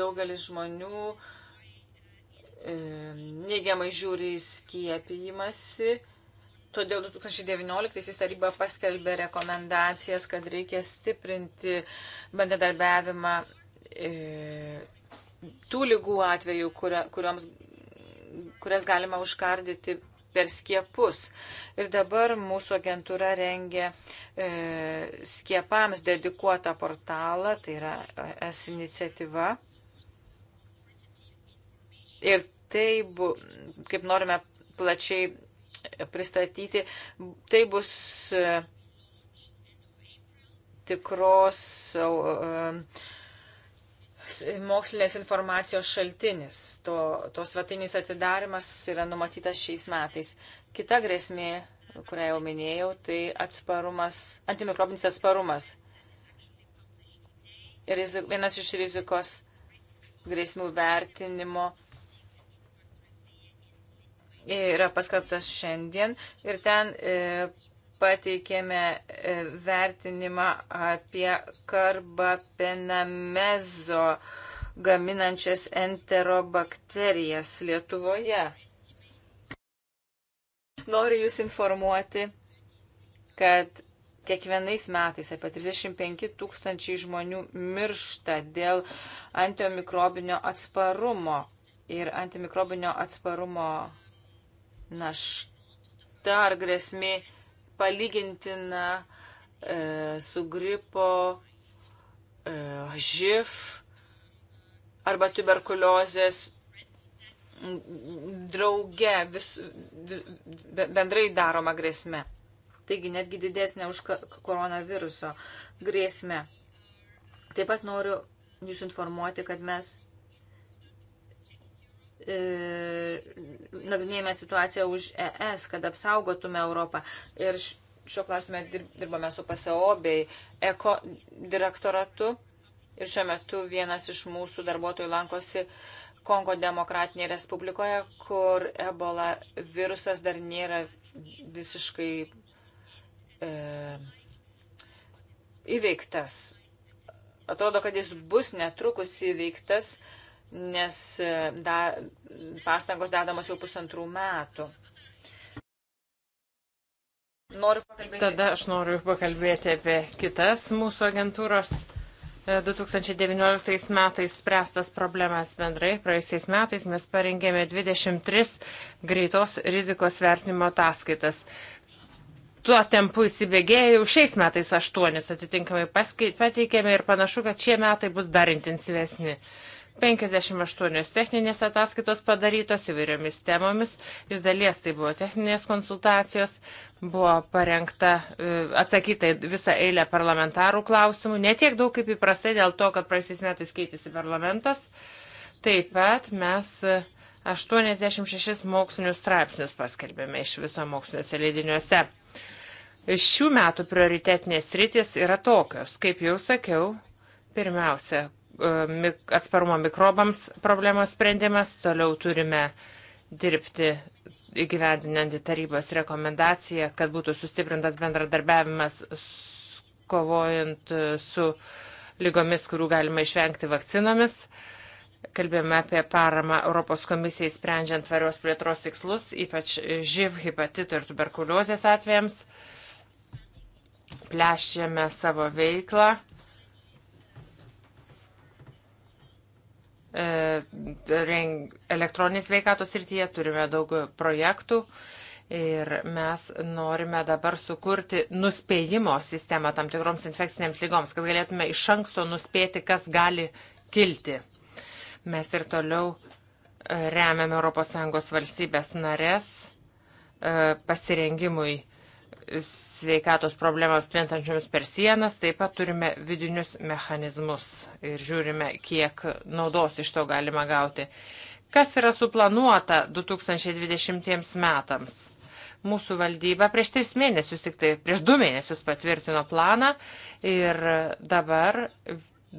daugelis žmonių uh, E, neigiamai žiūri į skiepijimąsi. Todėl 2019 taryba paskelbė rekomendacijas, kad reikia stiprinti bendradarbiavimą e, tų lygų atveju, kurioms, kurias galima užkardyti per skiepus. Ir dabar mūsų agentūra rengia e, skiepams dedikuotą portalą, tai yra es iniciatyva. Ir tai, bu, kaip norime plačiai pristatyti, tai bus e, tikros e, e, mokslinės informacijos šaltinis. To, to svetainės atidarimas yra numatytas šiais metais. Kita grėsmė, kurią jau minėjau, tai atsparumas, antimikrobinis atsparumas. Ir vienas iš rizikos grėsmių vertinimo yra paskelbtas šiandien ir ten e, pateikėme e, vertinimą apie karbą penamezo gaminančias enterobakterijas Lietuvoje. Noriu Jūs informuoti, kad kiekvienais metais apie 35 tūkstančiai žmonių miršta dėl antimikrobinio atsparumo. Ir antimikrobinio atsparumo našta ar grėsmė palygintina e, su gripo, e, živ arba tuberkuliozės drauge vis, vis, bendrai daroma grėsme. Taigi netgi didesnė už koronaviruso grėsmę. Taip pat noriu Jūs informuoti, kad mes E, nagrinėjame situaciją už ES, kad apsaugotume Europą. Ir šiuo klausimu dirbame su PSO bei ECO direktoratu. Ir šiuo metu vienas iš mūsų darbuotojų lankosi Kongo demokratinėje respublikoje, kur ebola virusas dar nėra visiškai e, įveiktas. Atrodo, kad jis bus netrukus įveiktas. E, nes e, da, pastangos dedamos jau pusantrų metų. Noriu pakalbėti. Tada aš noriu pakalbėti apie kitas mūsų agentūros 2019 e, metais spręstas problemas bendrai. Praėjusiais metais mes parengėme 23 greitos rizikos vertinimo ataskaitas. Tuo tempu įsibėgėjo jau šiais metais aštuonis atitinkamai pateikėme ir panašu, kad šie metai bus dar intensyvesni. Uh, 58 techninės ataskaitos padarytos įvairiomis temomis. Iš dalies tai buvo techninės konsultacijos, buvo parengta, e, atsakyta visą eilę parlamentarų klausimų, ne tiek daug kaip įprastai dėl to, kad praeisiais metais keitėsi parlamentas. Taip pat mes 86 mokslinius straipsnius paskelbėme iš viso moksliniuose leidiniuose. Šių metų prioritetinės rytis yra tokios, kaip jau sakiau, pirmiausia, E, atsparumo mikrobams problemos sprendimas. Toliau turime dirbti įgyvendinant į tarybos rekomendaciją, kad būtų sustiprintas bendradarbiavimas kovojant e, su lygomis, kurių galima išvengti vakcinomis. Kalbėjome apie paramą Europos komisijai sprendžiant tvarios plėtros tikslus, ypač živ, hepatito ir tuberkuliozės atvejams. Plešėme savo veiklą E, elektroninės veikatos rytyje, turime daug projektų. Ir mes norime dabar sukurti nuspėjimo sistemą tam tikroms infekcinėms lygoms, kad galėtume iš anksto nuspėti, kas gali kilti. Mes ir toliau e, remiam ES valstybės narės e, pasirengimui sveikatos problemas plintančiomis per sienas, taip pat turime vidinius mechanizmus ir žiūrime, kiek naudos iš to galima gauti. Kas yra suplanuota 2020 metams? Mūsų valdyba prieš tris mėnesius, tik tai prieš du mėnesius patvirtino planą ir dabar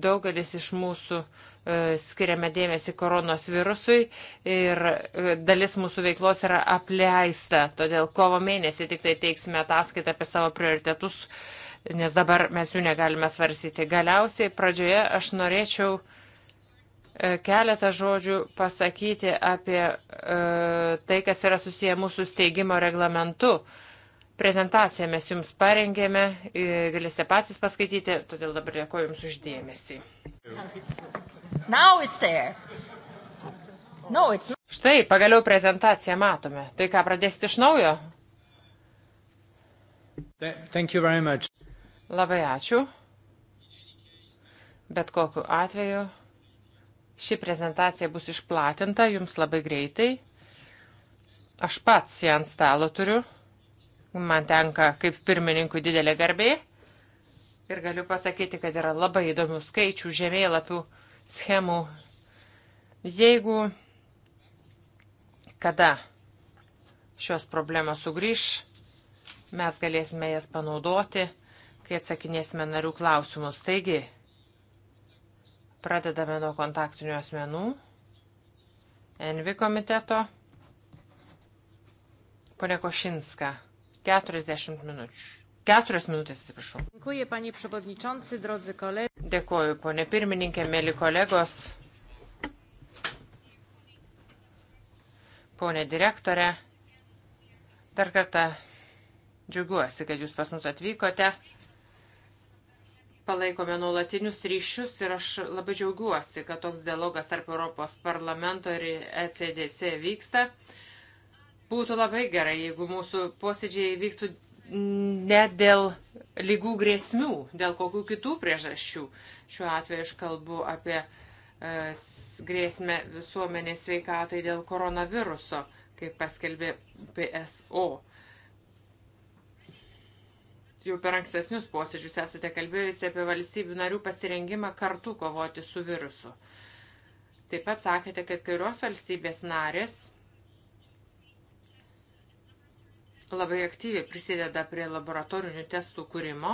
daugelis iš mūsų uh, skiriame dėmesį koronos virusui ir e, dalis mūsų veiklos yra apleista. Todėl kovo mėnesį tik tai teiksime ataskaitą apie savo prioritetus, nes dabar mes jų negalime svarsyti. Galiausiai pradžioje aš norėčiau e, keletą žodžių pasakyti apie e, tai, kas yra susiję mūsų steigimo reglamentu. Prezentaciją mes jums parengėme, galėsite patys paskaityti, todėl dabar dėkoju jums uždėmesį. Thank you. No, Štai, pagaliau prezentaciją matome. Tai ką, pradėsit iš naujo? Labai ačiū. Bet kokiu atveju ši prezentacija bus išplatinta jums labai greitai. Aš pats ją ant stalo turiu. Man tenka kaip pirmininkui didelė garbė. Ir galiu pasakyti, kad yra labai įdomių skaičių, žemėlapių schemų. Jeigu kada šios problemos sugrįž, mes galėsime jas panaudoti, kai atsakinėsime narių klausimus. Taigi, pradedame nuo kontaktinių asmenų, Envi komiteto, ponė Košinska, 40 minučių. Keturios minutės, atsiprašau. Dėkuoju, panie Przewodniczący, drodzy kolegos. Dėkuoju, ponė pirmininkė, mėly kolegos. Pone direktorė, dar kartą džiaugiuosi, kad jūs pas mus atvykote. Palaikome nuolatinius ryšius ir aš labai džiaugiuosi, kad toks dialogas tarp Europos parlamento ir ECDC vyksta. Būtų labai gerai, jeigu mūsų posėdžiai vyktų ne dėl lygų grėsmių, dėl kokių kitų priežasčių. Šiuo atveju aš kalbu apie e, grėsmę visuomenės sveikatai dėl koronaviruso, kaip paskelbė PSO. Jau per ankstesnius posėdžius esate kalbėjusi apie valstybių narių pasirengimą kartu kovoti su virusu. Taip pat sakėte, kad kairios valstybės narės labai aktyviai prisideda prie laboratorinių testų kūrimo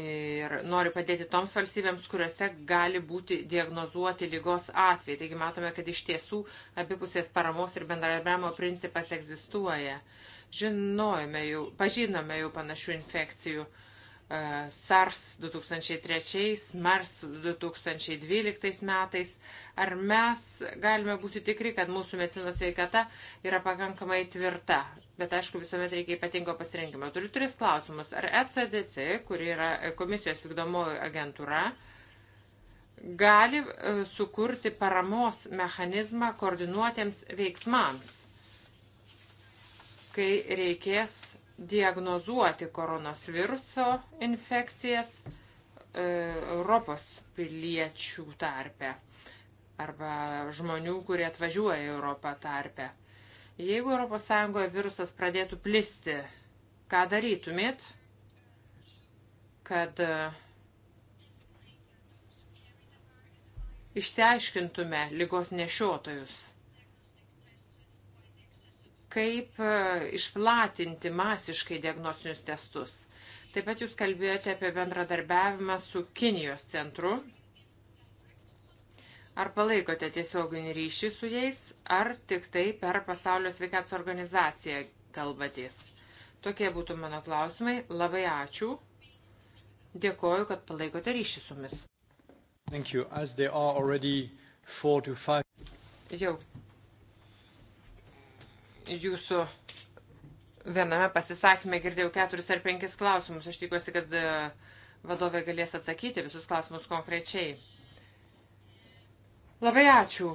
ir nori padėti toms valstybėms, kuriuose gali būti diagnozuoti lygos atvejai. Taigi matome, kad iš tiesų abipusės paramos ir bendradarbiavimo principas egzistuoja. Žinojame jau, pažinome jau panašių infekcijų. Uh, SARS 2003, MARS 2012 metais. Ar mes galime būti tikri, kad mūsų medicinos veikata yra pakankamai tvirta? Bet aišku, visuomet reikia ypatingo pasirinkimo. Turiu tris klausimus. Ar ECDC, kuri yra komisijos vykdomoji agentūra, gali e, sukurti paramos mechanizmą koordinuotiems veiksmams, kai reikės diagnozuoti koronos viruso infekcijas e, Europos piliečių tarpe arba žmonių, kurie atvažiuoja į Europą tarpe. Jeigu ES virusas pradėtų plisti, ką darytumėt, kad e, išsiaiškintume lygos nešiotojus? kaip e, išplatinti masiškai diagnostinius testus. Taip pat jūs kalbėjote apie bendradarbiavimą su Kinijos centru. Ar palaikote tiesioginį ryšį su jais, ar tik tai per pasaulio sveikatos organizaciją kalbatės? Tokie būtų mano klausimai. Labai ačiū. Dėkoju, kad palaikote ryšį su mumis. Jau jūsų viename pasisakymė girdėjau keturis ar penkis klausimus. Aš tikiuosi, kad e, vadovė galės atsakyti visus klausimus konkrečiai. Labai ačiū.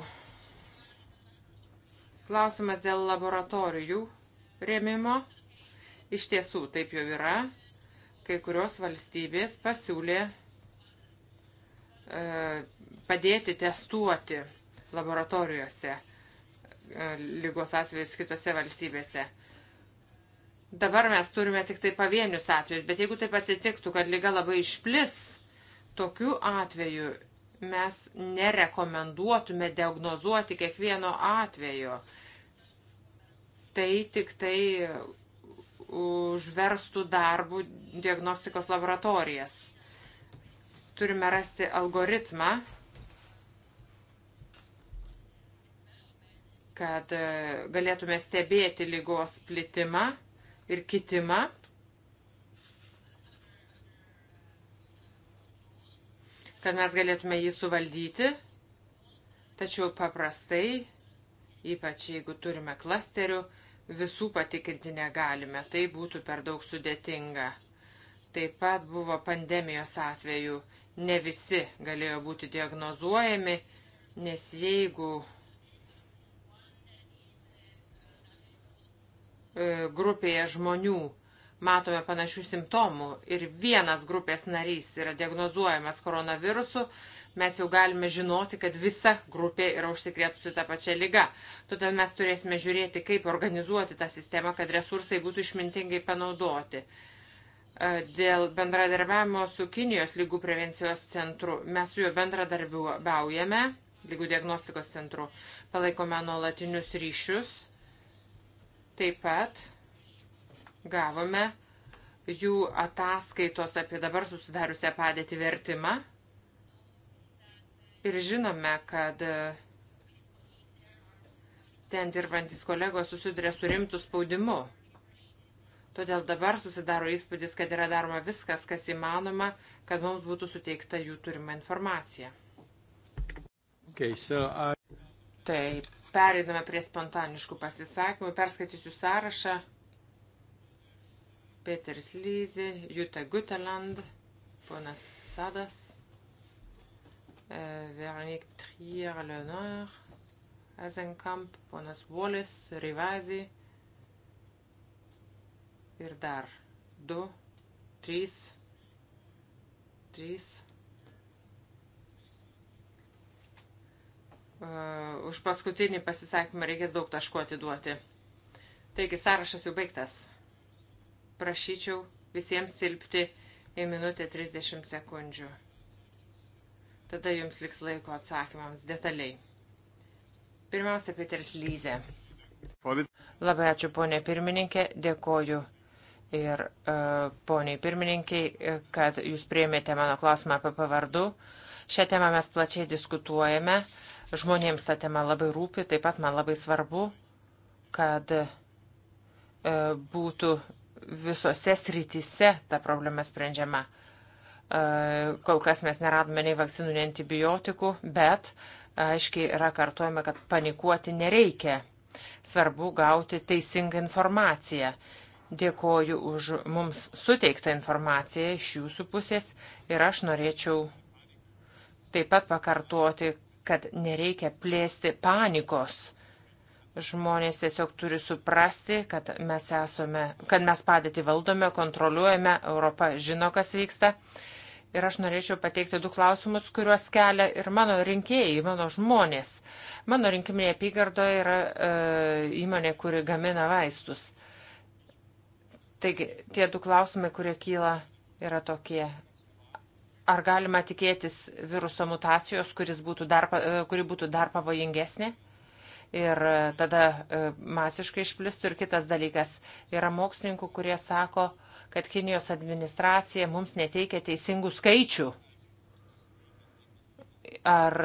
Klausimas dėl laboratorijų rėmimo. Iš tiesų, taip jau yra. Kai kurios valstybės pasiūlė e, padėti testuoti laboratorijose. E, lygos atvejus kitose valstybėse. Dabar mes turime tik tai pavienius atvejus, bet jeigu taip atsitiktų, kad lyga labai išplis, tokiu atveju mes nerekomenduotume diagnozuoti kiekvieno atvejo. Tai tik tai užverstų darbų diagnostikos laboratorijas. Turime rasti algoritmą, kad e, galėtume stebėti lygos plitimą ir kitimą. kad mes galėtume jį suvaldyti, tačiau paprastai, ypač jeigu turime klasterių, visų patikrinti negalime, tai būtų per daug sudėtinga. Taip pat buvo pandemijos atveju, ne visi galėjo būti diagnozuojami, nes jeigu E, grupėje žmonių matome panašių simptomų ir vienas grupės narys yra diagnozuojamas koronavirusu, mes jau galime žinoti, kad visa grupė yra užsikrėtusi tą pačią lygą. Todėl mes turėsime žiūrėti, kaip organizuoti tą sistemą, kad resursai būtų išmintingai panaudoti. E, dėl bendradarbiavimo su Kinijos lygų prevencijos centru mes su juo bendradarbiaujame, lygų diagnostikos centru, palaikome nuolatinius ryšius Taip pat gavome jų ataskaitos apie dabar susidariusią padėtį vertimą. Ir žinome, kad ten dirbantis kolegos susiduria su rimtu spaudimu. Todėl dabar susidaro įspūdis, kad yra daroma viskas, kas įmanoma, kad mums būtų suteikta jų turima informacija. Okay, so I... Taip. Pereiname prie spontaniškų pasisakymų. Perskaitysiu sąrašą. Peteris Lyzi, Jutta Guteland, ponas Sadas, e, Veronique Trier Leonor, Azenkamp, ponas Volis, Rivazi ir dar du, trys, trys Uh, už paskutinį pasisakymą reikės daug taškų atiduoti. Taigi sąrašas jau baigtas. Prašyčiau visiems silpti į minutę 30 sekundžių. Tada jums liks laiko atsakymams detaliai. Pirmiausia, Peteris Lyzė. Labai ačiū, ponė pirmininkė, dėkoju ir uh, poniai pirmininkiai, kad jūs priėmėte mano klausimą apie pavardų. Šią temą mes plačiai diskutuojame. Uh, Žmonėms ta tema labai rūpi, taip pat man labai svarbu, kad e, būtų visose srityse ta problema sprendžiama. E, kol kas mes neradome nei vakcinų, nei antibiotikų, bet aiškiai yra kartuojama, kad panikuoti nereikia. Svarbu gauti teisingą informaciją. Dėkoju už mums suteiktą informaciją iš jūsų pusės ir aš norėčiau taip pat pakartoti, kad nereikia plėsti panikos. Žmonės tiesiog turi suprasti, kad mes, esame, kad mes padėtį valdome, kontroliuojame, Europa žino, kas vyksta. Ir aš norėčiau pateikti du klausimus, kuriuos kelia ir mano rinkėjai, mano žmonės. Mano rinkiminė apygardo yra e, įmonė, kuri gamina vaistus. Taigi, tie du klausimai, kurie kyla, yra tokie. Ar galima tikėtis viruso mutacijos, būtų dar, e, kuri būtų dar pavojingesnė? ir e, tada e, masiškai išplistų. Ir kitas dalykas yra mokslininkų, kurie sako, kad Kinijos administracija mums neteikia teisingų skaičių. Ar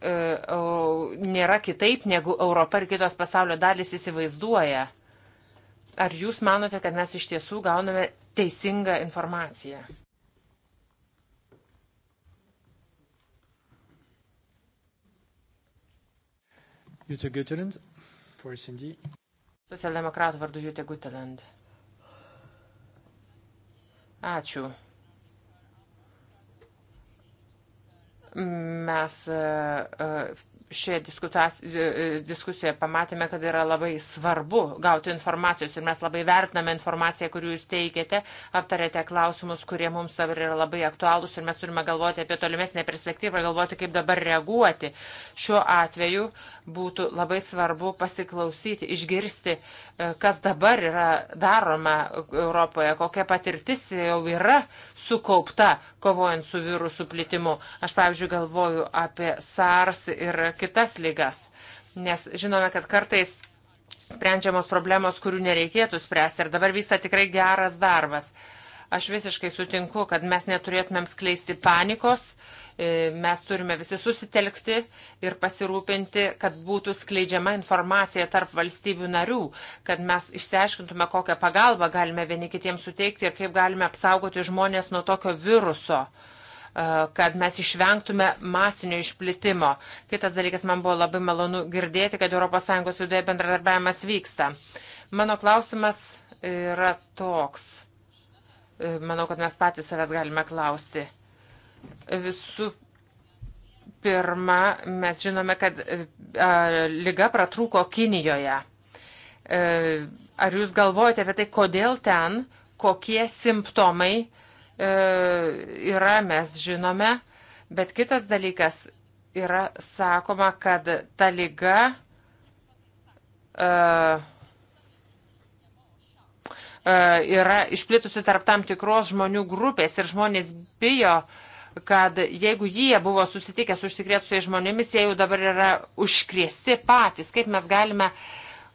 nėra kitaip, negu Europa ir kitos pasaulio dalis įsivaizduoja? Ar jūs manote, kad mes iš tiesų gauname teisingą informaciją? Jutta Gutteland, for SND. Socialdemokratų vardu Jutta Gutteland. Ačiū. Mes e, e, šioje e, diskusijoje pamatėme, kad yra labai svarbu gauti informacijos ir mes labai vertiname informaciją, kurių jūs teikėte, aptarėte klausimus, kurie mums dabar yra labai aktualūs ir mes turime galvoti apie tolimesnę perspektyvą, galvoti, kaip dabar reaguoti. Šiuo atveju būtų labai svarbu pasiklausyti, išgirsti, e, kas dabar yra daroma Europoje, kokia patirtis jau yra sukaupta kovojant su virusų plitimu. Aš, pavyzdžiui, galvoju apie SARS ir kitas lygas. Nes žinome, kad kartais sprendžiamos problemos, kurių nereikėtų spręsti. Ir dabar vyksta tikrai geras darbas. Aš visiškai sutinku, kad mes neturėtumėm skleisti panikos, e, mes turime visi susitelkti ir pasirūpinti, kad būtų skleidžiama informacija tarp valstybių narių, kad mes išsiaiškintume, kokią pagalbą galime vieni kitiems suteikti ir kaip galime apsaugoti žmonės nuo tokio viruso. Uh, kad mes išvengtume masinio išplitimo. Kitas dalykas, man buvo labai malonu girdėti, kad ES viduje bendradarbiavimas vyksta. Mano klausimas yra toks. E, manau, kad mes patys savęs galime klausti. Visų pirma, mes žinome, kad e, a, lyga pratrūko Kinijoje. A, e, ar jūs galvojate apie tai, kodėl ten, kokie simptomai E, yra, mes žinome, bet kitas dalykas yra sakoma, kad ta lyga e, e, yra išplitusi tarp tam tikros žmonių grupės ir žmonės bijo, kad jeigu jie buvo susitikę su užsikrėtusiais žmonėmis, jie jau dabar yra užkrėsti patys. Kaip mes galime uh,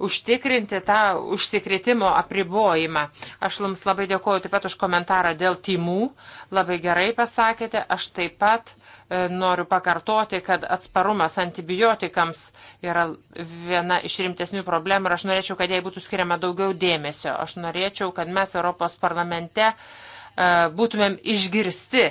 užtikrinti tą užsikrėtimo apribojimą. Aš jums labai dėkoju taip pat už komentarą dėl timų. Labai gerai pasakėte. Aš taip pat e, noriu pakartoti, kad atsparumas antibiotikams yra viena iš rimtesnių problemų ir aš norėčiau, kad jai būtų skiriama daugiau dėmesio. Aš norėčiau, kad mes Europos parlamente e, būtumėm išgirsti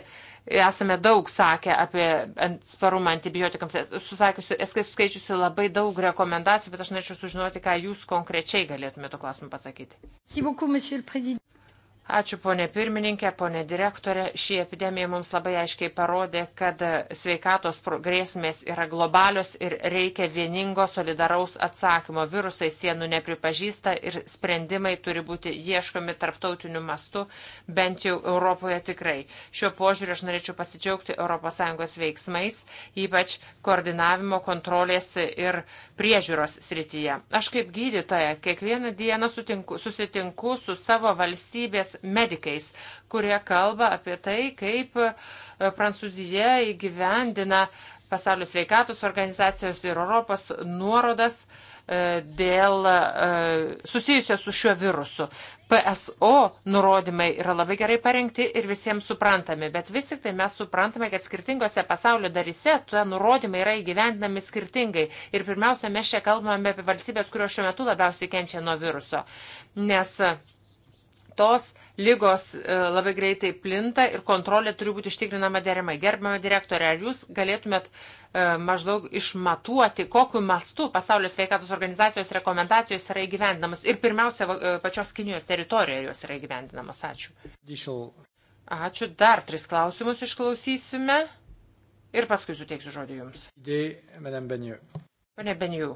esame daug sakę apie sparumą antibiotikams. Susakysiu, esu skaičiusi labai daug rekomendacijų, bet aš norėčiau sužinoti, ką jūs konkrečiai galėtumėte tuo klausimu pasakyti. Ačiū ponė pirmininkė, ponė direktorė. Ši epidemija mums labai aiškiai parodė, kad sveikatos grėsmės yra globalios ir reikia vieningo solidaraus atsakymo. Virusai sienų nepripažįsta ir sprendimai turi būti ieškomi tarptautiniu mastu, bent jau Europoje tikrai. Šiuo požiūriu aš norėčiau pasidžiaugti ES veiksmais, ypač koordinavimo, kontrolės ir priežiūros srityje. Aš kaip gydytoja kiekvieną dieną sutinku, susitinku su savo valstybės medikais, kurie kalba apie tai, kaip e, Prancūzija įgyvendina pasaulio sveikatos organizacijos ir Europos nuorodas e, dėl e, susijusio su šiuo virusu. PSO nurodymai yra labai gerai parengti ir visiems suprantami, bet vis tik tai mes suprantame, kad skirtingose pasaulio darise tuo nurodymai yra įgyvendinami skirtingai. Ir pirmiausia, mes čia kalbame apie valstybės, kurios šiuo metu labiausiai kenčia nuo viruso. Nes tos lygos e, labai greitai plinta ir kontrolė turi būti ištikrinama deramai. Gerbama direktorė, ar jūs galėtumėt e, maždaug išmatuoti, kokiu mastu pasaulio sveikatos organizacijos rekomendacijos yra įgyvendinamas ir pirmiausia e, pačios Kinijos teritorijoje jos yra įgyvendinamas? Ačiū. Ačiū. Dar tris klausimus išklausysime ir paskui suteiksiu žodį jums. Idėja, Madame Benjų. Pane Benjų,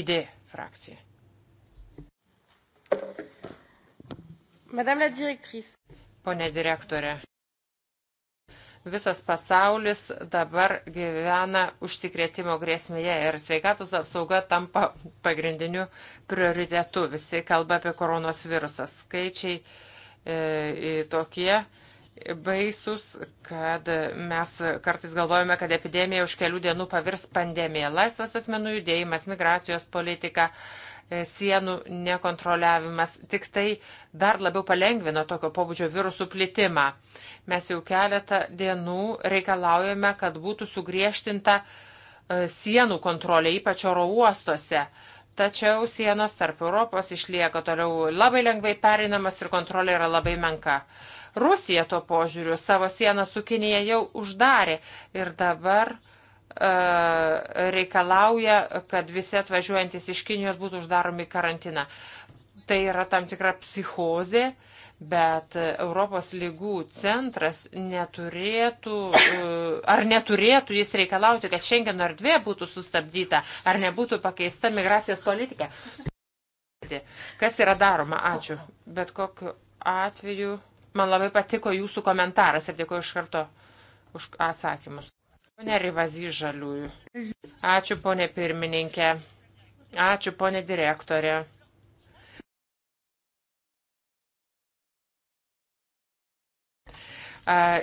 idėja frakcija. Madame la direktrice. Pone direktorė. Visas pasaulis dabar gyvena užsikrėtimo grėsmėje ir sveikatos apsauga tampa pagrindiniu prioritetu. Visi kalba apie koronos virusą. Skaičiai e, tokie baisus, kad mes kartais galvojame, kad epidemija už kelių dienų pavirs pandemija. Laisvas asmenų judėjimas, migracijos politika, E, sienų nekontroliavimas tik tai dar labiau palengvino tokio pobūdžio virusų plitimą. Mes jau keletą dienų reikalaujame, kad būtų sugriežtinta e, sienų kontrolė, ypač oro uostuose. Tačiau sienos tarp Europos išlieka toliau labai lengvai perinamas ir kontrolė yra labai menka. Rusija tuo požiūriu savo sieną su Kinija jau uždarė ir dabar uh, E, reikalauja, kad visi atvažiuojantis iš Kinijos būtų uždaromi karantiną. Tai yra tam tikra psichozė, bet Europos lygų centras neturėtų, e, ar neturėtų jis reikalauti, kad Schengeno erdvė būtų sustabdyta, ar nebūtų pakeista migracijos politika. Kas yra daroma? Ačiū. Bet kokiu atveju man labai patiko jūsų komentaras ir dėkuoju iš karto už atsakymus. Pone Rivazy Žaliųjų. Ačiū, ponė pirmininkė. Ačiū, ponė direktorė.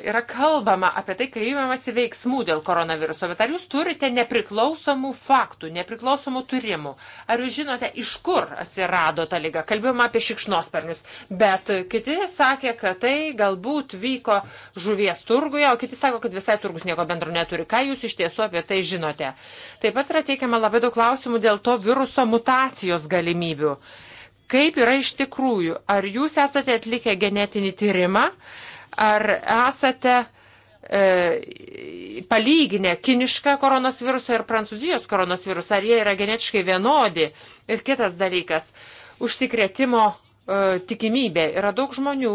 yra kalbama apie tai, kai įmamasi veiksmų dėl koronaviruso, bet ar jūs turite nepriklausomų faktų, nepriklausomų turimų? Ar jūs žinote, iš kur atsirado ta lyga? Kalbėjome apie šikšnosparnius, bet kiti sakė, kad tai galbūt vyko žuvies turguje, o kiti sako, kad visai turgus nieko bendro neturi. Ką jūs iš tiesų apie tai žinote? Taip pat yra teikiama labai daug klausimų dėl to viruso mutacijos galimybių. Kaip yra iš tikrųjų? Ar jūs esate atlikę genetinį tyrimą? Uh, Ar esate e, palyginę kinišką koronavirusą ir prancūzijos koronavirusą, ar jie yra genetiškai vienodi? Ir kitas dalykas - užsikrėtimo e, tikimybė. Yra daug žmonių,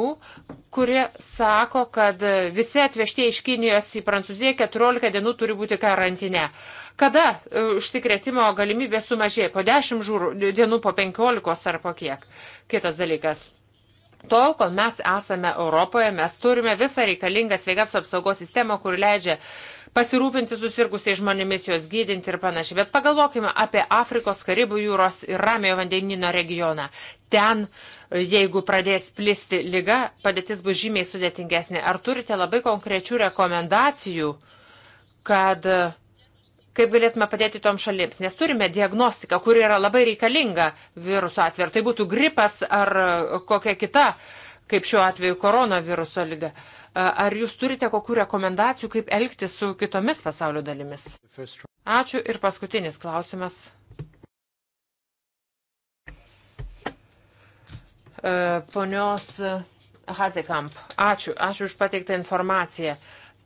kurie sako, kad visi atvežti iš Kinijos į Prancūziją 14 dienų turi būti karantine. Kada e, užsikrėtimo galimybė sumažėja? Po 10 žūrų, dienų, po 15 ar po kiek? Kitas dalykas. Tol, kol mes esame Europoje, mes turime visą reikalingą sveikatos apsaugos sistemą, kur leidžia pasirūpinti susirgusiai žmonėmis, juos gydinti ir panašiai. Bet pagalvokime apie Afrikos, Karibų jūros ir Ramiojo vandenino regioną. Ten, jeigu pradės plisti lyga, padėtis bus žymiai sudėtingesnė. Ar turite labai konkrečių rekomendacijų, kad uh, kaip galėtume padėti tom šalims, nes turime diagnostiką, kuri yra labai reikalinga viruso atveju, ar tai būtų gripas ar kokia kita, kaip šiuo atveju koronaviruso lyga. Ar jūs turite kokių rekomendacijų, kaip elgtis su kitomis pasaulio dalimis? Ačiū ir paskutinis klausimas. E, ponios Hazekamp, ačiū, ačiū už pateiktą informaciją.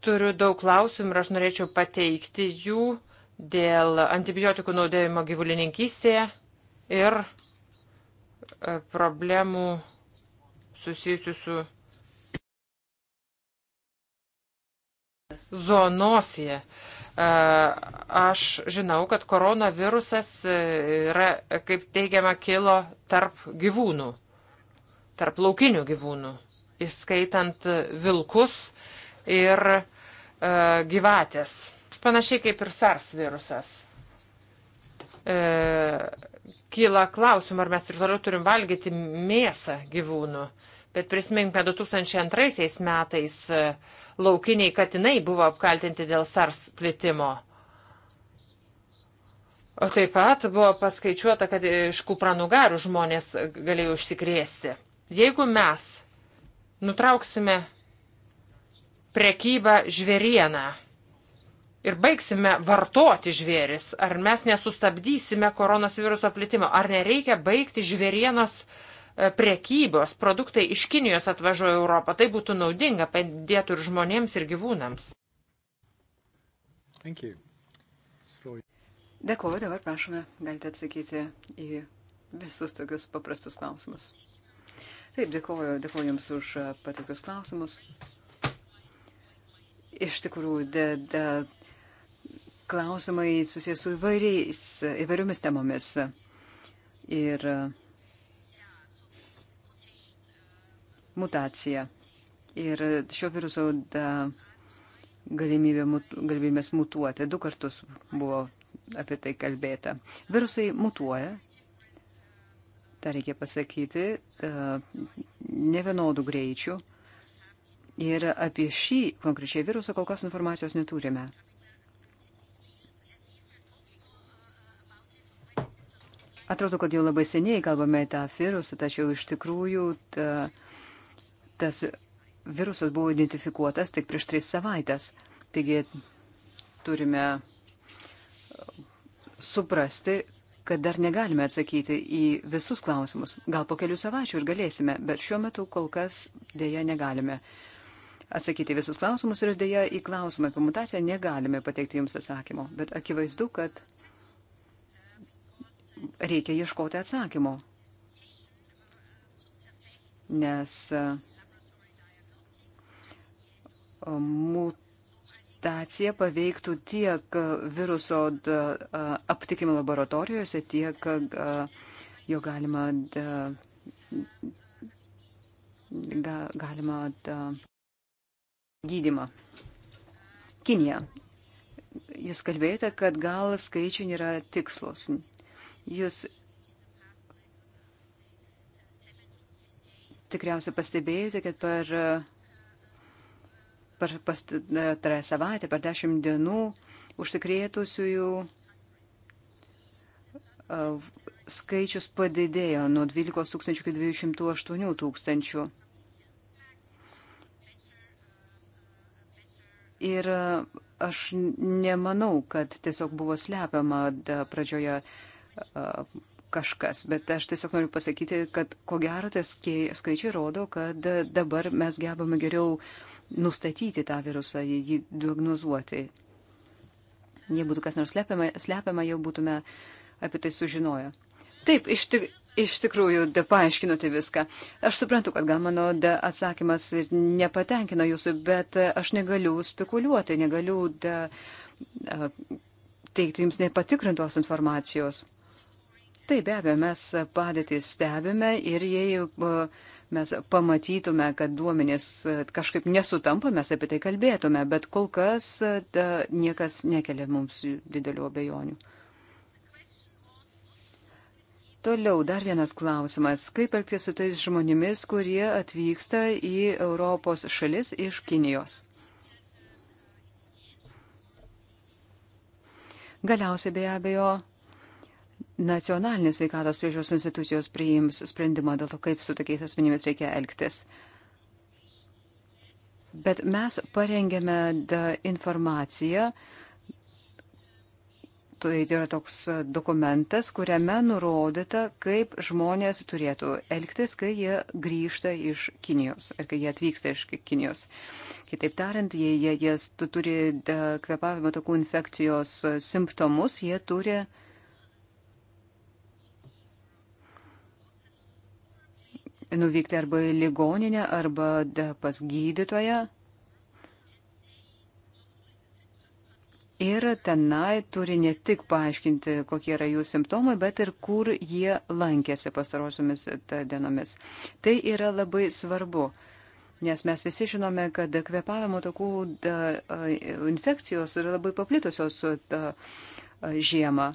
Turiu daug klausimų ir aš norėčiau pateikti jų. Uh, dėl antibiotikų naudojimo gyvulininkystėje ir e, problemų susijusių su zoonosija. E, aš žinau, kad koronavirusas e, yra, kaip teigiama, kilo tarp gyvūnų, tarp laukinių gyvūnų, įskaitant vilkus ir gyvatės. Panašiai kaip ir SARS virusas. E, kyla klausimų, ar mes ir toliau turim valgyti mėsą gyvūnų. Bet prisiminkime, 2002 metais e, laukiniai katinai buvo apkaltinti dėl SARS plitimo. O taip pat buvo paskaičiuota, kad iš kupranugarų žmonės galėjo užsikrėsti. Jeigu mes nutrauksime prekybą žvėrieną ir baigsime vartoti žvėris, ar mes nesustabdysime koronaviruso plitimo, ar nereikia baigti žvėrienos e, priekybos, produktai iš Kinijos atvažiuoja Europą. Tai būtų naudinga, padėtų ir žmonėms, ir gyvūnams. Dėkuoju, dabar prašome, galite atsakyti į visus tokius paprastus klausimus. Taip, dėkuoju, dėkuoju Jums už e, patiktus klausimus. Iš tikrųjų, de, de, klausimai susijęs su įvairiais, įvairiomis temomis. Ir e, mutacija. Ir šio viruso da, e, galimybė, galimybės mutuoti. Du kartus buvo apie tai kalbėta. Virusai mutuoja, tą reikia pasakyti, e, ne vienodų greičių. Ir apie šį konkrečiai virusą kol kas informacijos neturime. Atrodo, kad jau labai seniai kalbame tą virusą, tačiau iš tikrųjų ta, tas virusas buvo identifikuotas tik prieš tris savaitės. Taigi turime uh, suprasti, kad dar negalime atsakyti į visus klausimus. Gal po kelių savaičių ir galėsime, bet šiuo metu kol kas dėja negalime. Atsakyti visus klausimus ir dėja į klausimą apie mutaciją negalime pateikti jums atsakymo. Bet akivaizdu, kad reikia ieškoti atsakymo, nes mutacija paveiktų tiek viruso aptikimą laboratorijose, tiek jo galima, galima gydimą. Kinija. Jūs kalbėjote, kad gal skaičiai nėra tikslus, Jūs tikriausiai pastebėjote, kad per, per pastarą e, savaitę, per dešimt dienų užsikrėtusiųjų e, skaičius padidėjo nuo 12 tūkstančių iki 208 tūkstančių. Ir aš nemanau, kad tiesiog buvo slepiama pradžioje uh, kažkas, bet aš tiesiog noriu pasakyti, kad ko gero tas skaičiai rodo, kad dabar mes gebame geriau nustatyti tą virusą, jį diagnozuoti. Jei būtų kas nors slepiama, slepiama jau būtume apie tai sužinoję. Taip, iš, tik, iš tikrųjų, da, paaiškinote viską. Aš suprantu, kad gal mano da, atsakymas nepatenkino jūsų, bet e, aš negaliu spekuliuoti, negaliu da, teikti jums nepatikrintos informacijos. Taip, be abejo, mes padėtį stebime ir jei e, mes pamatytume, kad duomenys e, kažkaip nesutampa, mes apie tai kalbėtume, bet kol kas e, da, niekas nekelia mums didelių abejonių. Toliau dar vienas klausimas. Kaip elgtis su tais žmonėmis, kurie atvyksta į Europos šalis iš Kinijos? Galiausiai be abejo, nacionalinės sveikatos priežiūros institucijos priims sprendimą dėl to, kaip su tokiais asmenimis reikia elgtis. Bet mes parengėme informaciją, tai yra toks dokumentas, kuriame nurodyta, kaip žmonės turėtų elgtis, kai jie grįžta iš Kinijos ar kai jie atvyksta iš Kinijos. Kitaip tariant, jei jie, jie turi kvepavimo takų infekcijos simptomus, jie turi uh, nuvykti arba į ligoninę, arba pas gydytoją. Ir tenai turi ne tik paaiškinti, kokie yra jų simptomai, bet ir kur jie lankėsi pastarosiomis dienomis. Tai yra labai svarbu, nes mes visi žinome, kad kvepavimo takų infekcijos yra labai paplitusios žiemą.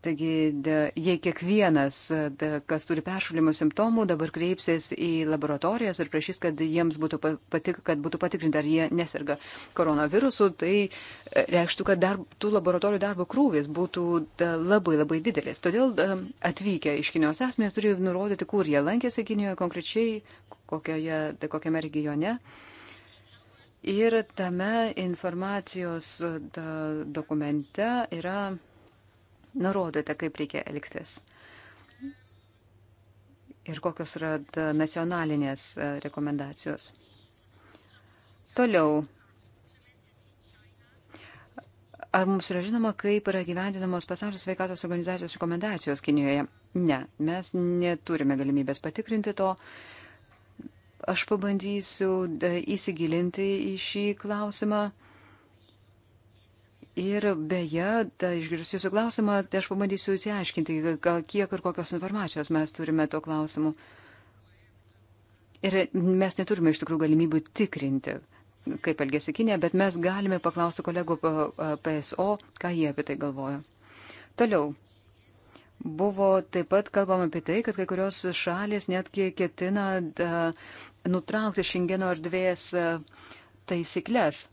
Taigi, de, jei kiekvienas, de, kas turi peršalimo simptomų, dabar kreipsis į laboratorijas ir prašys, kad jiems būtų, patik, kad būtų patikrinta, ar jie nesirga koronavirusu, tai e, reikštų, kad dar, tų laboratorijų darbo krūvis būtų de, labai labai didelis. Todėl de, atvykę iš Kinijos asmenys turi nurodyti, kur jie lankėsi Kinijoje konkrečiai, kokioje, de, kokiame regione. Ir tame informacijos de, dokumente yra nurodyta, kaip reikia elgtis. Ir kokios yra nacionalinės rekomendacijos. Toliau. Ar mums yra žinoma, kaip yra gyvendinamos pasaulio sveikatos organizacijos rekomendacijos Kinijoje? Ne, mes neturime galimybės patikrinti to. Aš pabandysiu įsigilinti į šį klausimą Ir beje, ta, išgirsiu jūsų klausimą, tai aš pabandysiu įsiaiškinti, kiek ir kokios informacijos mes turime tuo klausimu. Ir mes neturime iš tikrųjų galimybių tikrinti, kaip elgesi Kinė, bet mes galime paklausti kolegų PSO, ką jie apie tai galvoja. Toliau. Buvo taip pat kalbama apie tai, kad kai kurios šalis netgi ketina da, nutraukti Šengeno erdvės taisyklės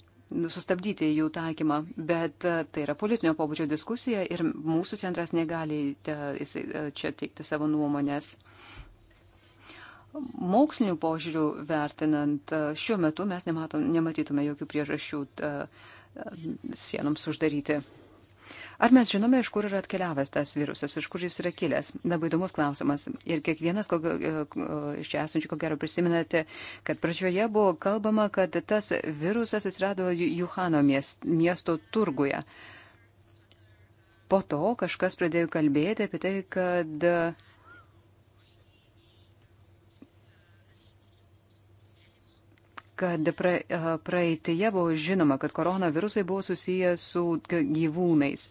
sustabdyti jų taikymą, bet e, tai yra politinio pobūdžio diskusija ir mūsų centras negali e, e, čia teikti savo nuomonės. Mokslinių požiūrių vertinant, šiuo metu mes nematom, nematytume jokių priežasčių sienoms uždaryti. Ar mes žinome, iš kur yra atkeliavęs tas virusas, iš kur jis yra kilęs? Labai įdomus klausimas. Ir kiekvienas ko, e, iš čia esančių, ko gero, prisimenate, kad pradžioje buvo kalbama, kad tas virusas atsirado Juhano miesto turguje. Po to kažkas pradėjo kalbėti apie tai, kad kad pra, praeitėje buvo žinoma, kad koronavirusai buvo susiję su gyvūnais.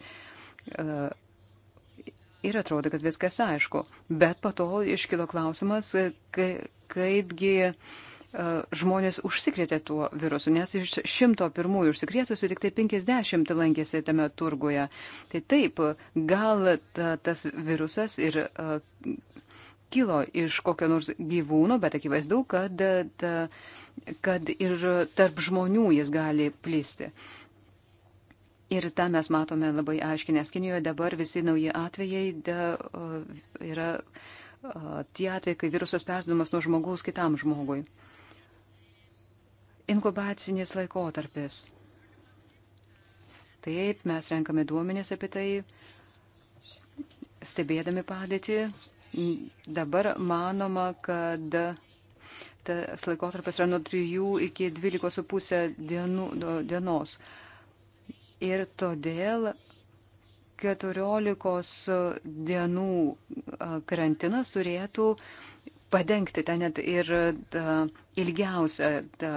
Ir atrodo, kad viskas aišku. Bet po to iškilo klausimas, kaipgi žmonės užsikrėtė tuo virusu, nes iš šimto pirmųjų užsikrėtusių tik tai 50 lankėsi tame turguje. Tai taip, gal ta, tas virusas ir kilo iš kokio nors gyvūno, bet akivaizdu, kad, kad ir tarp žmonių jis gali plisti. Ir tą mes matome labai aiškiai, nes Kinijoje dabar visi nauji atvejai da, yra tie atvejai, kai virusas perduodamas nuo žmogaus kitam žmogui. Inkubacinis laikotarpis. Taip, mes renkame duomenės apie tai, stebėdami padėtį Dabar manoma, kad tas laikotarpis yra nuo 3 iki 12,5 dienų, nu, dienos. Ir todėl 14 dienų karantinas turėtų padengti ten net ir tą ilgiausią tą,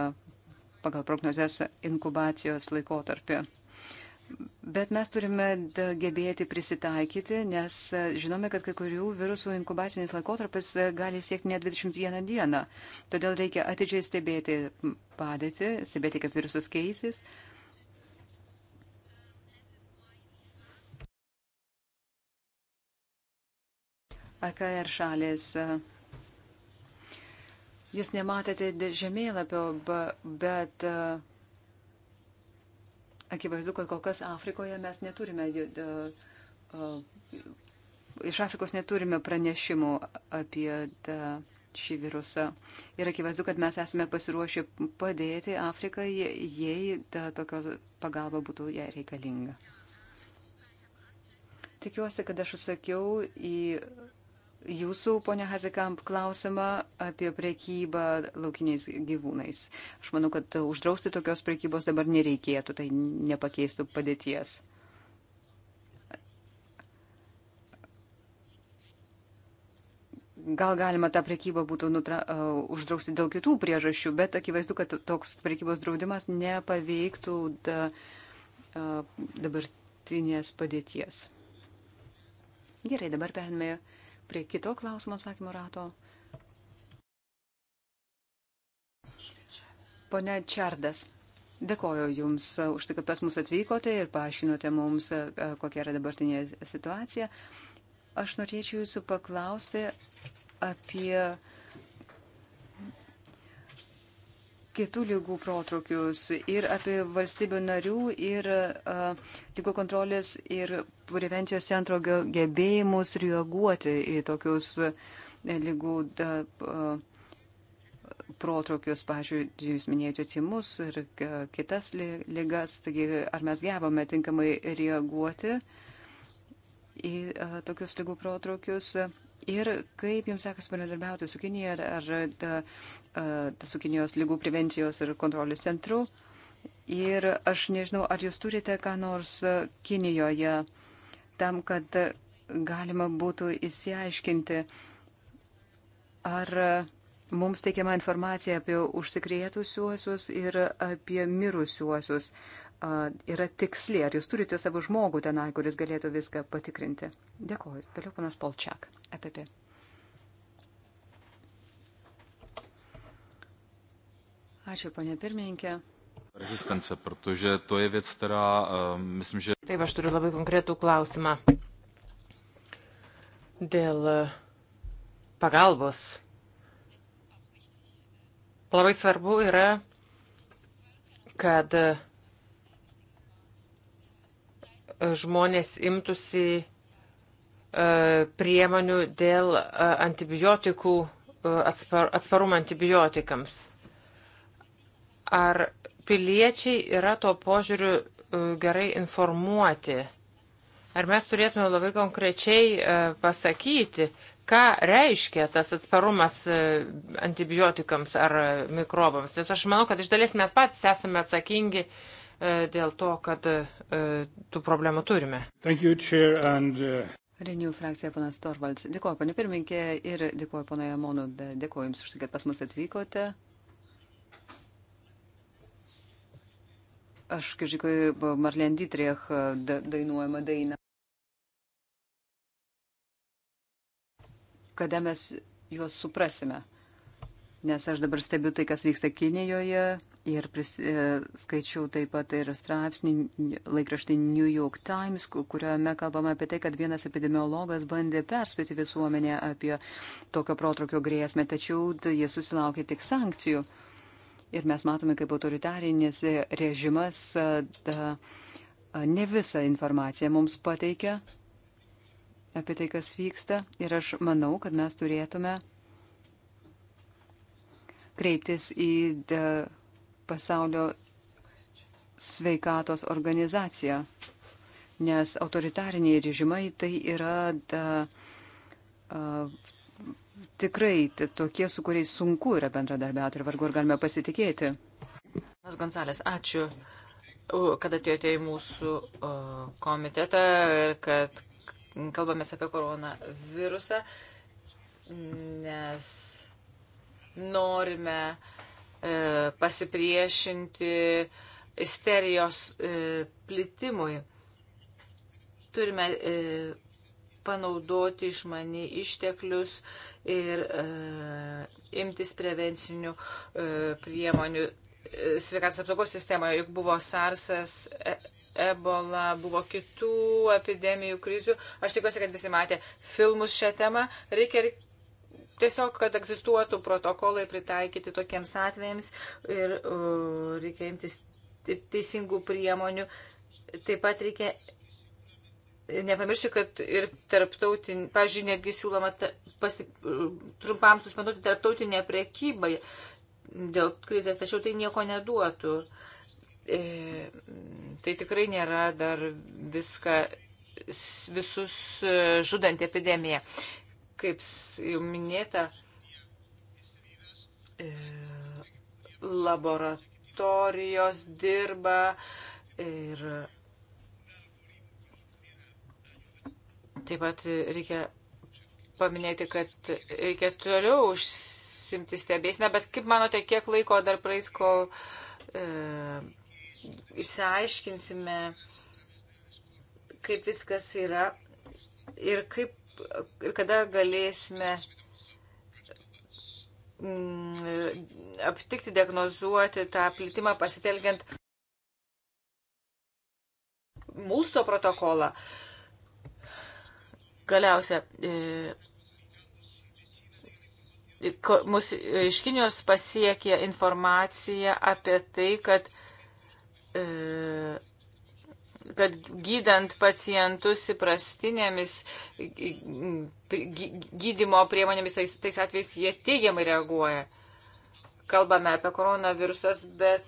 pagal prognozes inkubacijos laikotarpį. Bet mes turime gebėti prisitaikyti, nes e, žinome, kad kai kurių virusų inkubacinis laikotarpis e, gali siekti net 21 dieną. Todėl reikia atidžiai stebėti padėtį, stebėti, kaip virusas keisis. AKR šalės. E, jūs nematėte žemėlapio, bet. Uh, Akivaizdu, kad kol kas Afrikoje mes neturime, iš Afrikos neturime pranešimų apie tą, šį virusą. Ir akivaizdu, kad mes esame pasiruošę padėti Afrikai, jei ta tokio pagalba būtų jai reikalinga. Tikiuosi, kad aš atsakiau į jūsų, ponia Hazekamp, klausimą apie priekybą laukiniais gyvūnais. Aš manau, kad uždrausti tokios priekybos dabar nereikėtų, tai nepakeistų padėties. Gal galima tą priekybą būtų nutra, uh, uždrausti dėl kitų priežasčių, bet akivaizdu, kad toks priekybos draudimas nepaveiktų da, uh, dabartinės padėties. Gerai, dabar perėmėjau prie kito klausimo atsakymo rato. Pone Čardas, dėkoju Jums už tai, kad pas mus atvykote ir paaiškinote mums, e, kokia yra dabartinė situacija. Aš norėčiau Jūsų paklausti apie kitų lygų protrukius ir apie valstybių narių ir uh, lygų kontrolės ir prevencijos centro gebėjimus reaguoti į tokius e, lygų e, protrukius, pažiūrėjau, jūs minėjote timus ir e, kitas lygas, taigi ar mes gebame tinkamai reaguoti į tokius lygų protrukius. Ir kaip jums sekasi bendradarbiauti su Kinija ar, ar ta, ta, su Kinijos lygų prevencijos ir kontrolės centru? Ir aš nežinau, ar jūs turite ką nors Kinijoje tam, kad galima būtų įsiaiškinti, ar mums teikiama informacija apie užsikrėtusiuosius ir apie mirusiuosius yra tiksliai. Ar jūs turite savo žmogų tenai, kuris galėtų viską patikrinti? Dėkuoju. Toliau panas Polčiak, EPP. Ačiū, ponė pirmininkė. Rezistence, protože to je věc, která, uh, myslím, že... Taip, aš turiu labai konkretų klausimą dėl eh, pagalbos. Labai svarbu yra, kad eh, žmonės imtųsi priemonių dėl antibiotikų atspar, atsparumą antibiotikams. Ar piliečiai yra tuo požiūriu e, gerai informuoti. Ar mes turėtume labai konkrečiai e, pasakyti, ką reiškia tas atsparumas e, antibiotikams ar mikrobams. Nes aš manau, kad iš dalies mes patys esame atsakingi dėl to, kad tų problemų turime. Thank you, chair, and, uh... Renijų frakcija, panas Torvalds. Dėkuoju, panė pirmininkė, ir dėkuoju, panoje Monų. Dėkuoju Jums už tai, kad pas mus atvykote. aš kažkaip Marlen Dietrich e, dainuojama daina. Kada mes juos suprasime? Nes aš dabar stebiu tai, kas vyksta Kinijoje ir pris, e, skaičiau taip pat ir straipsnį laikraštį New York Times, kuriame kalbama apie tai, kad vienas epidemiologas bandė perspėti visuomenę apie tokio protrukio grėsmę, tačiau jis susilaukė tik sankcijų. E, Ir mes matome, kaip autoritarinis režimas da, ne visą informaciją mums pateikia apie tai, kas vyksta. Ir aš manau, kad mes turėtume kreiptis į da, pasaulio sveikatos organizaciją, nes autoritariniai režimai tai yra da, a, tikrai tokie, su kuriais sunku yra bendradarbiauti ir vargu ar galime pasitikėti. Mes Gonzalės, ačiū, kad atėjote į mūsų komitetą ir kad kalbamės apie koronavirusą, nes norime e, pasipriešinti isterijos e, plitimui. Turime e, panaudoti išmani išteklius ir e, imtis prevencinių e, priemonių e, sveikatos apsaugos sistemoje, juk buvo SARSas. E, Ebola, buvo kitų epidemijų, krizių. Aš tikiuosi, kad visi matė filmus šią temą. Reikia ir tiesiog, kad egzistuotų protokolai pritaikyti tokiems atvejams ir uh, reikia imtis teisingų priemonių. Taip pat reikia nepamiršti, kad ir tarptautinė, pažiūrėjau, netgi siūloma ta, pasi, trumpam suspenduoti tarptautinę priekybą dėl krizės, tačiau tai nieko neduotų. E, tai tikrai nėra dar viską, visus e, žudant epidemiją. Kaip jau minėta, e, laboratorijos dirba ir e, Taip pat reikia paminėti, kad reikia toliau užsimti stebėsiną, bet kaip manote, kiek laiko dar praeis, kol e, išsiaiškinsime, kaip viskas yra ir, kaip, ir kada galėsime m, mm, aptikti, diagnozuoti tą plitimą pasitelkiant mūsų protokolą. E, Galiausia, e, mus iš Kinijos pasiekė informacija apie tai, kad e, kad gydant pacientus įprastinėmis gydimo priemonėmis, tais, tais atvejais jie teigiamai reaguoja. Kalbame apie koronavirusas, bet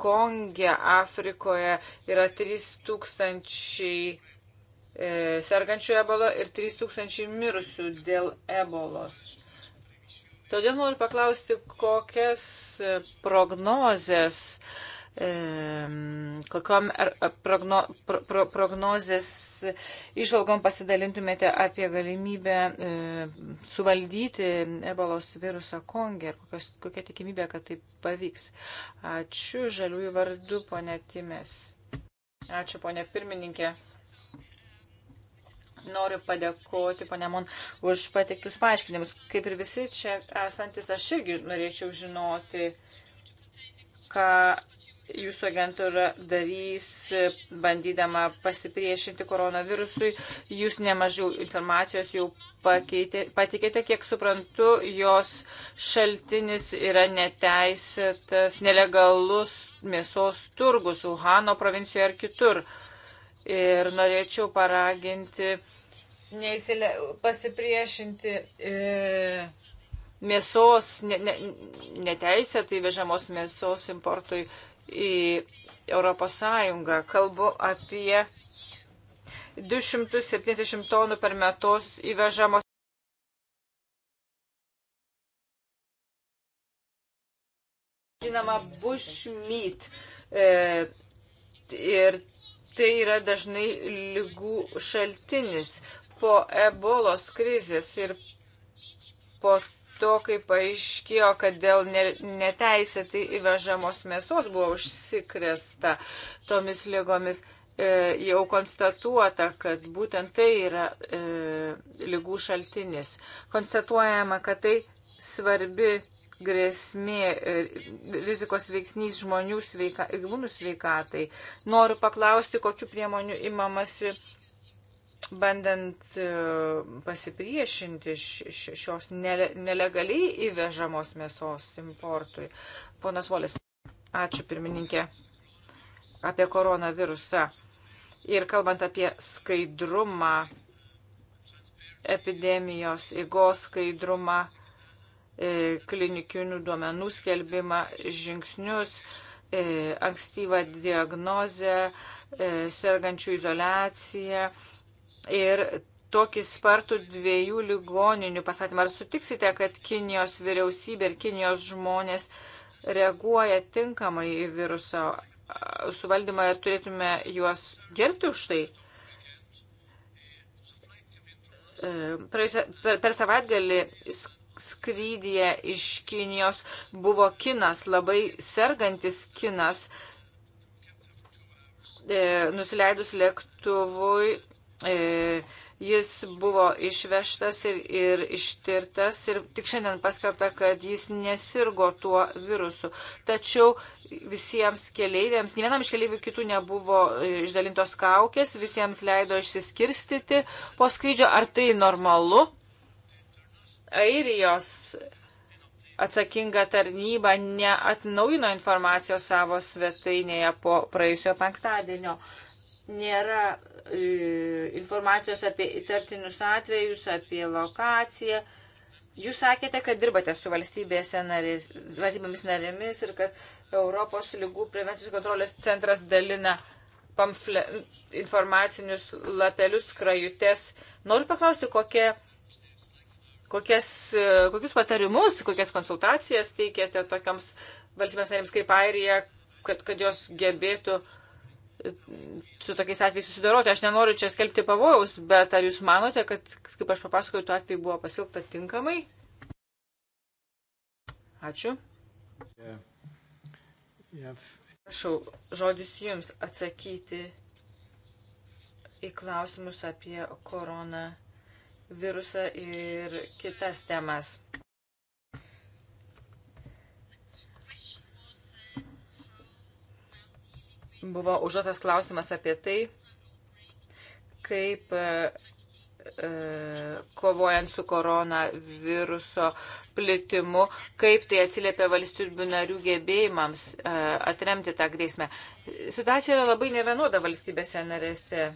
Konge, Afrikoje yra 3000 E, sergančių ebolo ir 3000 mirusių dėl ebolos. Todėl noriu paklausti, kokias e, prognozes, e, kokiam er, e, progno, pro, pro, prognozės išvalgom pasidalintumėte apie galimybę e, suvaldyti ebolos virusą Kongė ir kokios, kokia tikimybė, kad tai pavyks. Ačiū žaliųjų vardu, ponė Timės. Ačiū, ponė pirmininkė. Noriu padėkoti, ponė Mon, už pateiktus paaiškinimus. Kaip ir visi čia esantis, aš irgi norėčiau žinoti, ką jūsų agentūra darys, bandydama pasipriešinti koronavirusui. Jūs nemažiau informacijos jau pakeitė, patikėte, kiek suprantu, jos šaltinis yra neteisėtas, nelegalus mėsos turgus Uhano provincijoje ar kitur. Uh, ir norėčiau paraginti neįsile, pasipriešinti e, mėsos, ne, ne, neteisėtai vežamos mėsos importui į Europos Sąjungą. Kalbu apie 270 tonų per metus įvežamos. Žinoma, bushmeat. E, ir tai yra dažnai lygų šaltinis. Po ebolos krizės ir po to, kai paaiškėjo, kad dėl neteisėtai įvežamos mėsos buvo užsikrėsta tomis lygomis, e, jau konstatuota, kad būtent tai yra e, lygų šaltinis. Konstatuojama, kad tai svarbi grėsmė, e, rizikos veiksnys žmonių sveika, gyvūnų sveikatai. Noriu paklausti, kokiu priemoniu imamasi, bandant e, pasipriešinti šios nelegaliai įvežamos mėsos importui. Ponas Volis, ačiū pirmininkė apie koronavirusą. Ir kalbant apie skaidrumą, epidemijos įgos skaidrumą, E, klinikinių duomenų skelbimą žingsnius, e, ankstyvą diagnozę, e, sergančių izolaciją ir tokį spartų dviejų ligoninių pasatymą. Ar sutiksite, kad Kinijos vyriausybė ir Kinijos žmonės reaguoja tinkamai į viruso suvaldymą ir turėtume juos gerbti už tai? Per, per savaitgalį skrydyje iš Kinijos buvo kinas, labai sergantis kinas. E, nusileidus lėktuvui, e, jis buvo išvežtas ir, ir ištirtas ir tik šiandien paskelbta, kad jis nesirgo tuo virusu. Tačiau visiems keleiviams, ne vienam iš keleivių kitų nebuvo e, išdalintos kaukės, visiems leido išsiskirstyti po skrydžio. Ar tai normalu? Airijos atsakinga tarnyba neatnaujino informacijos savo svetainėje po praėjusio penktadienio. Nėra e, informacijos apie įtartinius atvejus, apie lokaciją. Jūs sakėte, kad dirbate su narės, valstybėmis narėmis ir kad Europos lygų prevencijos kontrolės centras dalina pamfle, informacinius lapelius, krajutes. Noriu paklausti, kokia Kokias, e, kokius patarimus, kokias konsultacijas teikėte tokiams valstybėms narėms kaip Airija, kad, kad jos gebėtų e, su tokiais atvejais susidoroti. Aš nenoriu čia skelbti pavojaus, bet ar jūs manote, kad, kaip aš papasakojau, tuo atveju buvo pasilgta tinkamai? Ačiū. Prašau, žodis jums atsakyti į klausimus apie koroną virusą ir kitas temas. Buvo užduotas klausimas apie tai, kaip e, e, kovojant su koronaviruso plitimu, kaip tai atsiliepia valstybių narių gebėjimams e, atremti tą grėsmę. Situacija yra labai nevienoda valstybėse narėse.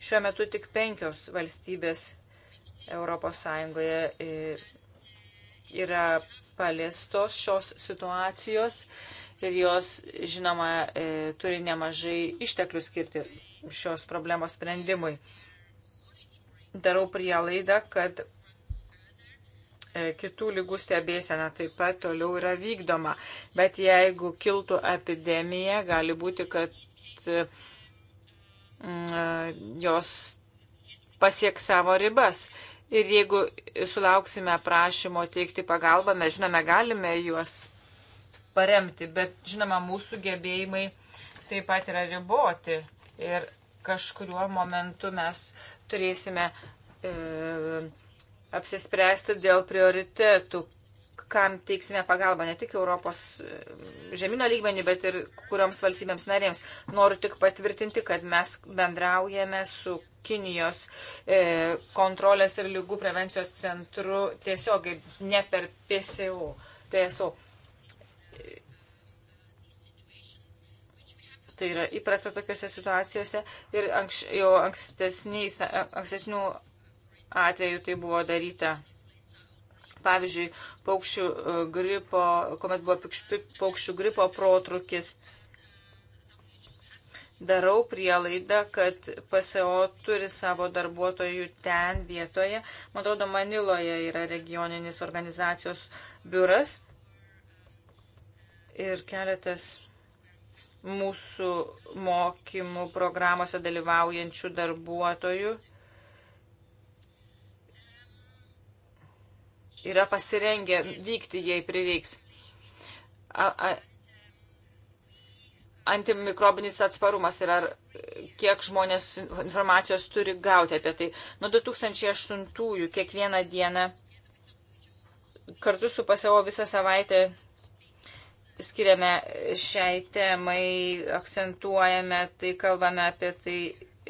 Šiuo metu tik penkios valstybės ES e, yra paliestos šios situacijos ir jos, žinoma, e, turi nemažai išteklių skirti šios problemos sprendimui. Darau prielaidą, kad e, kitų lygų stebėsena taip pat toliau yra vykdoma. Bet jeigu kiltų epidemija, gali būti, kad Mm, jos pasieks savo ribas. Ir jeigu sulauksime prašymo teikti pagalbą, mes žinome, galime juos paremti, bet žinoma, mūsų gebėjimai taip pat yra riboti. Ir kažkuriuo momentu mes turėsime e, apsispręsti dėl prioritetų, kam teiksime pagalbą ne tik Europos e, žemino lygmenį, bet ir kurioms valstybėms narėms. Noriu tik patvirtinti, kad mes bendraujame su Kinijos e, kontrolės ir lygų prevencijos centru tiesiogiai, ne per PSO. TSO. Tai yra įprasta tokiuose situacijose ir anks, jau ankstesnių atvejų tai buvo daryta Pavyzdžiui, paukščių e, gripo, kuomet buvo paukščių gripo protrukis, darau prielaidą, kad PSO turi savo darbuotojų ten vietoje. Man atrodo, Maniloje yra regioninis organizacijos biuras ir keletas mūsų mokymų programuose dalyvaujančių darbuotojų yra pasirengę vykti, jei prireiks. A, a, antimikrobinis atsparumas ir ar kiek žmonės informacijos turi gauti apie tai. Nuo 2008-ųjų kiekvieną dieną kartu su PSO visą savaitę skiriame šiai temai, akcentuojame tai, kalbame apie tai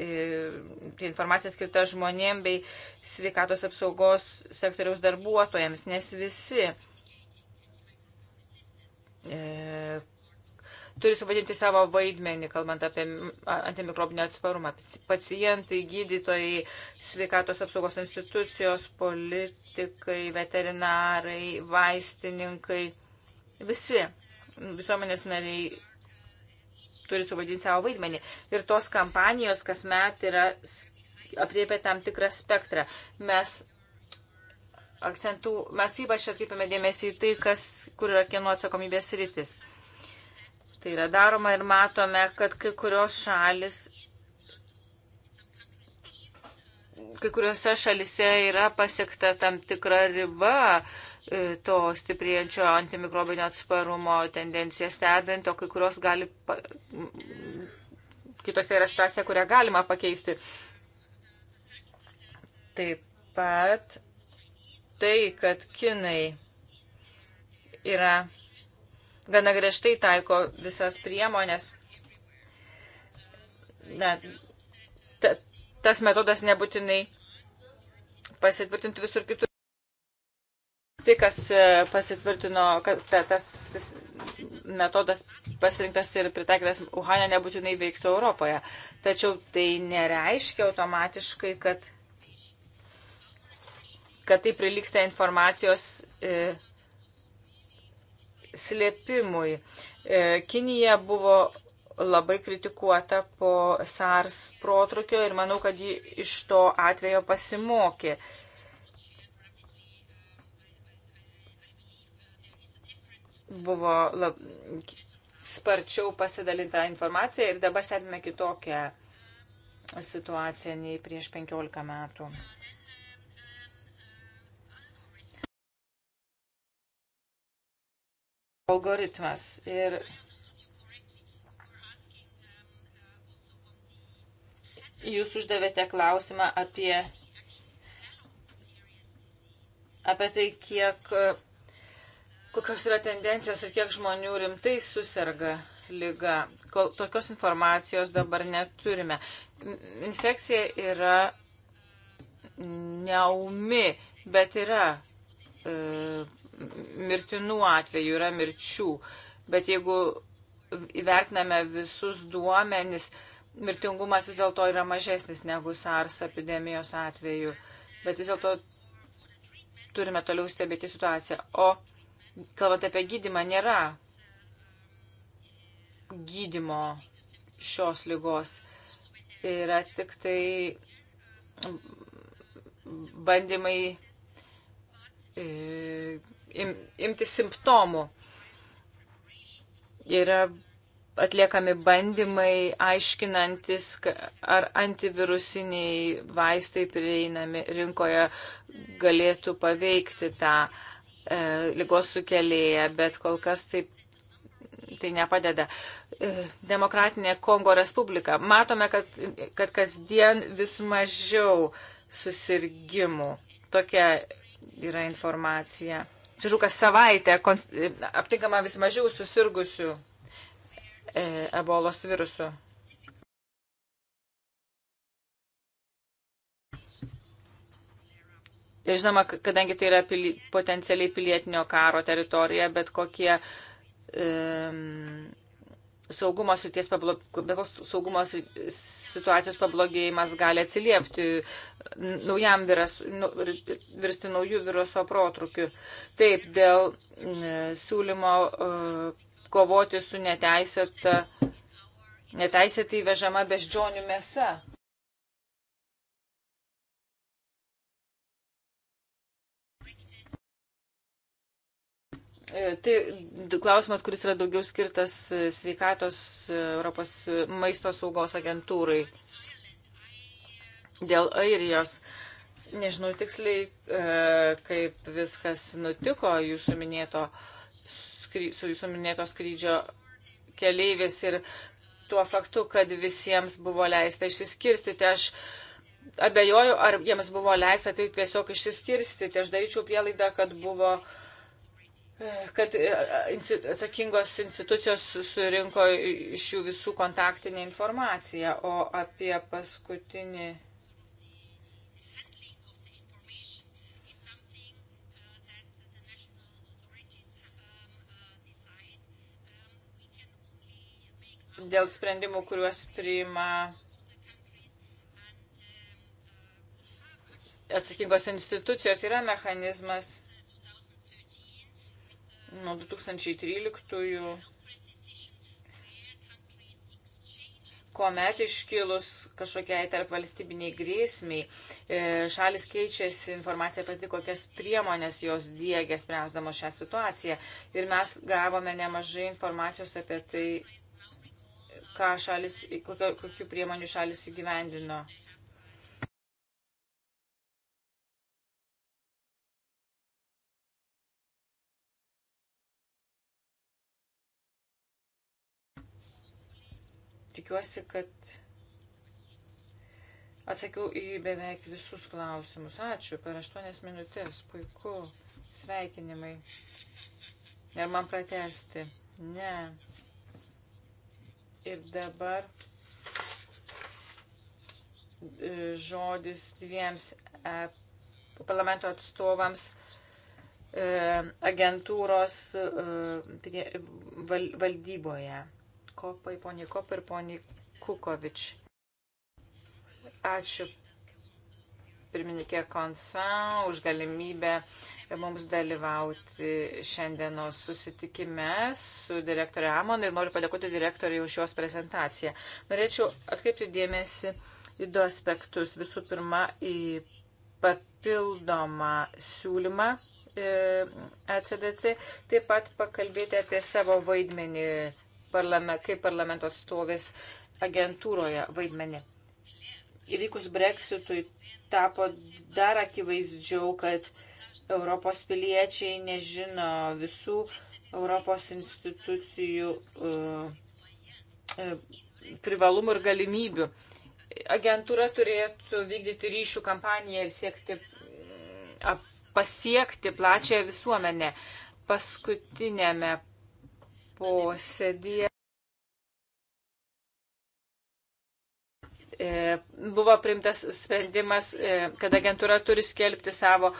E, informacija skirta žmonėm bei sveikatos apsaugos sektoriaus darbuotojams, nes visi e, turi suvadinti savo vaidmenį, kalbant apie antimikrobinę atsparumą. Pacientai, gydytojai, sveikatos apsaugos institucijos, politikai, veterinarai, vaistininkai, visi visuomenės nariai turi suvaidinti savo vaidmenį. Ir tos kampanijos kasmet yra apriepia tam tikrą spektrą. Mes akcentų, mes ypač atkreipiame dėmesį į tai, kas, kur yra kieno atsakomybės rytis. Tai yra daroma ir matome, kad kai kurios šalis, kai kuriuose šalise yra pasiekta tam tikra riba, uh, to stiprėjančio antimikrobinio atsparumo tendenciją stebint, o kai kurios gali, kitose yra situacija, kurią galima pakeisti. Taip pat tai, kad kinai yra gana griežtai taiko visas priemonės. Na, ta, tas metodas nebūtinai pasitvirtinti visur kitur tai, kas e, pasitvirtino, kad ta, tas metodas pasirinktas ir pritaikytas Uhane nebūtinai veiktų Europoje. Tačiau tai nereiškia automatiškai, kad, kad tai priliksta informacijos e, slėpimui. E, Kinija buvo labai kritikuota po SARS protrukio ir manau, kad ji iš to atvejo pasimokė. E, buvo lab, sparčiau pasidalinta informacija ir dabar stebime kitokią situaciją nei prieš 15 metų. Algoritmas ir Jūs uždavėte klausimą apie, apie tai, kiek kokios yra tendencijos ir kiek žmonių rimtai susirga lyga. Kol tokios informacijos dabar neturime. Infekcija yra neumi, bet yra e, mirtinų atvejų, yra mirčių. Bet jeigu įvertiname visus duomenis, mirtingumas vis dėlto yra mažesnis negu SARS epidemijos atveju. Bet vis dėlto turime toliau stebėti situaciją. O kalbant apie gydimą, nėra gydimo šios lygos. Yra tik tai bandymai e, im, imti simptomų. Yra atliekami bandymai aiškinantis, ar antivirusiniai vaistai prieinami rinkoje galėtų paveikti tą uh, e, lygos sukėlėja, bet kol kas taip tai nepadeda. E, demokratinė Kongo Respublika. Matome, kad, kad kasdien vis mažiau susirgymų. Tokia yra informacija. Sižu, kas savaitę e, aptinkama vis mažiau susirgusių e, ebolos virusų. Ir žinoma, kadangi tai yra pili, potencialiai pilietinio karo teritorija, bet kokie e, saugumo, pablo, bet koks saugumo situacijos pablogėjimas gali atsiliepti naujam viras, nu, virsti naujų viruso protrukiu. Taip, dėl e, siūlymo e, kovoti su neteisėta, neteisėtai vežama beždžionių mėsa. E, tai klausimas, kuris yra daugiau skirtas e, sveikatos e, Europos maisto saugos agentūrai dėl Airijos. Nežinau tiksliai, kaip viskas nutiko jūsų minėto, su jūsų minėto skrydžio keleivis ir tuo faktu, kad visiems buvo leista išsiskirstyti. Aš abejoju, ar jiems buvo leista taip tiesiog išsiskirstyti. Aš daryčiau prielaidą, kad buvo uh, kad e, atsakingos institucijos surinko iš jų visų kontaktinę informaciją, o apie paskutinį. Dėl sprendimų, kuriuos priima atsakingos institucijos, yra mechanizmas nuo 2013, kuomet iškilus kažkokiai tarp valstybiniai grėsmiai, e, šalis keičiasi informaciją apie tai, kokias priemonės jos diegia spręsdamo šią situaciją. Ir mes gavome nemažai informacijos apie tai, šalis, kokio, kokiu priemonių šalis įgyvendino. Tikiuosi, kad atsakiau į beveik visus klausimus. Ačiū per aštuonias minutės. Puiku. Sveikinimai. Ir man pratesti. Ne. Ir dabar e, žodis dviems e, parlamento atstovams e, agentūros valdyboje. Kopai, poniai Kopai ir poniai Kukovič. Ačiū pirmininkė Konfa už galimybę mums dalyvauti šiandienos susitikime su direktorė Amon ir noriu padėkoti direktoriai už jos prezentaciją. Norėčiau atkreipti dėmesį į du aspektus. Visų pirma, į papildomą siūlymą ECDC, e taip pat pakalbėti apie savo vaidmenį parlame, kaip parlamento stovės agentūroje vaidmenį. Įvykus breksitui tapo dar akivaizdžiau, kad Europos piliečiai nežino visų Europos institucijų uh, uh, privalumų ir galimybių. Agentūra turėtų vykdyti ryšių kampaniją ir siekti uh, pasiekti plačią visuomenę. Paskutinėme posėdėje e, buvo primtas sprendimas, e, kad agentūra turi skelbti savo,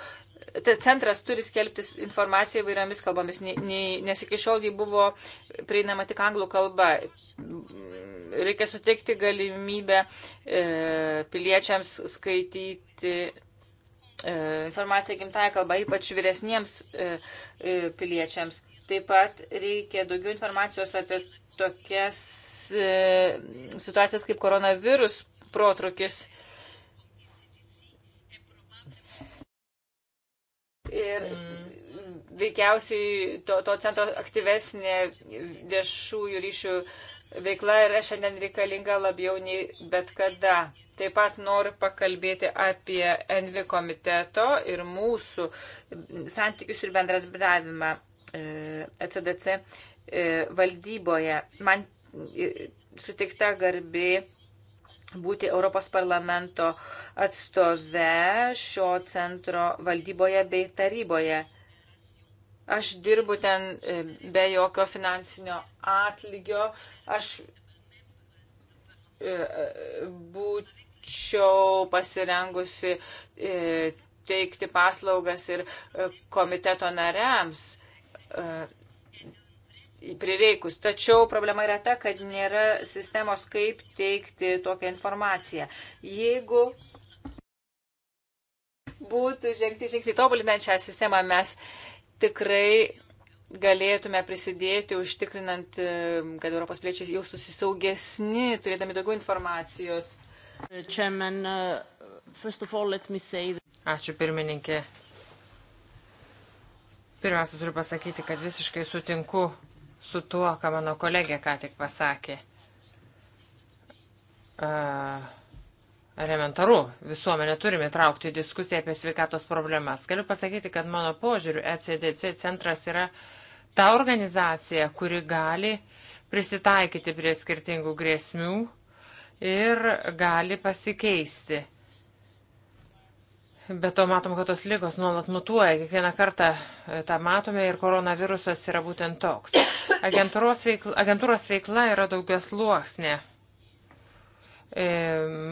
tai centras turi skelbti informaciją įvairiomis kalbomis, nes iki šiol jį buvo prieinama tik anglų kalba. Reikia suteikti galimybę e, piliečiams skaityti informaciją gimtąją kalbą, ypač vyresniems piliečiams. Taip pat reikia daugiau informacijos apie tokias e, situacijas kaip koronavirus protrukis. Ir veikiausiai to, to centro aktyvesnė viešųjų ryšių veikla yra šiandien reikalinga labiau nei bet kada. Taip pat noriu pakalbėti apie Envi komiteto ir mūsų santykius ir bendradarbiavimą. ECDC e e, valdyboje. Man sutikta garbė būti Europos parlamento atstove šio centro valdyboje bei taryboje. Aš dirbu ten e, be jokio finansinio atlygio. Aš būčiau pasirengusi teikti paslaugas ir komiteto nariams E, prireikus. Tačiau problema yra ta, kad nėra sistemos, kaip teikti tokią informaciją. Jeigu būtų žengti žingsnį tobulinant šią sistemą, mes tikrai galėtume prisidėti užtikrinant, e, kad Europos piliečiai jaustųsi saugesni, turėdami daugiau informacijos. Chairman, uh, all, say... Ačiū pirmininkė. Pirmiausia, turiu pasakyti, kad visiškai sutinku su tuo, ką mano kolegė ką tik pasakė. Uh, elementaru, visuomenę turime traukti į diskusiją apie sveikatos problemas. Galiu pasakyti, kad mano požiūriu ECDC centras yra ta organizacija, kuri gali prisitaikyti prie skirtingų grėsmių ir gali pasikeisti. Bet to matom, kad tos lygos nuolat mutuoja, kiekvieną kartą e, tą matome ir koronavirusas yra būtent toks. Agentūros veikla, agentūros veikla yra daugias luoksnė. E,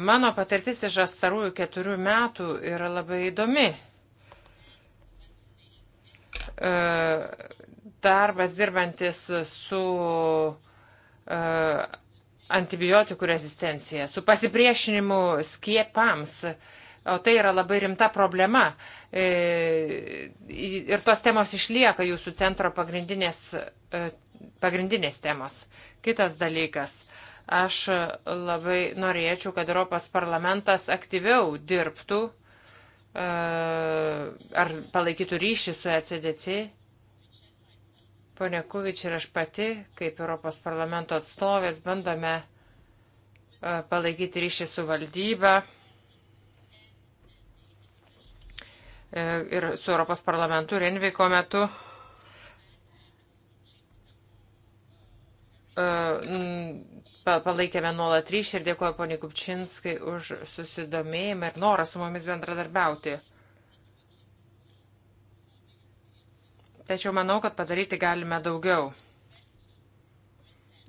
mano patirtis iš astarųjų keturių metų yra labai įdomi. E, darbas dirbantis su e, antibiotikų rezistencija, su pasipriešinimu skiepams. E, O tai yra labai rimta problema. E, ir tos temos išlieka jūsų centro pagrindinės, e, pagrindinės temos. Kitas dalykas. Aš labai norėčiau, kad Europos parlamentas aktyviau dirbtų e, ar palaikytų ryšį su ECDC. Pone Kuvič ir aš pati, kaip Europos parlamento atstovės, bandome palaikyti ryšį su valdyba E, ir su Europos parlamentu Renviko metu e, palaikėme nuolat ryšį ir dėkuoju poniai Kupčinskai už susidomėjimą ir norą su mumis bendradarbiauti. Tačiau manau, kad padaryti galime daugiau.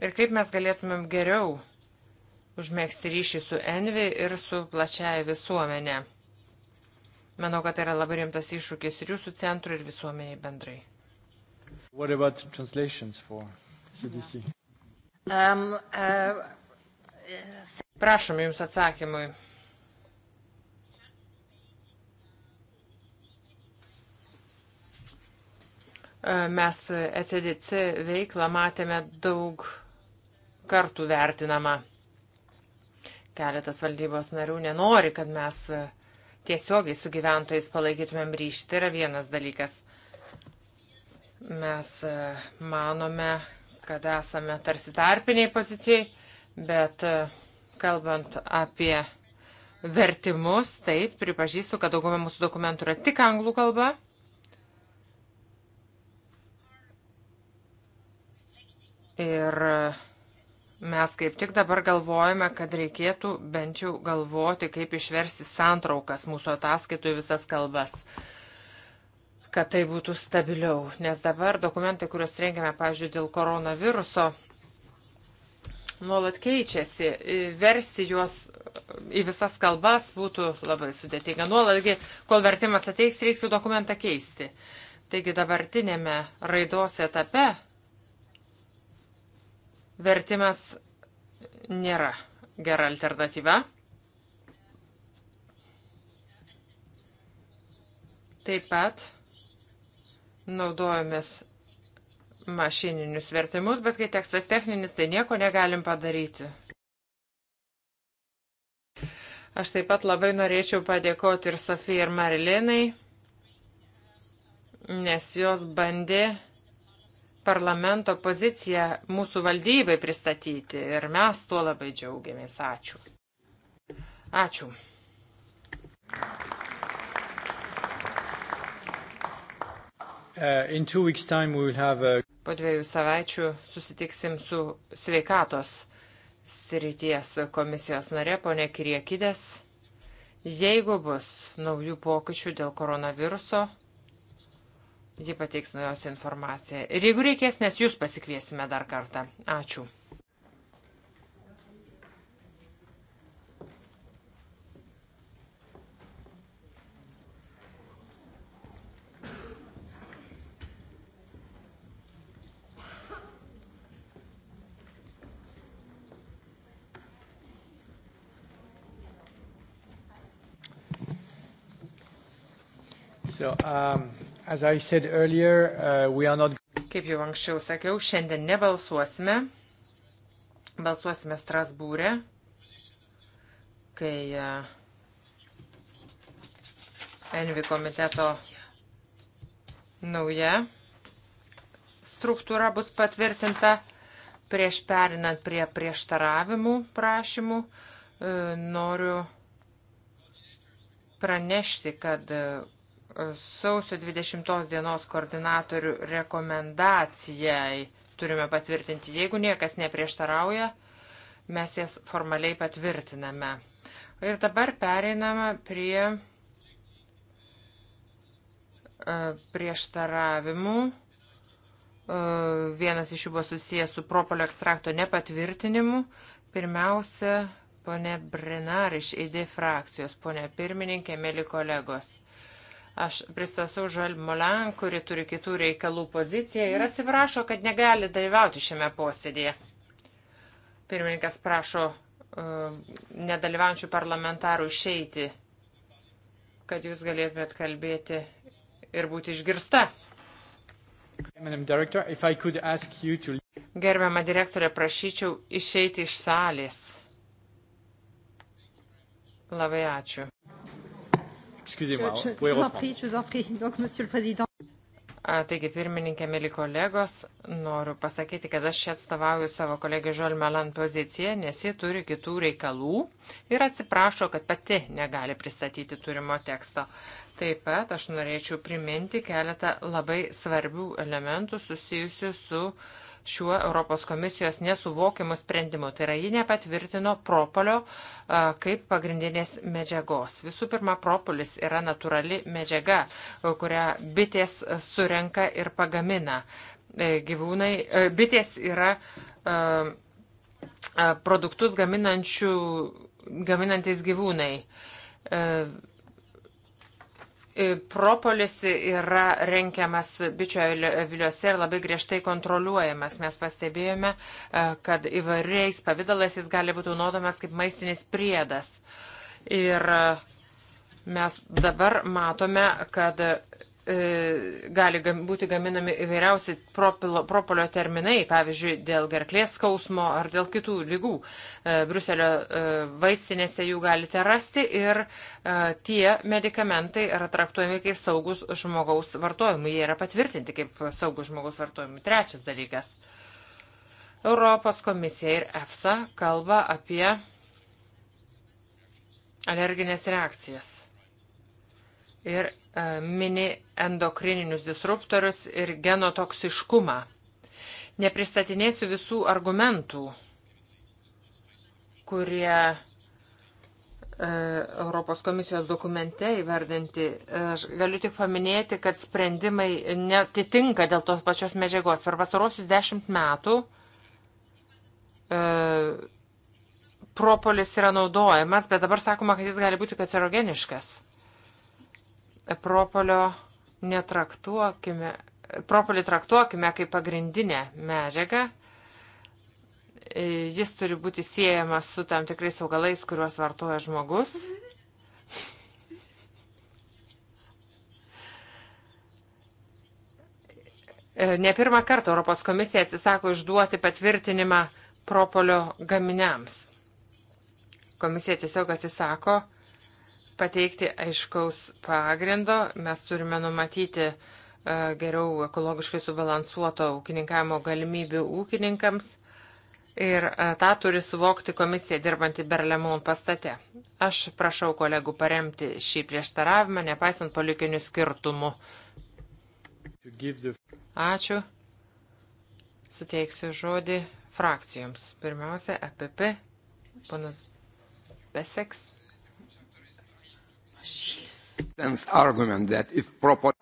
Ir kaip mes galėtumėm geriau užmėgsti ryšį su Envi ir su plačiaja visuomenė. Manau, kad tai yra labai rimtas iššūkis ir jūsų centrui, ir visuomeniai bendrai. What about translations for CDC? Um, uh, Prašom jums atsakymui. E, mes ECDC veiklą matėme daug kartų vertinama. Keletas valdybos narių nenori, kad mes uh, tiesiogiai su gyventojais palaikytumėm ryšį. Tai yra vienas dalykas. Mes e, manome, kad esame tarsi tarpiniai pozicijai, bet e, kalbant apie vertimus, taip, pripažįstu, kad dauguma mūsų dokumentų yra tik anglų kalba. Ir uh, Mes kaip tik dabar galvojame, kad reikėtų bent jau galvoti, kaip išversti santraukas mūsų ataskaitų į visas kalbas, kad tai būtų stabiliau. Nes dabar dokumentai, kuriuos rengiame, pavyzdžiui, dėl koronaviruso, nuolat keičiasi. Versi juos į visas kalbas būtų labai sudėtinga. Nuolatgi, kol vertimas ateiks, reiks jų dokumentą keisti. Taigi dabartinėme raidos etape Vertimas nėra gera alternatyva. Taip pat naudojomės mašininius vertimus, bet kai tekstas techninis, tai nieko negalim padaryti. Aš taip pat labai norėčiau padėkoti ir Sofijai ir Marilinai, nes jos bandė parlamento poziciją mūsų valdybai pristatyti ir mes tuo labai džiaugiamės. Ačiū. Ačiū. Uh, a... Po dviejų savaičių susitiksim su sveikatos srities komisijos narė ponė Kiriekidės. Jeigu bus naujų pokyčių dėl koronaviruso, Ji pateiks naujausią informaciją. Ir jeigu reikės, mes jūs pasikviesime dar kartą. Ačiū. So, um, earlier, uh, not... Kaip jau anksčiau sakiau, šiandien nebalsuosime. Balsuosime Strasbūrė, kai uh, Envi komiteto nauja struktūra bus patvirtinta prieš perinant prie prieštaravimų prašymų, uh, noriu pranešti, kad uh, sausio 20 dienos koordinatorių rekomendacijai turime patvirtinti. Jeigu niekas neprieštarauja, mes jas formaliai patvirtiname. Ir dabar pereiname prie e, prieštaravimų. E, vienas iš jų buvo susijęs su propolio ekstrakto nepatvirtinimu. Pirmiausia, ponė Brinar iš ID e frakcijos, ponė pirmininkė, mėly kolegos. Aš pristatau Žal Molan, kuri turi kitų reikalų poziciją ir atsiprašo, kad negali dalyvauti šiame posėdėje. Pirmininkas prašo uh, nedalyvaujančių parlamentarų išeiti, kad jūs galėtumėt kalbėti ir būti išgirsta. Gerbiama direktorė, prašyčiau išeiti iš salės. Labai ačiū. Excusez-moi, vous pouvez reprendre. A, taigi, pirmininkė, mėly kolegos, noriu pasakyti, kad aš čia atstovauju savo kolegį Žolmelan poziciją, nes ji turi kitų reikalų ir atsiprašo, kad pati negali pristatyti turimo teksto. Taip pat aš norėčiau priminti keletą labai svarbių elementų susijusių su uh, šiuo Europos komisijos nesuvokiamu sprendimu. Tai yra, ji nepatvirtino propolio kaip pagrindinės medžiagos. Visų pirma, propolis yra natūrali medžiaga, kurią bitės surenka ir pagamina. E, gyvūnai, e, bitės yra produktus gaminančių, gaminantis gyvūnai e, E, propolis yra renkiamas bičio aviliuose ir labai griežtai kontroliuojamas. Mes pastebėjome, e, kad įvairiais pavydalais jis gali būti naudojamas kaip maistinis priedas. Ir e, mes dabar matome, kad E, gali būti gaminami įvairiausi propilo, propolio terminai, pavyzdžiui, dėl gerklės skausmo ar dėl kitų lygų. E, Bruselio e, vaistinėse jų galite rasti ir tie medikamentai yra traktuojami kaip saugus žmogaus vartojimui. Jie yra patvirtinti kaip saugus žmogaus vartojimui. Trečias dalykas. Europos komisija ir EFSA kalba apie alerginės reakcijas. Ir E, mini endokrininius disruptorius ir genotoksiškumą. Nepristatinėsiu visų argumentų, kurie e, Europos komisijos dokumente įvardinti. Aš galiu tik paminėti, kad sprendimai netitinka dėl tos pačios medžiagos. Per pasarosius dešimt metų e, propolis yra naudojamas, bet dabar sakoma, kad jis gali būti kancerogeniškas propolio netraktuokime, propolį traktuokime kaip pagrindinę medžiagą. E, jis turi būti siejamas su tam tikrais augalais, kuriuos vartoja žmogus. E, ne pirmą kartą Europos komisija atsisako išduoti patvirtinimą propolio gaminiams. Komisija tiesiog atsisako uh, pateikti aiškaus pagrindo. Mes turime numatyti e, geriau ekologiškai subalansuoto ūkininkavimo galimybių ūkininkams. Ir e, tą turi suvokti komisija dirbanti Berlemon pastate. Aš prašau kolegų paremti šį prieštaravimą, nepaisant politinių skirtumų. Ačiū. Suteiksiu žodį frakcijoms. Pirmiausia, EPP, ponas Beseks. Proper...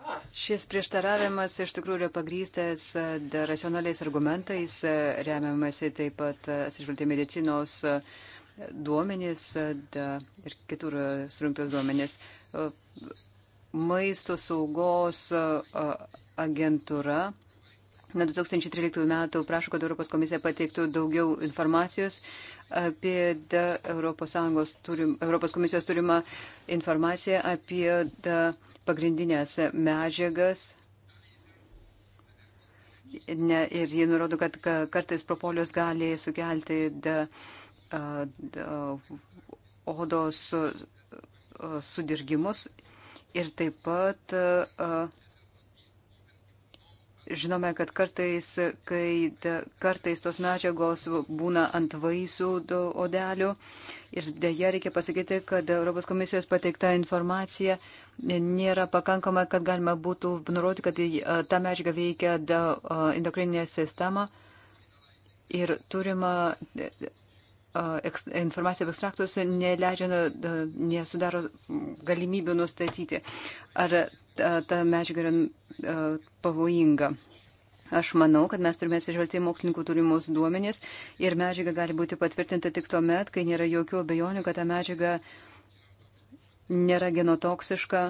Šis prieštaravimas iš tikrųjų yra pagrystas e, racionaliais argumentais, e, remiamasi taip pat e, atsižvelgti medicinos duomenys da, ir kitur surinktos duomenys. Maisto saugos agentūra Nuo 2013 metų prašo, kad Europos komisija pateiktų daugiau informacijos apie Europos, turim, Europos komisijos turimą informaciją apie pagrindinės medžiagas. Ne, ir jie nurodo, kad kartais propolios gali sukelti da, da, odos sudirgimus ir taip pat. Uh, Žinome, kad kartais, kai kartais tos medžiagos būna ant vaisių odelių ir dėja reikia pasakyti, kad Europos komisijos pateikta informacija nėra pakankama, kad galima būtų nurodyti, kad ta medžiaga veikia endokrininę sistemą ir turima informacija apie ekstraktus neleidžia, nesudaro galimybių nustatyti, ar ta medžiaga yra e, pavojinga. Aš manau, kad mes turime atsižvelgti į mokslininkų turimus duomenys ir medžiaga gali būti patvirtinta tik tuo met, kai nėra jokių abejonių, kad ta medžiaga nėra genotoksiška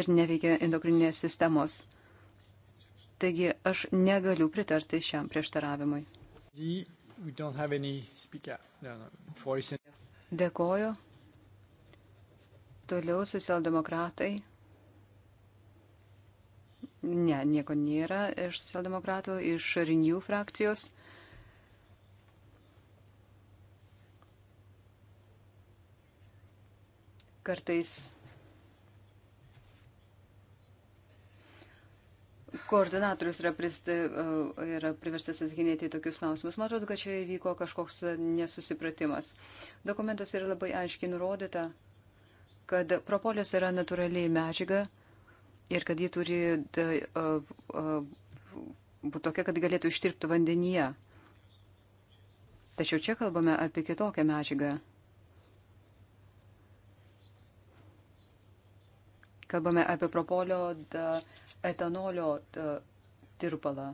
ir neveikia endokrininės sistemos. Taigi aš negaliu pritarti šiam prieštaravimui. Dėkoju. Toliau socialdemokratai. Ne, nieko nėra iš socialdemokratų, iš Renew frakcijos. Kartais koordinatorius yra, prist, uh, yra priverstas atsakinėti į tokius klausimus. Man atrodo, kad čia įvyko kažkoks nesusipratimas. Dokumentas yra labai aiškiai nurodyta, kad propolis yra natūraliai medžiaga, ir kad ji turi būti tokia, kad galėtų ištirpti vandenyje. Tačiau čia kalbame apie kitokią medžiagą. Kalbame apie propolio da, etanolio da, tirpalą.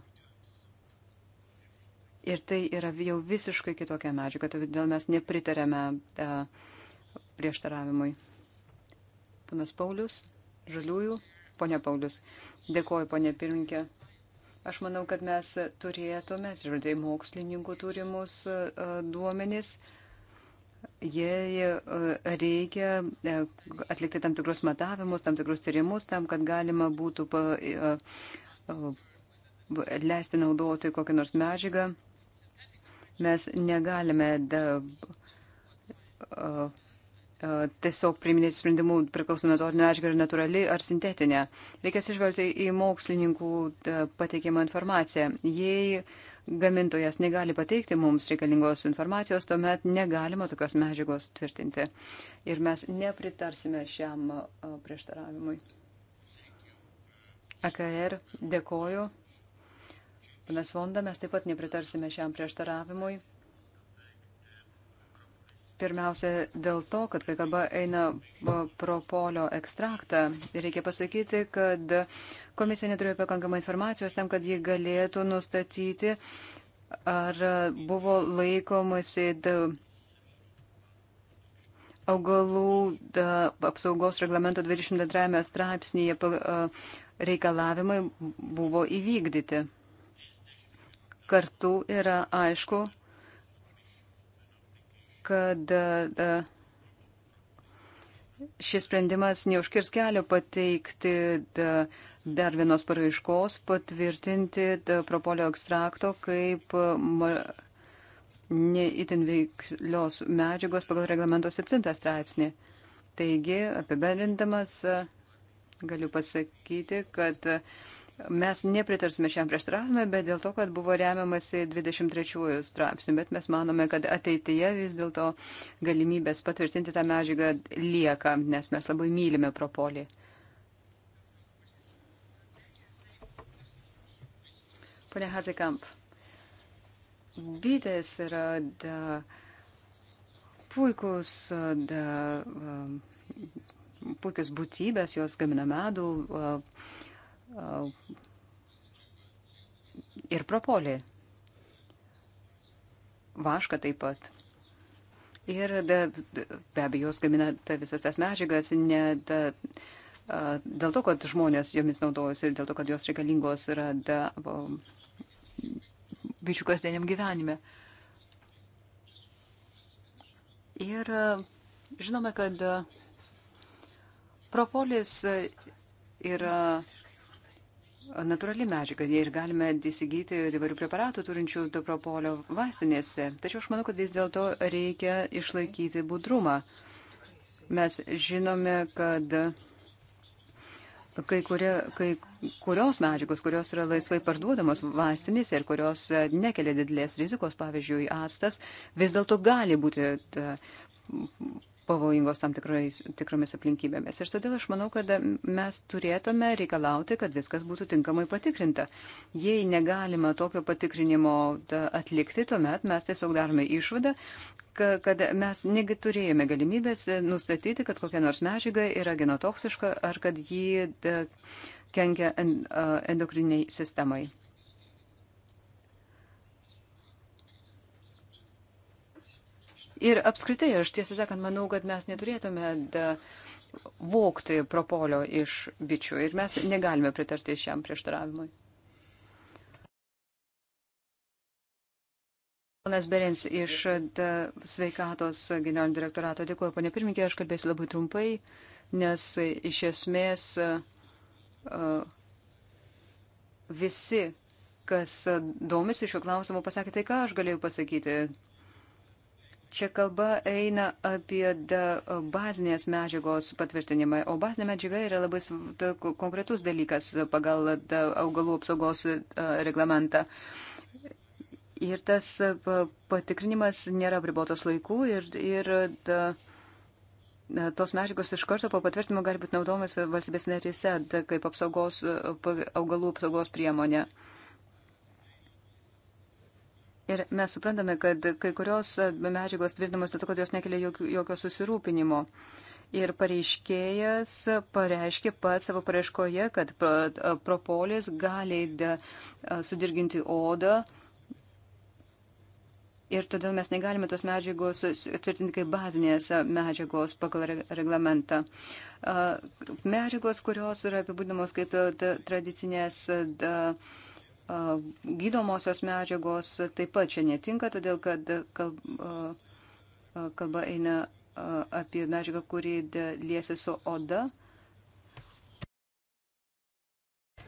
Ir tai yra jau visiškai kitokia medžiaga, todėl tai mes nepritarėme da, prieštaravimui. Panas Paulius, žaliųjų. Pone Paulius, dėkoju, ponė pirminkė. Aš manau, kad mes turėtume, atsižvelgti į mokslininkų turimus e, duomenys, jei e, reikia e, atlikti tam tikrus matavimus, tam tikrus tyrimus, tam, kad galima būtų pa, leisti naudoti kokią nors medžiagą. Mes negalime da, E, tiesiog priminėti sprendimų priklauso nuo to, ar neatžgara natūrali ar sintetinė. Reikia atsižvelgti į mokslininkų e, pateikiamą informaciją. Jei gamintojas negali pateikti mums reikalingos informacijos, tuomet negalima tokios medžiagos tvirtinti. Ir mes nepritarsime šiam e, prieštaravimui. AKR dėkoju. Panas Vonda, mes taip pat nepritarsime šiam prieštaravimui. Pirmiausia, dėl to, kad kai kalba eina propolio ekstraktą, reikia pasakyti, kad komisija neturėjo pakankamai informacijos tam, kad ji galėtų nustatyti, ar buvo laikomasi augalų da, apsaugos reglamento 22 straipsnėje reikalavimai buvo įvykdyti. Kartu yra aišku, kad e, e, šis sprendimas neužkirs kelio pateikti e, dar vienos paraiškos, patvirtinti propolio ekstrakto kaip neįtin veiklios medžiagos pagal reglamento 7 straipsnį. Taigi, apibendrindamas, galiu pasakyti, kad Mes nepritarsime šiam prieštaravimui, bet dėl to, kad buvo remiamasi 23 straipsnių, bet mes manome, kad ateityje vis dėlto galimybės patvirtinti tą medžiagą lieka, nes mes labai mylime propolį. Pone Hazekamp, bitės yra da, puikus, da, um, puikios būtybės, jos gamina medų. Uh, ir propolį. Vašką taip pat. Ir da, be abejo, jos gamina ta, visas tas medžiagas ne da, a, dėl to, kad žmonės jomis naudojasi, dėl to, kad jos reikalingos yra da, o, bičių kasdieniam gyvenime. Ir žinome, kad propolis yra natūrali medžiaga ir galime įsigyti įvairių preparatų turinčių dopropolio vaistinėse. Tačiau aš manau, kad vis dėlto reikia išlaikyti budrumą. Mes žinome, kad kai, kurie, kai kurios medžiagos, kurios yra laisvai parduodamos vaistinėse ir kurios e, nekelia didelės rizikos, pavyzdžiui, astas, vis dėlto gali būti e, pavojingos tam tikrais, tikromis aplinkybėmis. Ir todėl aš manau, kad mes turėtume reikalauti, kad viskas būtų tinkamai patikrinta. Jei negalima tokio patikrinimo atlikti, tuomet mes tiesiog darome išvadą, kad mes negi turėjome galimybės nustatyti, kad kokia nors medžiaga yra genotoksiška ar kad ji kenkia endokriniai sistemai. Ir apskritai, aš tiesą sakant, manau, kad mes neturėtume da, vokti propolio iš bičių ir mes negalime pritarti šiam prieštaravimui. Ponas Berens iš da, sveikatos generalinio direktorato. Dėkuoju, ponė pirmininkė, aš kalbėsiu labai trumpai, nes iš esmės visi, kas domisi šiuo klausimu, pasakė tai, ką aš galėjau pasakyti. Čia kalba eina apie bazinės medžiagos patvirtinimą, o bazinė medžiaga yra labai konkretus dalykas pagal augalų apsaugos reglamentą. Ir tas patikrinimas nėra pribotas laikų ir, ir da, tos medžiagos iš karto po patvirtinimo gali būti naudojamas valstybės narėse kaip apsaugos, augalų apsaugos priemonė. Uh, Ir mes suprantame, kad kai kurios medžiagos tvirtinamos dėl to, kad jos nekelia jokio, jokio susirūpinimo. Ir pareiškėjas pareiškė pat savo pareiškoje, kad propolis gali sudirginti odą. Ir todėl mes negalime tos medžiagos tvirtinti kaip bazinės medžiagos pagal reglamentą. Medžiagos, kurios yra apibūdinamos kaip tradicinės. Da, gydomosios medžiagos taip pat čia netinka, todėl kad kalba eina apie medžiagą, kuri liesi su oda.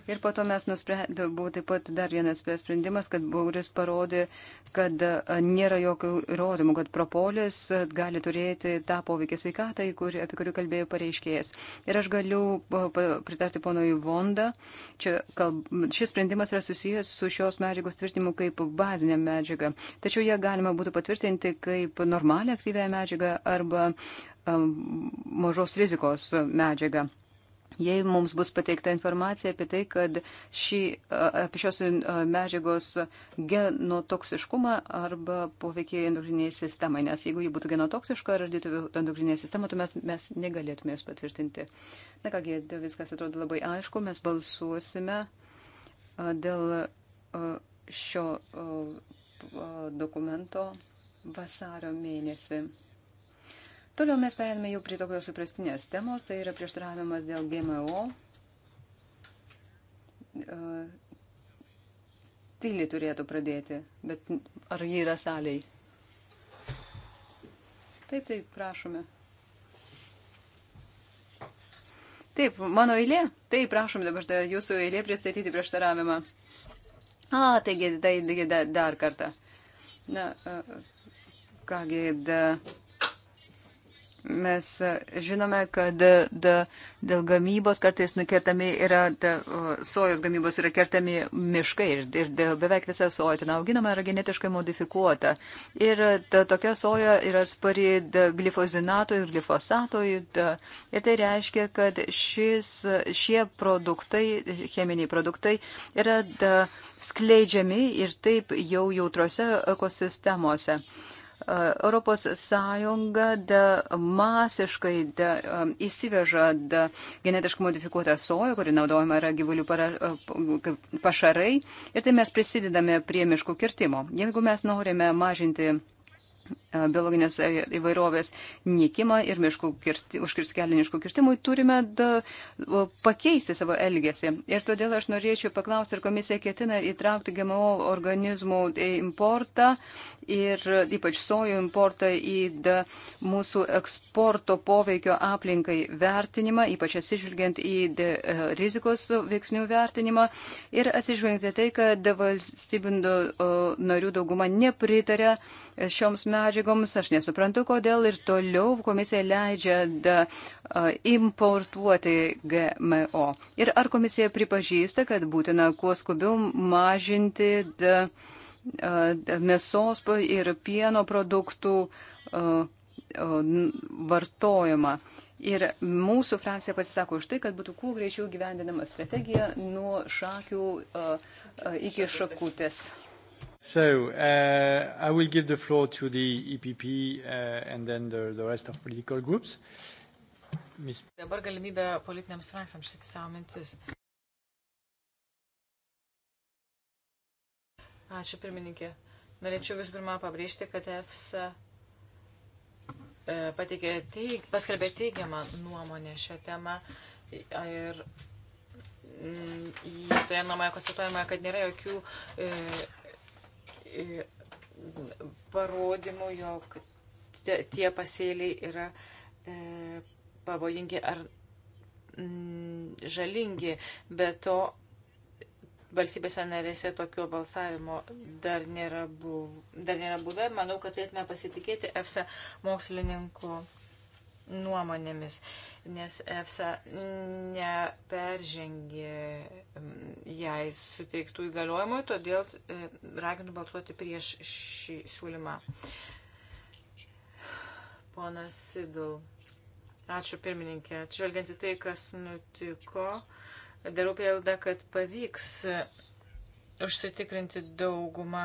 Ir po to mes nusprendėme, buvo taip pat dar vienas sprendimas, kad Bauris parodė, kad nėra jokių įrodymų, kad propolis gali turėti tą poveikį sveikatai, kur, apie kurį kalbėjo pareiškėjas. Ir aš galiu pritarti ponui Vonda, Čia, kalb, šis sprendimas yra susijęs su šios medžiagos tvirtinimu kaip bazinė medžiaga. Tačiau ją galima būtų patvirtinti kaip normalią aktyvę medžiagą arba um, mažos rizikos medžiagą. Jei mums bus pateikta informacija apie tai, kad šį, apie šios medžiagos genotoksiškumą arba poveikį endokriniai sistemai, nes jeigu ji būtų genotoksiška ar ardytų endokriniai sistemą, tuomet mes negalėtume jos patvirtinti. Na kągi, viskas atrodo labai aišku, mes balsuosime dėl šio dokumento vasario mėnesį. Toliau mes perėmėme jau prie tokios suprastinės temos, tai yra prieštaravimas dėl GMO. E, tyliai turėtų pradėti, bet ar jį yra saliai? Taip, taip, prašome. Taip, mano eilė. Taip, prašom dabar tai jūsų eilė pristatyti prieštaravimą. A, taigi, tai, taigi da, dar kartą. Na, e, e, kągi, da. Mes e, žinome, kad e, dėl gamybos kartais nukertami yra, sojos gamybos yra kertami miškai ir beveik visa soja ten auginama yra genetiškai modifikuota. Ir e, ta, tokia soja yra spari glifozinatui ir glifosatui. Ir tai reiškia, kad šis, šie produktai, cheminiai produktai yra da, skleidžiami ir taip jau jautrose ekosistemose. Uh, Europos Sąjunga da, masiškai da, um, įsiveža da, genetiškai modifikuotą soją, kuri naudojama yra gyvulių para, uh, pašarai ir tai mes prisidedame prie miškų kirtimo. Jeigu mes norime mažinti E, biologinės e, įvairovės nykimą ir miškų kirti, užkirsti kelią miškų kirtimui, turime da, pakeisti savo elgesį. Ir todėl aš norėčiau paklausti, ar komisija ketina įtraukti GMO organizmų importą ir ypač sojų importą į da, mūsų eksporto poveikio aplinkai vertinimą, ypač atsižvelgiant į da, e, rizikos veiksnių vertinimą ir atsižvelgiant į tai, kad valstybių narių dauguma nepritarė šioms medžiagoms sąlygoms. Aš nesuprantu, kodėl ir toliau komisija leidžia da, importuoti GMO. Ir ar komisija pripažįsta, kad būtina kuo skubiau mažinti da, da, mėsos ir pieno produktų vartojimą. Ir mūsų frakcija pasisako už tai, kad būtų kuo greičiau gyvendinama strategija nuo šakių uh, uh, iki šakutės. So, uh, I will give the floor to the EPP, uh, and then the, the rest of political groups. Ms. Dabar galimybė politinėms frakcijoms išsakyti savo mintis. Ačiū, pirmininkė. Norėčiau vis pirma pabrėžti, kad EFSA uh, pateikė, teig, paskelbė teigiamą nuomonę šią temą ir mm, toje nuomoje konstatuojama, kad nėra jokių e, parodymų, jog tie pasėliai yra e, pavojingi ar mm, žalingi. Be to, valstybėse narėse tokio balsavimo dar nėra, buv, dar nėra buvę. Manau, kad turėtume pasitikėti EFSA mokslininkų nuomonėmis, nes EFSA neperžengė jai suteiktų įgaliojimų, todėl e, raginu balsuoti prieš šį siūlymą. Ponas Sidl. Ačiū pirmininkė. Atžvelgiant į tai, kas nutiko, darau prielaidą, kad pavyks e, užsitikrinti daugumą.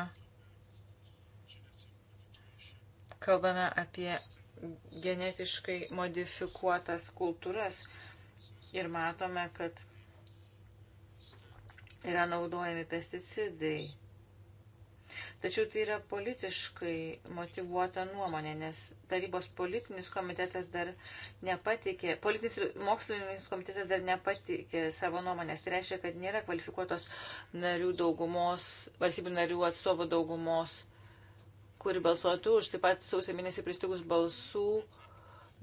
Kalbame apie genetiškai modifikuotas kultūras ir matome, kad yra naudojami pesticidai. Tačiau tai yra politiškai motivuota nuomonė, nes tarybos politinis komitetas dar nepatikė, politinis ir mokslinis komitetas dar nepatikė savo nuomonės. Tai reiškia, kad nėra kvalifikuotos narių daugumos, valstybių narių atstovų daugumos, kuri balsuotų už. Taip pat sausio mėnesį pristigus balsų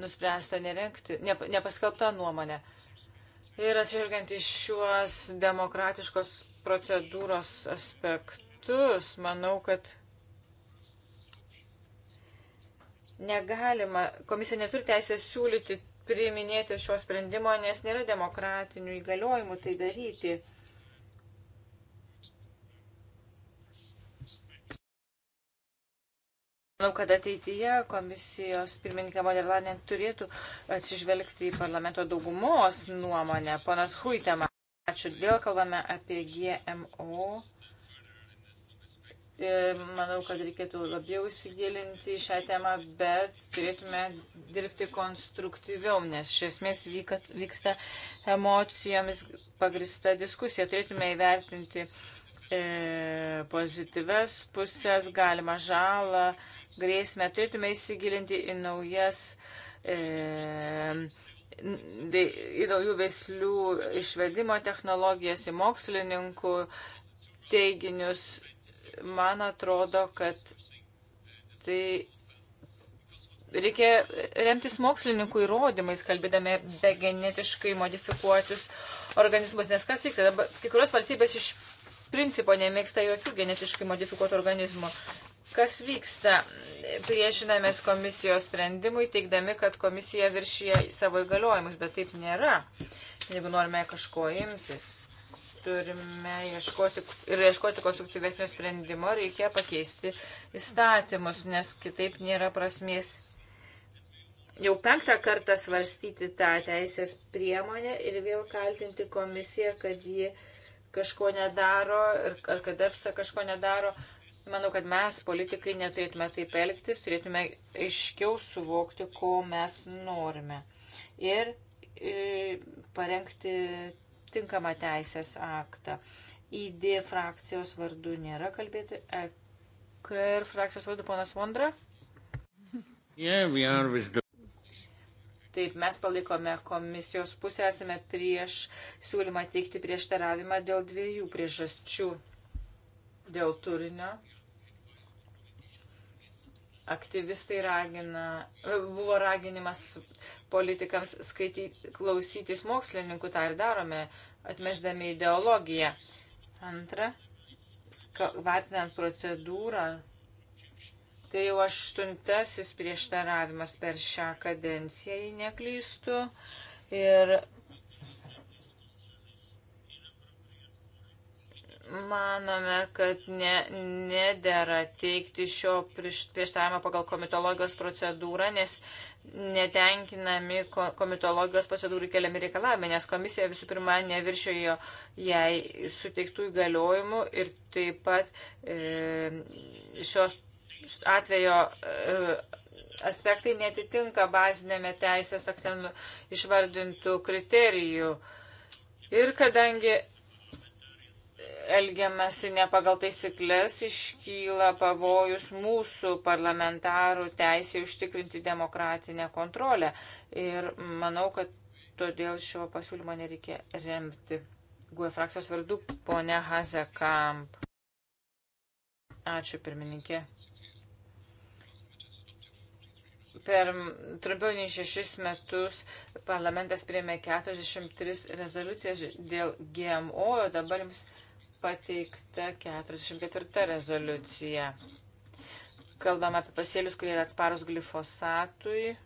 nuspręsta nerenkti, ne, nepaskelbta nuomonė. Ir atsižvelgiant į šiuos demokratiškos procedūros aspektus, manau, kad negalima, komisija neturi teisės siūlyti priiminėti šio sprendimo, nes nėra demokratinių įgaliojimų tai daryti. Manau, kad ateityje komisijos pirmininkė Moderlanė turėtų atsižvelgti į parlamento daugumos nuomonę. Ponas Huitema, ačiū. Dėl kalbame apie GMO. E, manau, kad reikėtų labiau įsigilinti šią temą, bet turėtume dirbti konstruktyviau, nes iš esmės vykat, vyksta emocijomis pagrista diskusija. Turėtume įvertinti e, pozityves pusės, galimą žalą. E, grėsmę, turėtume įsigilinti į naujas. E, į naujų veislių išvedimo technologijas, į mokslininkų teiginius. Man atrodo, kad tai reikia remtis mokslininkų įrodymais, kalbėdami apie genetiškai modifikuotus organizmus. Nes kas vyksta? Dabar kai kurios valstybės iš principo nemėgsta jokių genetiškai modifikuotų organizmų. Kas vyksta? Priešinamės komisijos sprendimui, teikdami, kad komisija viršyje savo įgaliojimus, bet taip nėra. Jeigu norime kažko imtis, turime ieškoti ir ieškoti konstruktyvesnio sprendimo, reikia pakeisti įstatymus, nes kitaip nėra prasmės jau penktą kartą svarstyti tą teisės priemonę ir vėl kaltinti komisiją, kad ji kažko nedaro ir kad EFSA kažko nedaro. Manau, kad mes, politikai, neturėtume taip elgtis, turėtume aiškiau suvokti, ko mes norime. Ir, ir e, parengti tinkamą teisės aktą. ID frakcijos vardu nėra kalbėti. EKR frakcijos vardu ponas Vondra. Yeah, Taip, mes palaikome komisijos pusę, esame prieš siūlymą teikti prieštaravimą dėl dviejų priežasčių. Dėl turinio aktyvistai ragina, buvo raginimas politikams skaityti, klausytis mokslininkų, tą ir darome, atmesdami ideologiją. Antra, vertinant procedūrą, tai jau aštuntasis prieštaravimas per šią kadenciją, jei neklystu. Ir Manome, kad ne, nedėra teikti šio prieštaravimo pagal komitologijos procedūrą, nes netenkinami komitologijos procedūrų keliami reikalavimai, nes komisija visų pirma neviršėjo jai suteiktų įgaliojimų ir taip pat e, šios atvejo e, aspektai netitinka bazinėme teisės akte nu, išvardintų kriterijų. Ir kadangi elgiamasi ne pagal taisyklės, iškyla pavojus mūsų parlamentarų teisė užtikrinti demokratinę kontrolę. Ir manau, kad todėl šio pasiūlymo nereikia remti. GUE frakcijos vardu ponia Hazekamp. Ačiū pirmininkė. Per trumpiau nei šešis metus parlamentas priėmė 43 rezoliucijas dėl GMO, o dabar jums. Jums pateikta 44 rezoliucija. Kalbam apie pasėlius, kurie yra atsparus glifosatui.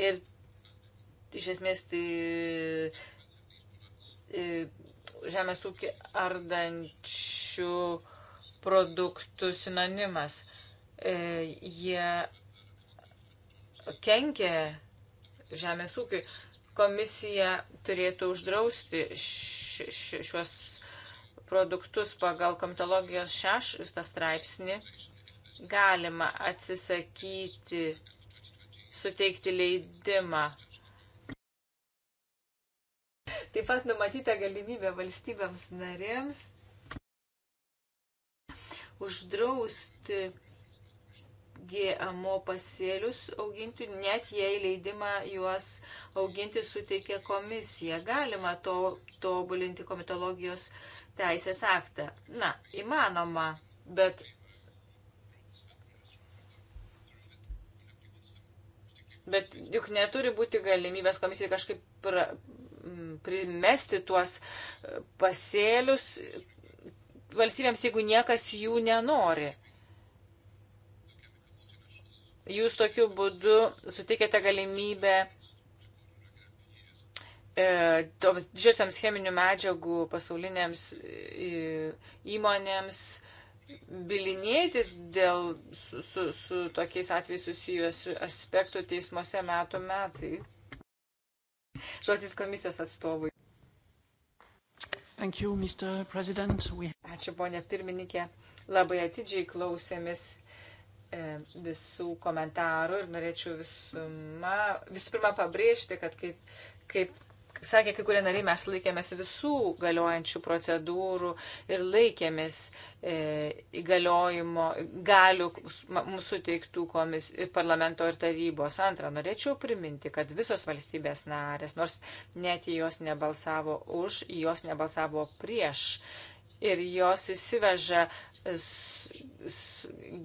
Ir iš esmės tai e, žemės ūkį ardančių produktų sinonimas. E, jie kenkia žemės ūkiui. Komisija turėtų uždrausti šiuos produktus pagal komitologijos šeštą straipsnį. Galima atsisakyti, suteikti leidimą. Taip pat numatyta galimybė valstybėms narėms uždrausti GMO pasėlius auginti, net jei leidimą juos auginti suteikė komisija. Galima to, tobulinti komitologijos teisės aktą. Na, įmanoma, bet. Bet juk neturi būti galimybės komisijai kažkaip pra, primesti tuos pasėlius valstybėms, jeigu niekas jų nenori jūs tokiu būdu sutikėte galimybę e, didžiosiams cheminių medžiagų pasaulinėms e, įmonėms bilinėtis dėl su, su, su tokiais atvejais susijusių aspektų teismuose metų metai. Žodis komisijos atstovui. Thank you, Mr. President. We... Ačiū, ponė pirmininkė. Labai atidžiai klausėmės E, visų komentarų ir norėčiau visuma, visų pirma pabrėžti, kad kaip, kaip sakė kai kurie nariai, mes laikėmės visų galiojančių procedūrų ir laikėmės e, įgaliojimo galių mūsų teiktų komis ir parlamento ir tarybos. Antra, norėčiau priminti, kad visos valstybės narės, nors net jos nebalsavo už, jos nebalsavo prieš ir jos įsiveža. E,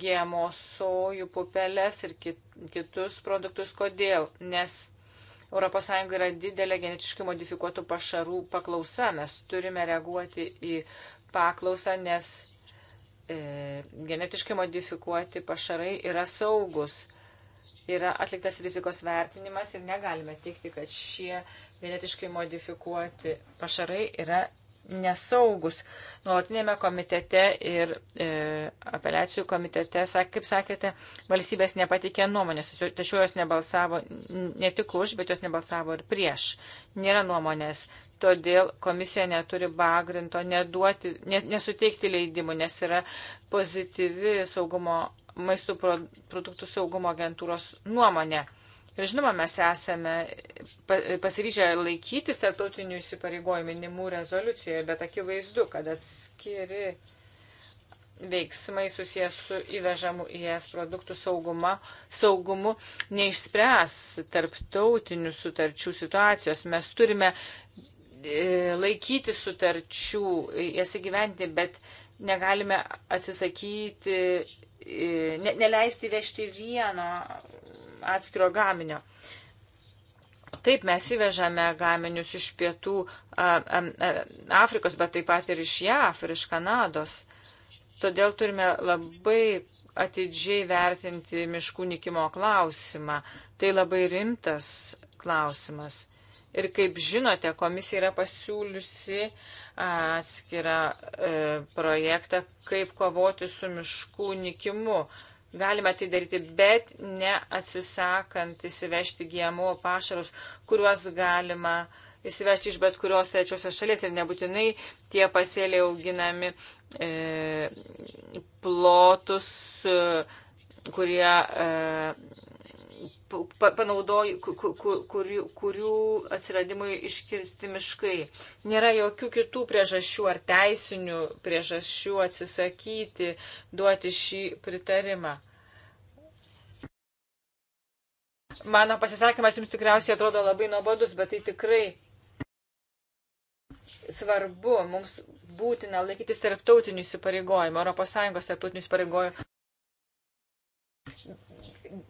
GMO sojų pupelės ir kitus produktus. Kodėl? Nes ES yra didelė genetiškai modifikuotų pašarų paklausa. Mes turime reaguoti į paklausą, nes e, genetiškai modifikuoti pašarai yra saugus. Yra atliktas rizikos vertinimas ir negalime teikti, kad šie genetiškai modifikuoti pašarai yra nesaugus. Nuolatinėme komitete ir e, apeliacijų komitete, sak, kaip sakėte, valstybės nepatikė nuomonės, tačiau jos nebalsavo ne tik už, bet jos nebalsavo ir prieš. Nėra nuomonės. Todėl komisija neturi bagrinto neduoti, ne, nesuteikti leidimų, nes yra pozityvi saugumo, maisto produktų saugumo agentūros nuomonė. Ir žinoma, mes esame pasiryžę laikytis tarptautinių įsipareigojimų minimų rezoliucijoje, bet akivaizdu, kad atskiri veiksmai susijęs su įvežamu į es produktų sauguma, saugumu neišspręs tarptautinių sutarčių situacijos. Mes turime e, laikyti sutarčių, jas įgyventi, bet negalime atsisakyti ne, neleisti vežti vieno atskiro gaminio. Taip, mes įvežame gaminius iš pietų a, a, a, Afrikos, bet taip pat ir iš JAF ir iš Kanados. Todėl turime labai atidžiai vertinti miškų nikimo klausimą. Tai labai rimtas klausimas. Ir kaip žinote, komisija yra pasiūliusi uh, atskirą e, projektą, kaip kovoti su miškų nikimu. Galime tai daryti, bet neatsisakant įsivežti GMO pašarus, kuriuos galima įsivežti iš bet kurios trečiosios šalies ir nebūtinai tie pasėliai auginami e, plotus, e, kurie e, panaudoj, kurių, kurių atsiradimui iškirsti miškai. Nėra jokių kitų priežasčių ar teisinių priežasčių atsisakyti duoti šį pritarimą. Mano pasisakymas jums tikriausiai atrodo labai nuobodus, bet tai tikrai svarbu. Mums būtina laikytis tarptautinių įsipareigojimų, ES tarptautinių įsipareigojimų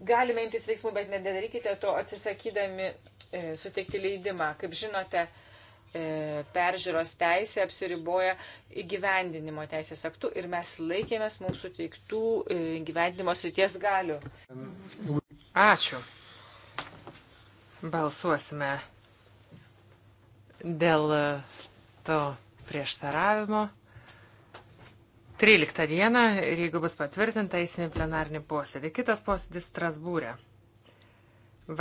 galime imtis veiksmų, bet nedarykite to atsisakydami e, suteikti leidimą. Kaip žinote, e, peržiūros teisė apsiriboja įgyvendinimo teisės aktų ir mes laikėmės mūsų teiktų e, įgyvendinimo srities galių. Ačiū. Balsuosime dėl to prieštaravimo. 13 dieną ir jeigu bus patvirtinta, eisime į plenarinį posėdį. Kitas posėdis Strasbūrė.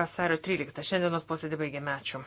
Vasario 13. Šiandienos posėdį baigėme. Ačiū.